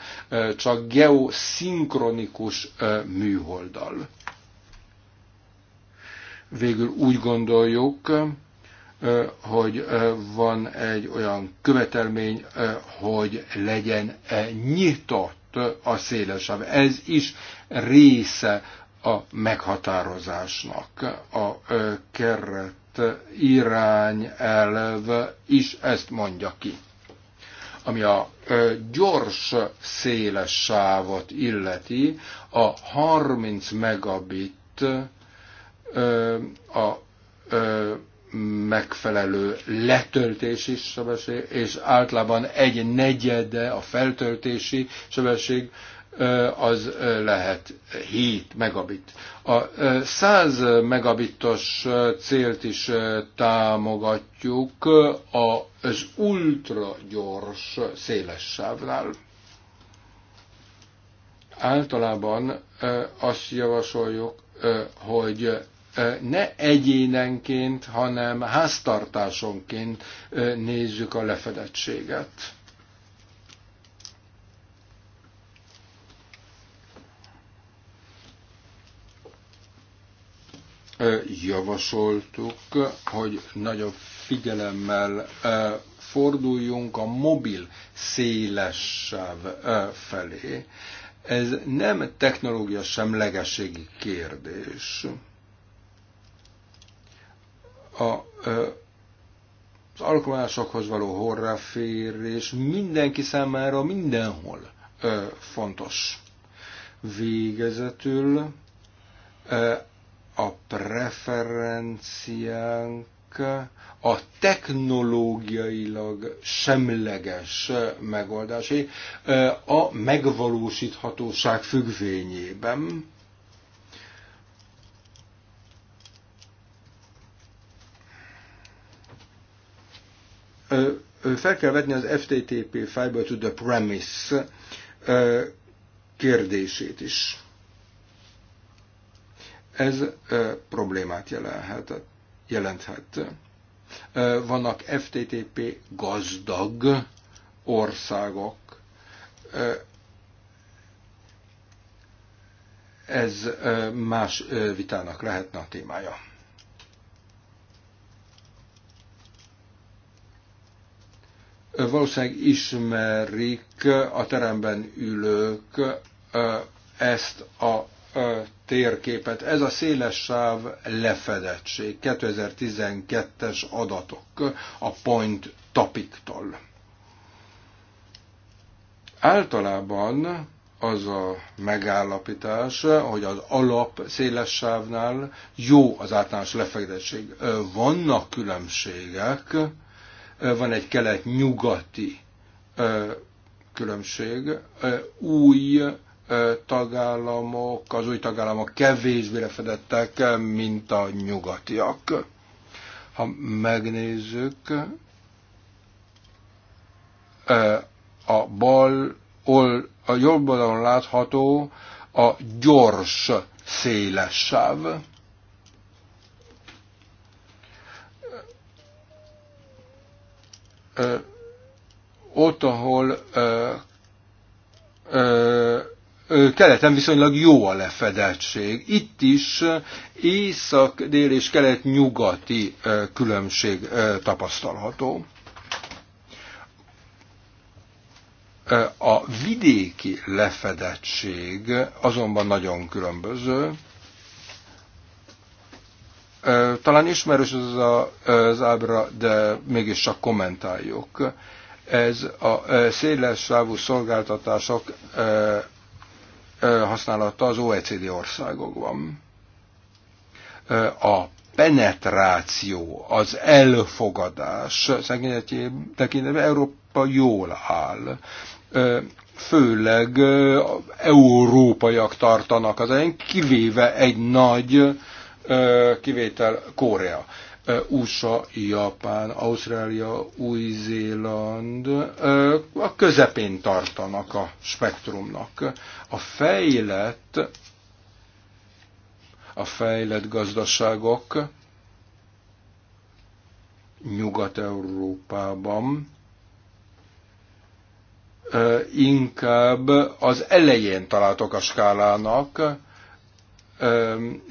csak geoszinkronikus műholddal. Végül úgy gondoljuk, hogy van egy olyan követelmény, hogy legyen nyitott a szélesebb. Ez is része a meghatározásnak. A keret irányelv is ezt mondja ki. Ami a gyors széles sávot illeti, a 30 megabit a megfelelő letöltési sebesség, és általában egy negyede a feltöltési sebesség az lehet 7 megabit. A 100 megabitos célt is támogatjuk az ultra gyors széles sávnál. Általában azt javasoljuk, hogy ne egyénenként, hanem háztartásonként nézzük a lefedettséget. Javasoltuk, hogy nagyobb figyelemmel forduljunk a mobil szélessáv felé. Ez nem technológia semlegességi kérdés a, az alkoholásokhoz való horraférés mindenki számára mindenhol fontos. Végezetül a preferenciánk a technológiailag semleges megoldásé a megvalósíthatóság függvényében fel kell vetni az FTTP Fiber to the Premise kérdését is. Ez problémát jelenthet. jelenthet. Vannak FTTP gazdag országok, ez más vitának lehetne a témája. Valószínűleg ismerik a teremben ülők ezt a térképet. Ez a széles sáv lefedettség, 2012-es adatok a Point topic Általában az a megállapítás, hogy az alap széles sávnál jó az általános lefedettség Vannak különbségek, van egy kelet-nyugati különbség. Új tagállamok, az új tagállamok kevésbé lefedettek, mint a nyugatiak. Ha megnézzük, a bal ol, a jobb oldalon látható a gyors széles sáv, ott, ahol keleten viszonylag jó a lefedettség. Itt is észak-dél és kelet-nyugati különbség tapasztalható. A vidéki lefedettség azonban nagyon különböző. Talán ismerős az a, az ábra, de mégis csak kommentáljuk. Ez a széles sávú szolgáltatások használata az OECD országokban. A penetráció, az elfogadás szegényetjében Európa jól áll. Főleg európaiak tartanak az kivéve egy nagy kivétel Korea. USA, Japán, Ausztrália, Új-Zéland a közepén tartanak a spektrumnak. A fejlett, a fejlett gazdaságok Nyugat-Európában inkább az elején találtak a skálának,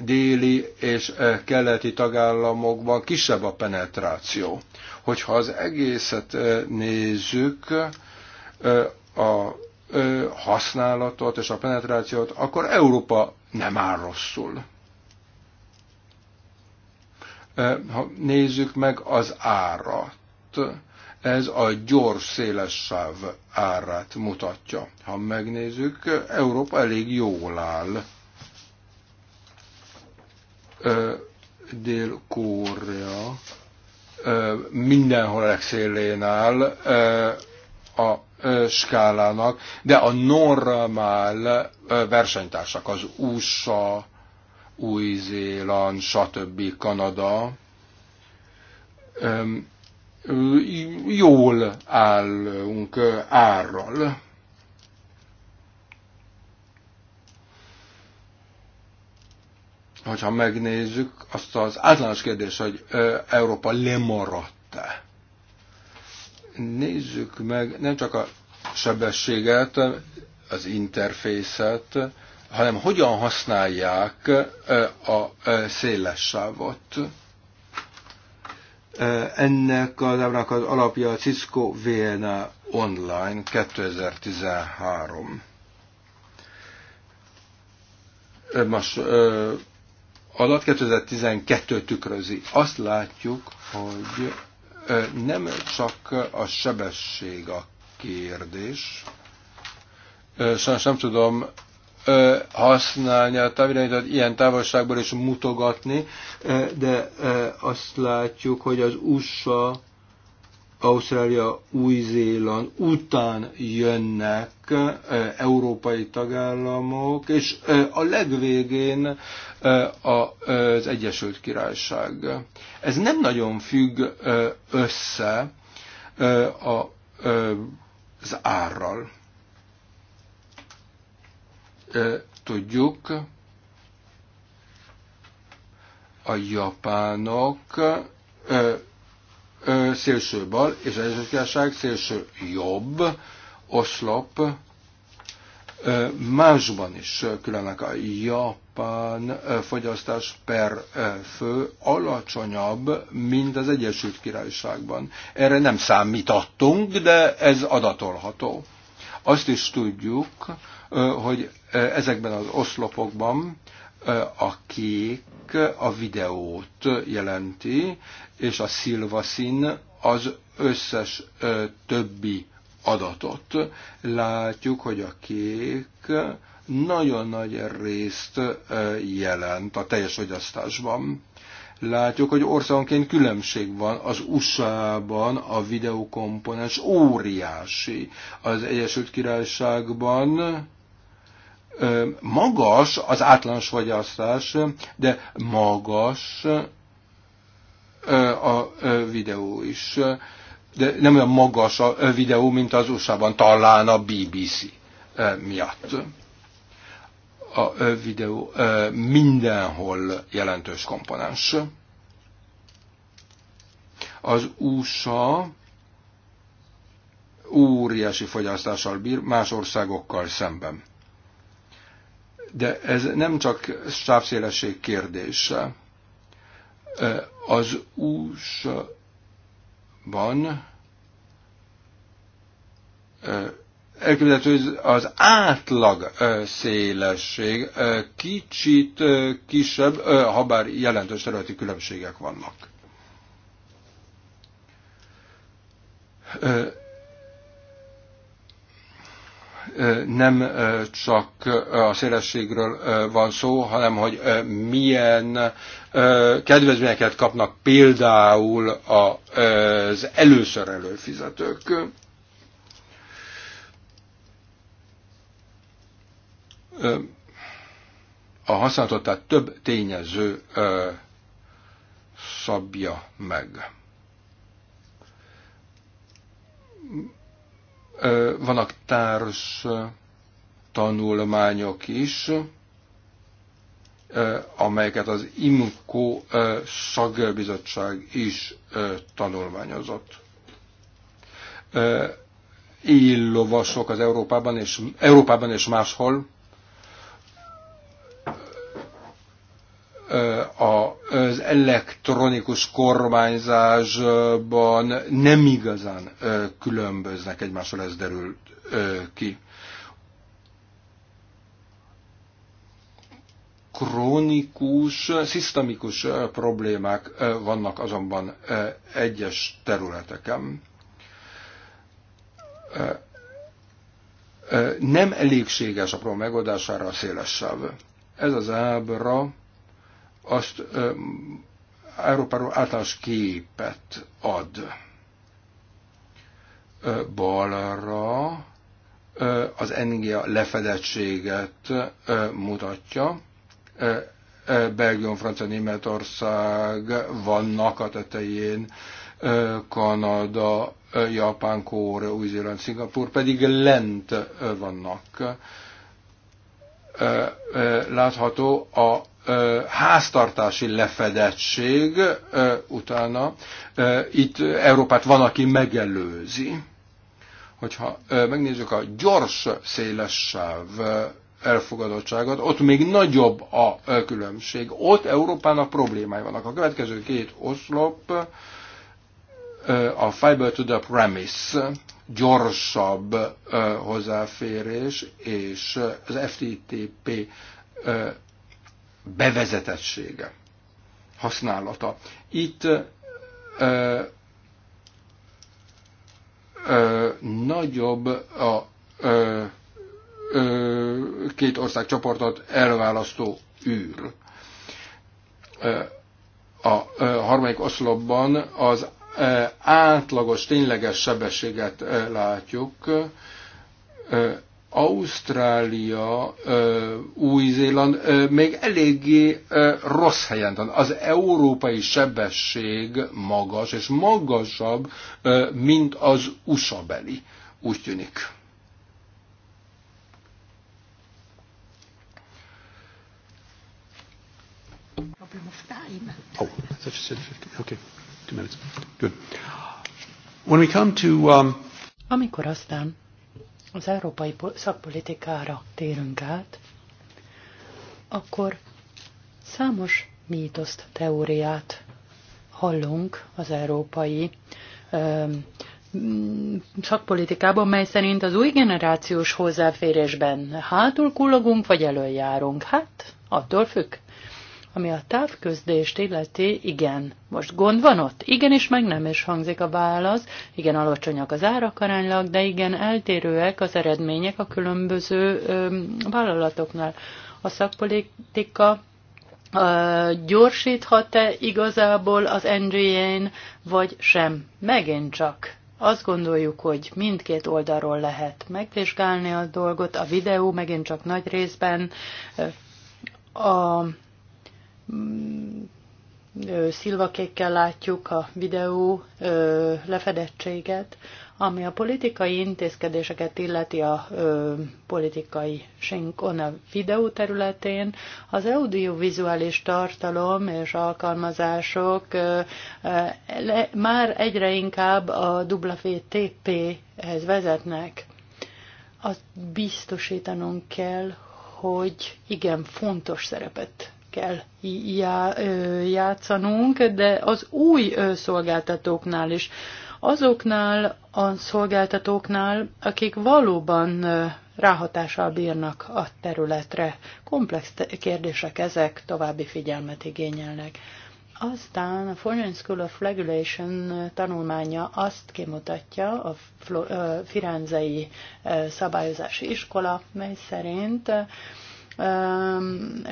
déli és keleti tagállamokban kisebb a penetráció. Hogyha az egészet nézzük, a használatot és a penetrációt, akkor Európa nem áll rosszul. Ha nézzük meg az árat, ez a gyors széles sáv árát mutatja. Ha megnézzük, Európa elég jól áll Dél-Kórea mindenhol a legszélén áll a skálának, de a normál versenytársak, az USA, Új-Zéland, stb. Kanada jól állunk árral hogyha megnézzük azt az általános kérdést, hogy Európa lemaradt-e. Nézzük meg nem csak a sebességet, az interfészet, hanem hogyan használják a széles sávot. Ennek az ábrának az alapja a Cisco VNA Online 2013. Most adat 2012 tükrözi. Azt látjuk, hogy nem csak a sebesség a kérdés, sajnos nem tudom használni a távirányítót ilyen távolságból is mutogatni, de azt látjuk, hogy az USA Ausztrália, Új-Zéland után jönnek európai tagállamok, és a legvégén az Egyesült Királyság. Ez nem nagyon függ össze az árral. Tudjuk, a japánok szélső bal és az Egyesült Királyság szélső jobb oszlop másban is különnek a japán fogyasztás per fő alacsonyabb, mint az Egyesült Királyságban. Erre nem számítattunk, de ez adatolható. Azt is tudjuk, hogy ezekben az oszlopokban Eh, a kék a videót jelenti, és a szilvaszín az összes eh, többi adatot. Látjuk, hogy a kék nagyon nagy részt eh, jelent a teljes fogyasztásban. Látjuk, hogy országonként különbség van. Az USA-ban a videokomponens óriási. Az Egyesült Királyságban magas az átlános fogyasztás, de magas a videó is. De nem olyan magas a videó, mint az USA-ban, talán a BBC miatt. A videó mindenhol jelentős komponens. Az USA óriási fogyasztással bír más országokkal szemben de ez nem csak sávszélesség kérdése. Az USA-ban elképzelhető, az átlag szélesség kicsit kisebb, ha bár jelentős területi különbségek vannak nem csak a szélességről van szó, hanem hogy milyen kedvezményeket kapnak például az először előfizetők. A használatot tehát több tényező szabja meg vannak társ tanulmányok is, amelyeket az IMCO szakbizottság is tanulmányozott. Illovasok az Európában és, Európában és máshol az elektronikus kormányzásban nem igazán különböznek egymásról, ez derül ki. krónikus, szisztemikus problémák vannak azonban egyes területeken. Nem elégséges a probléma megoldására a széles sáv. Ez az ábra azt Európáról általános képet ad. Balra az energia lefedettséget mutatja. Belgium, Francia, Németország vannak a tetején, Kanada, Japán, Kóre, Új-Zéland, Szingapur pedig lent vannak. Látható a háztartási lefedettség utána. Itt Európát van, aki megelőzi. Hogyha megnézzük a gyors széles sáv elfogadottságot, ott még nagyobb a különbség. Ott Európának problémái vannak. A következő két oszlop a fiber to the premise, gyorsabb hozzáférés, és az FTTP bevezetettsége, használata. Itt ö, ö, nagyobb a ö, ö, két ország csoportot elválasztó űr. A harmadik oszlopban az átlagos, tényleges sebességet látjuk, Ausztrália, Új-Zéland még eléggé rossz helyen van. Az európai sebesség magas, és magasabb, mint az USA beli, úgy tűnik. Oh, such a Okay, two minutes. Good. When we come to, um... Amikor aztán az európai szakpolitikára térünk át, akkor számos mítoszt, teóriát hallunk az európai szakpolitikában, mely szerint az új generációs hozzáférésben hátul kullogunk, vagy előjárunk. Hát, attól függ. Ami a távközdést illeti, igen. Most gond van ott? Igen és meg nem is hangzik a válasz. Igen, alacsonyak az árak aránylag, de igen, eltérőek az eredmények a különböző ö, vállalatoknál. A szakpolitika ö, gyorsíthat-e igazából az NGN, vagy sem? Megint csak azt gondoljuk, hogy mindkét oldalról lehet megvizsgálni a dolgot. A videó megint csak nagy részben a szilvakékkel látjuk a videó lefedettséget, ami a politikai intézkedéseket illeti a ö, politikai sinkon a videó területén, az audiovizuális tartalom és alkalmazások ö, ö, le, már egyre inkább a WTP-hez vezetnek. Azt biztosítanunk kell, hogy igen fontos szerepet kell já, játszanunk, de az új szolgáltatóknál is. Azoknál a szolgáltatóknál, akik valóban ráhatással bírnak a területre. Komplex kérdések ezek, további figyelmet igényelnek. Aztán a Foreign School of Regulation tanulmánya azt kimutatja, a Firenzei Szabályozási Iskola, mely szerint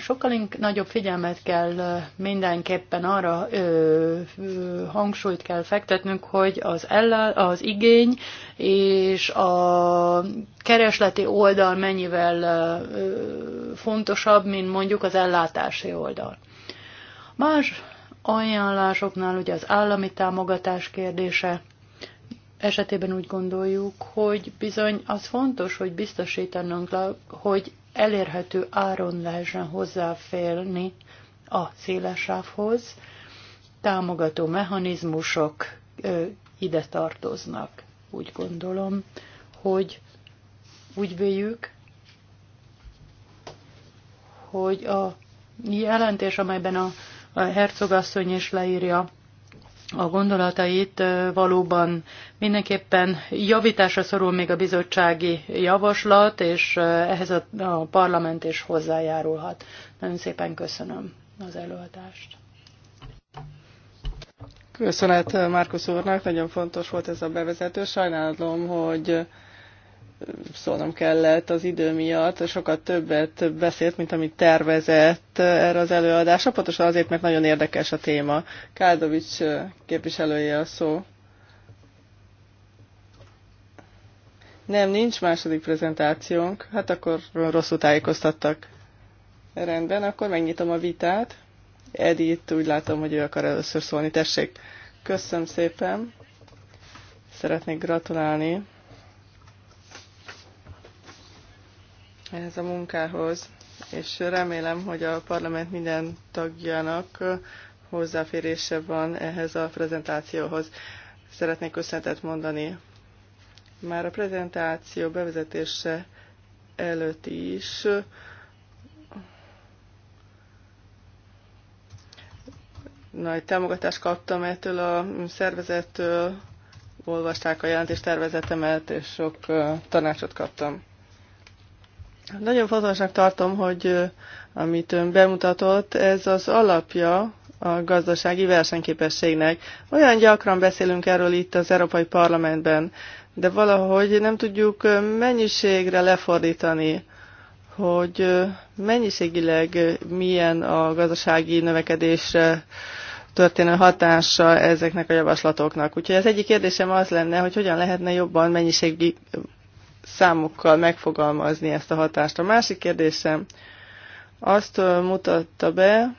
Sokkal nagyobb figyelmet kell mindenképpen arra ö, ö, hangsúlyt kell fektetnünk, hogy az, ellen, az igény és a keresleti oldal mennyivel ö, fontosabb, mint mondjuk az ellátási oldal. Más ajánlásoknál ugye az állami támogatás kérdése esetében úgy gondoljuk, hogy bizony az fontos, hogy biztosítanunk, hogy elérhető áron lehessen hozzáférni a szélesávhoz, támogató mechanizmusok ö, ide tartoznak. Úgy gondolom, hogy úgy véljük, hogy a jelentés, amelyben a, a hercogasszony is leírja a gondolatait valóban mindenképpen javításra szorul még a bizottsági javaslat, és ehhez a, a parlament is hozzájárulhat. Nagyon szépen köszönöm az előadást. Köszönet Márkusz úrnak, nagyon fontos volt ez a bevezető. Sajnálom, hogy szólnom kellett az idő miatt. Sokat többet beszélt, mint amit tervezett erre az előadásra, pontosan azért, mert nagyon érdekes a téma. Káldovics képviselője a szó. Nem, nincs második prezentációnk. Hát akkor rosszul tájékoztattak. Rendben, akkor megnyitom a vitát. Edith, úgy látom, hogy ő akar először szólni. Tessék, köszönöm szépen. Szeretnék gratulálni ehhez a munkához, és remélem, hogy a parlament minden tagjának hozzáférése van ehhez a prezentációhoz. Szeretnék köszönetet mondani. Már a prezentáció bevezetése előtt is nagy támogatást kaptam ettől a szervezettől, olvasták a jelentéstervezetemet, és sok tanácsot kaptam. Nagyon fontosnak tartom, hogy amit ön bemutatott, ez az alapja a gazdasági versenyképességnek. Olyan gyakran beszélünk erről itt az Európai Parlamentben, de valahogy nem tudjuk mennyiségre lefordítani, hogy mennyiségileg milyen a gazdasági növekedésre történő hatása ezeknek a javaslatoknak. Úgyhogy az egyik kérdésem az lenne, hogy hogyan lehetne jobban mennyiségi számokkal megfogalmazni ezt a hatást. A másik kérdésem azt mutatta be,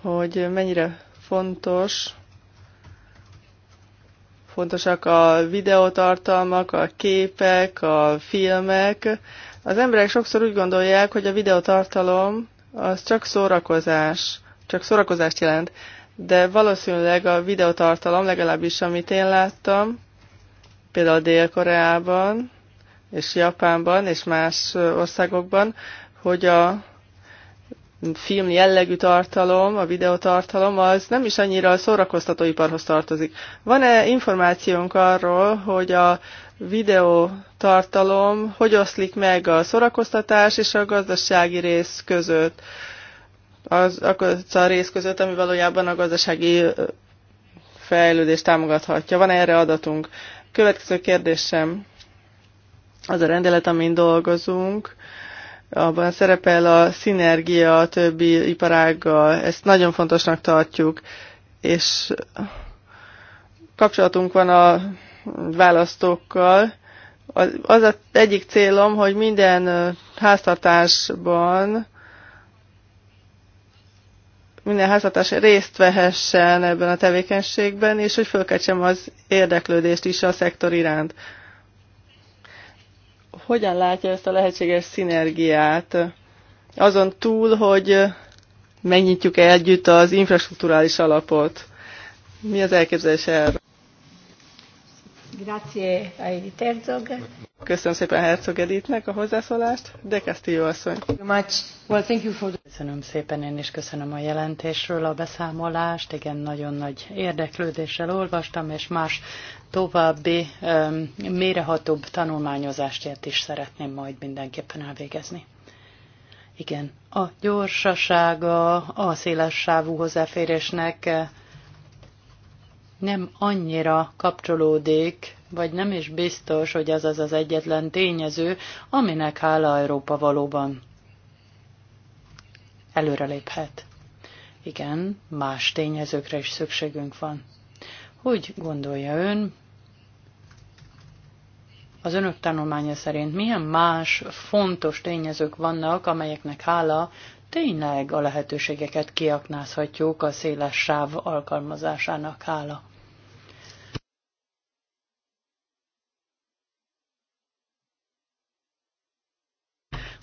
hogy mennyire fontos fontosak a videótartalmak, a képek, a filmek. Az emberek sokszor úgy gondolják, hogy a videótartalom az csak szórakozás, csak szórakozást jelent, de valószínűleg a videótartalom, legalábbis amit én láttam, például Dél-Koreában és Japánban és más országokban, hogy a film jellegű tartalom, a videotartalom, az nem is annyira a szórakoztatóiparhoz tartozik. Van-e információnk arról, hogy a videótartalom hogy oszlik meg a szórakoztatás és a gazdasági rész között? Az, az a rész között, ami valójában a gazdasági fejlődést támogathatja. Van -e erre adatunk? Következő kérdésem. Az a rendelet, amin dolgozunk, abban szerepel a szinergia a többi iparággal. Ezt nagyon fontosnak tartjuk, és kapcsolatunk van a választókkal. Az az egyik célom, hogy minden háztartásban minden házatás részt vehessen ebben a tevékenységben, és hogy fölkecsem az érdeklődést is a szektor iránt. Hogyan látja ezt a lehetséges szinergiát? Azon túl, hogy megnyitjuk együtt az infrastruktúrális alapot. Mi az elképzelés erre? Köszönöm szépen Herzog Editnek a hozzászólást, de jó asszony. Köszönöm szépen, én is köszönöm a jelentésről a beszámolást. Igen, nagyon nagy érdeklődéssel olvastam, és más további um, mérehatóbb tanulmányozást is szeretném majd mindenképpen elvégezni. Igen, a gyorsasága, a széles sávú hozzáférésnek nem annyira kapcsolódik, vagy nem is biztos, hogy az az az egyetlen tényező, aminek hála Európa valóban előreléphet. Igen, más tényezőkre is szükségünk van. Hogy gondolja ön, az önök tanulmánya szerint milyen más fontos tényezők vannak, amelyeknek hála tényleg a lehetőségeket kiaknázhatjuk a széles sáv alkalmazásának hála?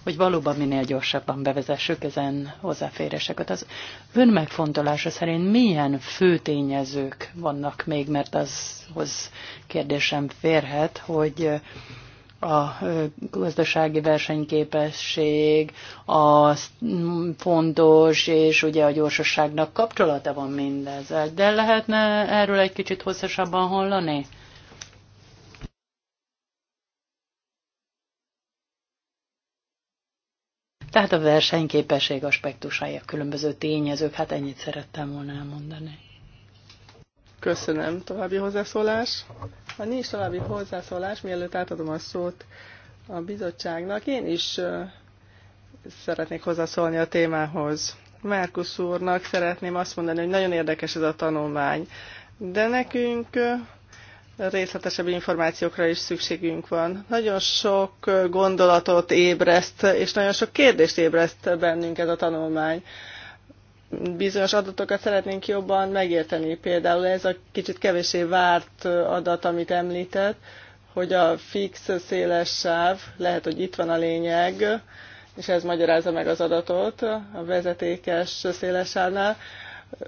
hogy valóban minél gyorsabban bevezessük ezen hozzáféréseket. Az ön megfontolása szerint milyen fő tényezők vannak még, mert azhoz kérdésem férhet, hogy a gazdasági versenyképesség, a fontos, és ugye a gyorsaságnak kapcsolata van mindezzel. De lehetne erről egy kicsit hosszasabban hallani? Tehát a versenyképesség aspektusai a különböző tényezők, hát ennyit szerettem volna elmondani. Köszönöm. További hozzászólás? Ha nincs további hozzászólás, mielőtt átadom a szót a bizottságnak, én is szeretnék hozzászólni a témához. Márkusz úrnak szeretném azt mondani, hogy nagyon érdekes ez a tanulmány, de nekünk részletesebb információkra is szükségünk van. Nagyon sok gondolatot ébreszt, és nagyon sok kérdést ébreszt bennünk ez a tanulmány. Bizonyos adatokat szeretnénk jobban megérteni. Például ez a kicsit kevésé várt adat, amit említett, hogy a fix széles sáv, lehet, hogy itt van a lényeg, és ez magyarázza meg az adatot a vezetékes széles sávnál.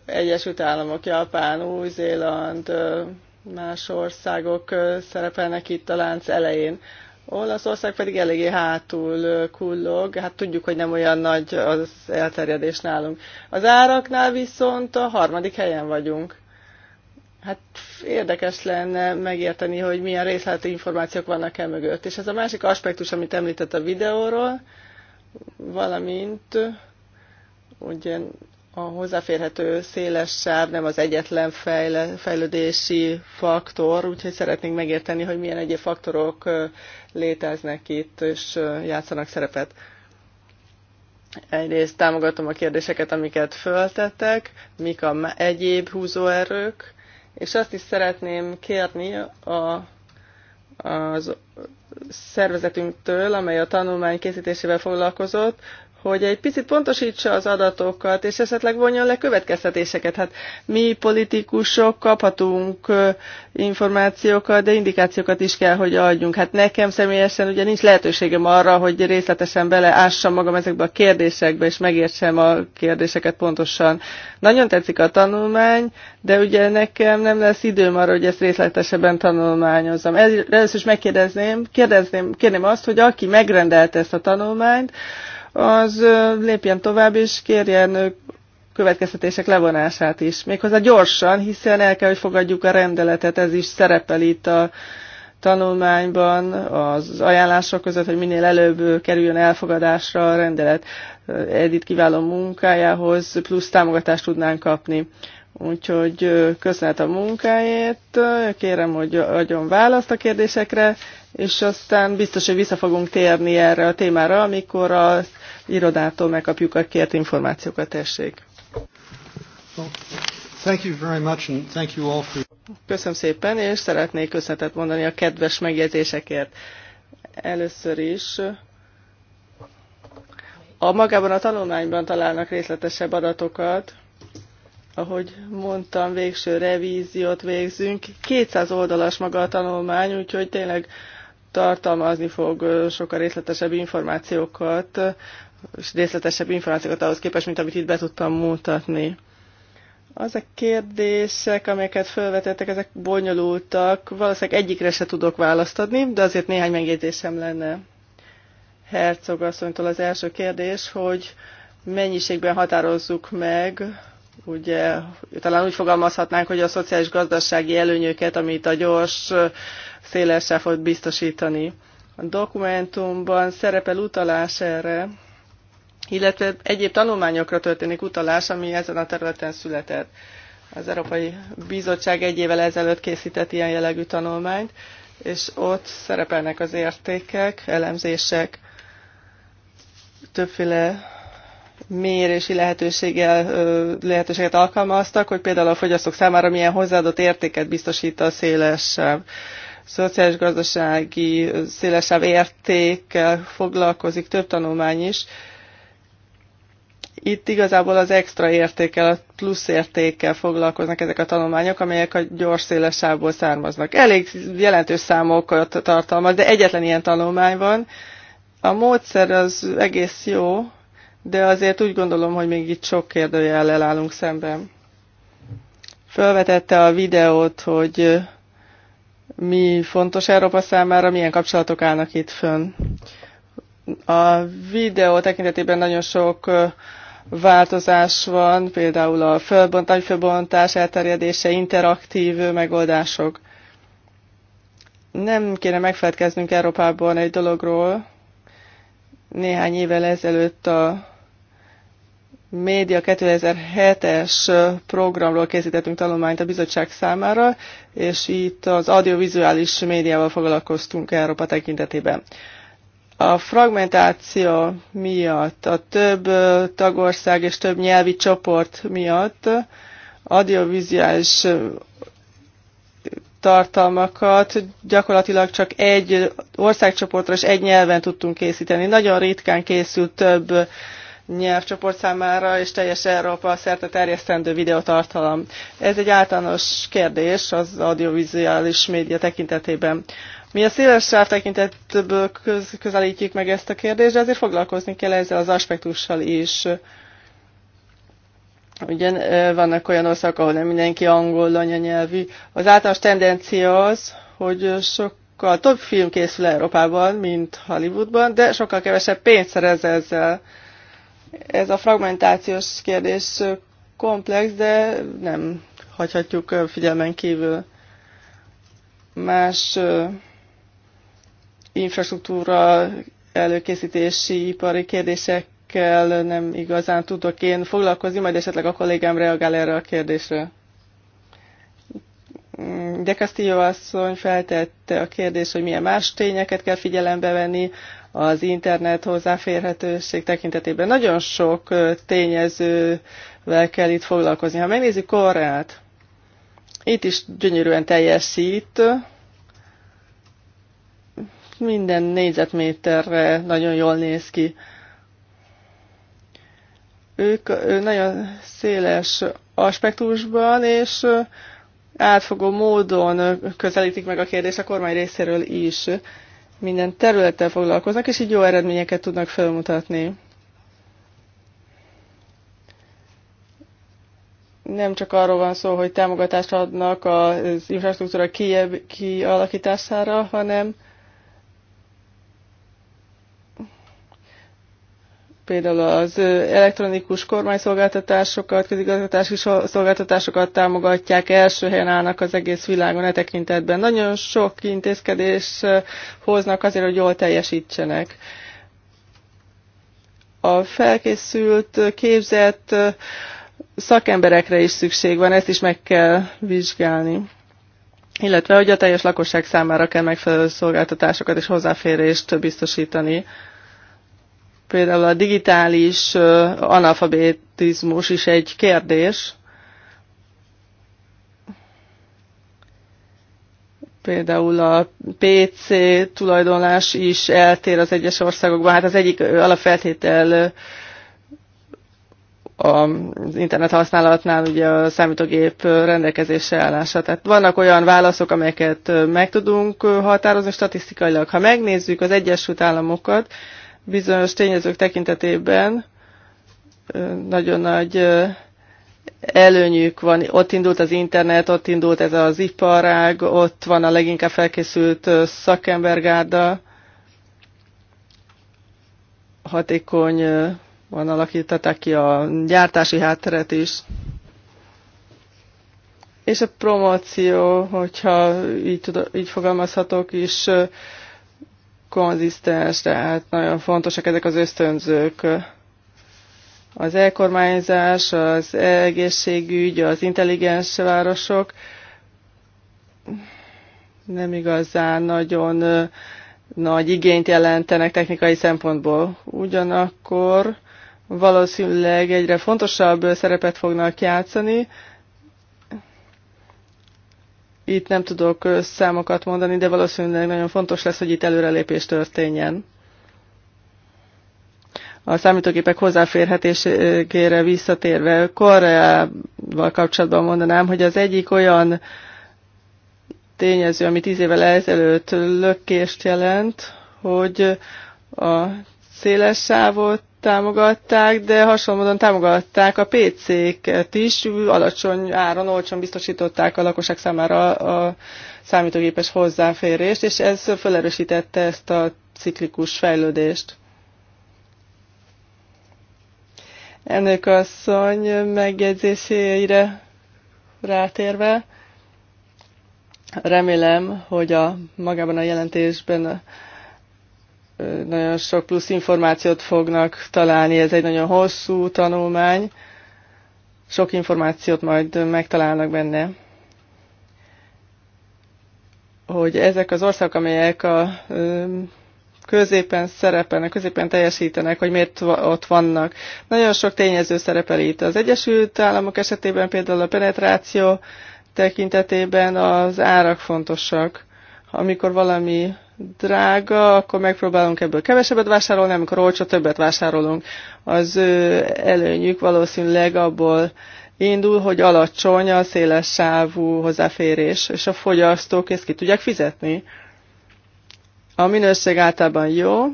Egyesült Államok, Japán, Új-Zéland, Más országok szerepelnek itt a lánc elején. Olaszország pedig eléggé hátul kullog, hát tudjuk, hogy nem olyan nagy az elterjedés nálunk. Az áraknál viszont a harmadik helyen vagyunk. Hát érdekes lenne megérteni, hogy milyen részleti információk vannak el mögött. És ez a másik aspektus, amit említett a videóról, valamint ugye a hozzáférhető széles sáv nem az egyetlen fejle, fejlődési faktor, úgyhogy szeretnénk megérteni, hogy milyen egyéb faktorok léteznek itt, és játszanak szerepet. Egyrészt támogatom a kérdéseket, amiket föltettek, mik a egyéb húzóerők, és azt is szeretném kérni a, az szervezetünktől, amely a tanulmány készítésével foglalkozott, hogy egy picit pontosítsa az adatokat, és esetleg vonja le következtetéseket. Hát mi politikusok kaphatunk információkat, de indikációkat is kell, hogy adjunk. Hát nekem személyesen ugye nincs lehetőségem arra, hogy részletesen beleássam magam ezekbe a kérdésekbe, és megértsem a kérdéseket pontosan. Nagyon tetszik a tanulmány, de ugye nekem nem lesz időm arra, hogy ezt részletesebben tanulmányozzam. Először is megkérdezném, kérdezném, kérném azt, hogy aki megrendelte ezt a tanulmányt, az lépjen tovább, és kérjen következtetések levonását is. Méghozzá gyorsan, hiszen el kell, hogy fogadjuk a rendeletet, ez is szerepel itt a tanulmányban, az ajánlások között, hogy minél előbb kerüljön elfogadásra a rendelet. Edith kiváló munkájához plusz támogatást tudnánk kapni. Úgyhogy köszönet a munkáért, kérem, hogy adjon választ a kérdésekre, és aztán biztos, hogy vissza fogunk térni erre a témára, amikor az irodától megkapjuk a kért hát információkat, tessék. Köszönöm szépen, és szeretnék köszönetet mondani a kedves megjegyzésekért. Először is a magában a tanulmányban találnak részletesebb adatokat, ahogy mondtam, végső revíziót végzünk. 200 oldalas maga a tanulmány, úgyhogy tényleg tartalmazni fog sokkal részletesebb információkat és részletesebb információkat ahhoz képest, mint amit itt be tudtam mutatni. Az a kérdések, amelyeket felvetettek, ezek bonyolultak. Valószínűleg egyikre se tudok választ adni, de azért néhány megjegyzésem lenne. Herzog asszonytól az első kérdés, hogy mennyiségben határozzuk meg, ugye talán úgy fogalmazhatnánk, hogy a szociális gazdasági előnyöket, amit a gyors széles fog biztosítani. A dokumentumban szerepel utalás erre, illetve egyéb tanulmányokra történik utalás, ami ezen a területen született. Az Európai Bizottság egy évvel ezelőtt készített ilyen jellegű tanulmányt, és ott szerepelnek az értékek, elemzések, többféle mérési lehetőséggel, lehetőséget alkalmaztak, hogy például a fogyasztók számára milyen hozzáadott értéket biztosít a szélesebb szociális-gazdasági szélesebb értékkel foglalkozik több tanulmány is, itt igazából az extra értékkel, a plusz értékkel foglalkoznak ezek a tanulmányok, amelyek a gyors szélesából származnak. Elég jelentős számokat tartalmaz, de egyetlen ilyen tanulmány van. A módszer az egész jó, de azért úgy gondolom, hogy még itt sok kérdőjellel állunk szemben. Fölvetette a videót, hogy mi fontos Európa számára, milyen kapcsolatok állnak itt fönn. A videó tekintetében nagyon sok változás van, például a fölbontás, elterjedése, interaktív megoldások. Nem kéne megfelelkeznünk Európában egy dologról. Néhány évvel ezelőtt a Média 2007-es programról készítettünk tanulmányt a bizottság számára, és itt az audiovizuális médiával foglalkoztunk Európa tekintetében a fragmentáció miatt, a több tagország és több nyelvi csoport miatt audiovizuális tartalmakat gyakorlatilag csak egy országcsoportra és egy nyelven tudtunk készíteni. Nagyon ritkán készült több nyelvcsoport számára és teljes Európa szerte terjesztendő videotartalom. Ez egy általános kérdés az audiovizuális média tekintetében. Mi a széles sáv tekintetből köz, közelítjük meg ezt a kérdést, de azért foglalkozni kell ezzel az aspektussal is. ugye vannak olyan országok, ahol nem mindenki angol anyanyelvű. Az általános tendencia az, hogy sokkal több film készül Európában, mint Hollywoodban, de sokkal kevesebb pénzt szerez ezzel. Ez a fragmentációs kérdés komplex, de nem hagyhatjuk figyelmen kívül. Más infrastruktúra előkészítési ipari kérdésekkel nem igazán tudok én foglalkozni, majd esetleg a kollégám reagál erre a kérdésre. De Castillo asszony feltette a kérdés, hogy milyen más tényeket kell figyelembe venni az internet hozzáférhetőség tekintetében. Nagyon sok tényezővel kell itt foglalkozni. Ha megnézzük Koreát, itt is gyönyörűen teljesít, minden négyzetméterre nagyon jól néz ki. Ők nagyon széles aspektusban, és átfogó módon közelítik meg a kérdést a kormány részéről is. Minden területtel foglalkoznak, és így jó eredményeket tudnak felmutatni. Nem csak arról van szó, hogy támogatást adnak az infrastruktúra kialakítására, hanem például az elektronikus kormányszolgáltatásokat, közigazgatási szolgáltatásokat támogatják, első helyen állnak az egész világon e tekintetben. Nagyon sok intézkedés hoznak azért, hogy jól teljesítsenek. A felkészült, képzett szakemberekre is szükség van, ezt is meg kell vizsgálni illetve hogy a teljes lakosság számára kell megfelelő szolgáltatásokat és hozzáférést biztosítani. Például a digitális analfabetizmus is egy kérdés. Például a PC tulajdonlás is eltér az egyes országokban. Hát az egyik alapfeltétel az internet használatnál ugye a számítógép rendelkezésre állása. Tehát vannak olyan válaszok, amelyeket meg tudunk határozni statisztikailag. Ha megnézzük az Egyesült Államokat, bizonyos tényezők tekintetében nagyon nagy előnyük van. Ott indult az internet, ott indult ez az iparág, ott van a leginkább felkészült szakembergárda, hatékony van alakították ki a gyártási hátteret is. És a promóció, hogyha így, tudom, így fogalmazhatok is, konzisztens, tehát nagyon fontosak ezek az ösztönzők. Az elkormányzás, az egészségügy, az intelligens városok nem igazán nagyon nagy igényt jelentenek technikai szempontból. Ugyanakkor valószínűleg egyre fontosabb szerepet fognak játszani, itt nem tudok számokat mondani, de valószínűleg nagyon fontos lesz, hogy itt előrelépés történjen. A számítógépek hozzáférhetésére visszatérve, Koreával kapcsolatban mondanám, hogy az egyik olyan tényező, ami tíz évvel ezelőtt lökkést jelent, hogy a széles sávot támogatták, de hasonlóan támogatták a PC-ket is, alacsony áron, olcsón biztosították a lakosság számára a számítógépes hozzáférést, és ez felerősítette ezt a ciklikus fejlődést. Ennek asszony megjegyzéseire rátérve, remélem, hogy a magában a jelentésben nagyon sok plusz információt fognak találni. Ez egy nagyon hosszú tanulmány. Sok információt majd megtalálnak benne. Hogy ezek az országok, amelyek a középen szerepelnek, középen teljesítenek, hogy miért ott vannak. Nagyon sok tényező szerepel itt. Az Egyesült Államok esetében például a penetráció tekintetében az árak fontosak. Amikor valami drága, akkor megpróbálunk ebből kevesebbet vásárolni, amikor olcsó, többet vásárolunk. Az előnyük valószínűleg abból indul, hogy alacsony a széles sávú hozzáférés, és a fogyasztók ezt ki tudják fizetni. A minőség általában jó,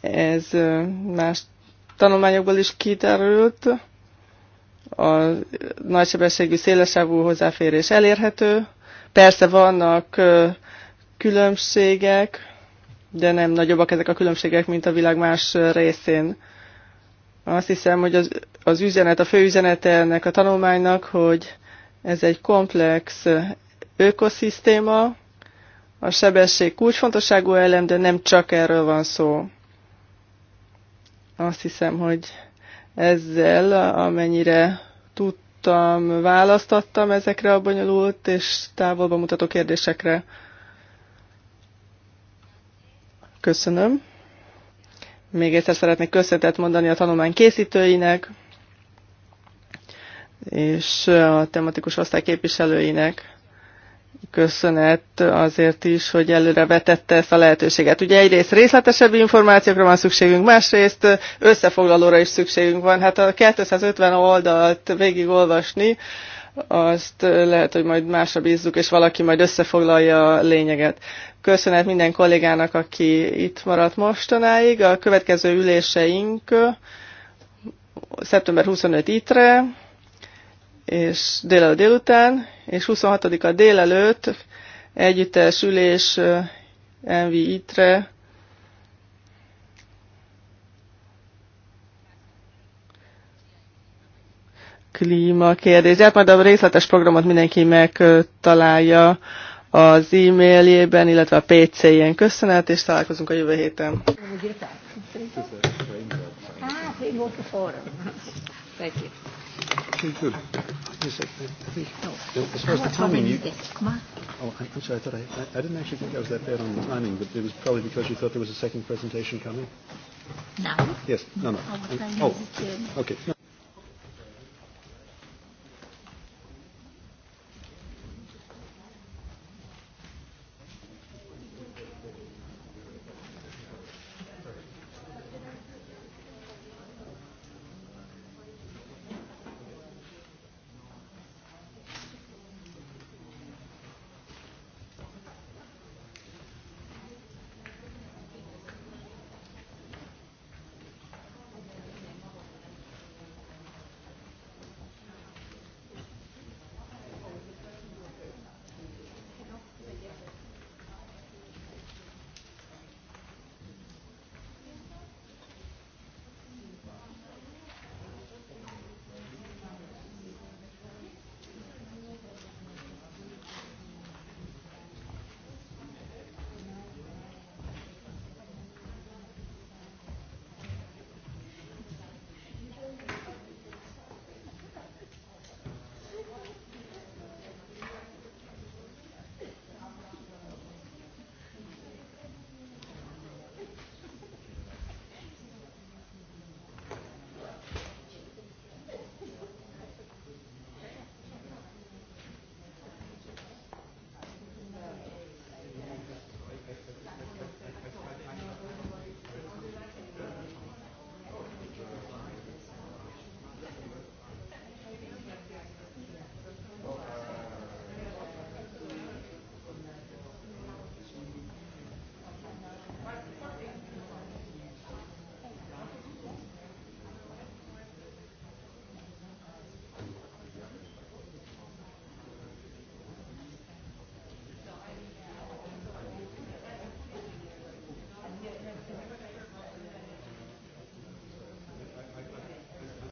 ez más tanulmányokból is kiderült, a nagysebességű szélesávú hozzáférés elérhető. Persze vannak különbségek, de nem nagyobbak ezek a különbségek, mint a világ más részén. Azt hiszem, hogy az, az üzenet, a fő üzenete ennek a tanulmánynak, hogy ez egy komplex ökoszisztéma, a sebesség kulcsfontosságú elem, de nem csak erről van szó. Azt hiszem, hogy ezzel, amennyire tudtam, választattam ezekre a bonyolult és távolba mutató kérdésekre. Köszönöm. Még egyszer szeretnék köszönetet mondani a tanulmány készítőinek, és a tematikus osztály képviselőinek köszönet azért is, hogy előre vetette ezt a lehetőséget. Ugye egyrészt részletesebb információkra van szükségünk, másrészt összefoglalóra is szükségünk van. Hát a 250 oldalt végigolvasni, azt lehet, hogy majd másra bízzuk, és valaki majd összefoglalja a lényeget. Köszönet minden kollégának, aki itt maradt mostanáig. A következő üléseink szeptember 25 ittre és délelőtt délután, és 26-a délelőtt együttes ülés Envi itre klíma hát Majd a részletes programot mindenki megtalálja az e-mailjében, illetve a PC-jén. Köszönet, és találkozunk a jövő héten. Oh, I'm sorry. I thought I, I, I didn't actually think I was that bad on the timing, but it was probably because you thought there was a second presentation coming. No. Yes. No. No. Oh. Okay. No.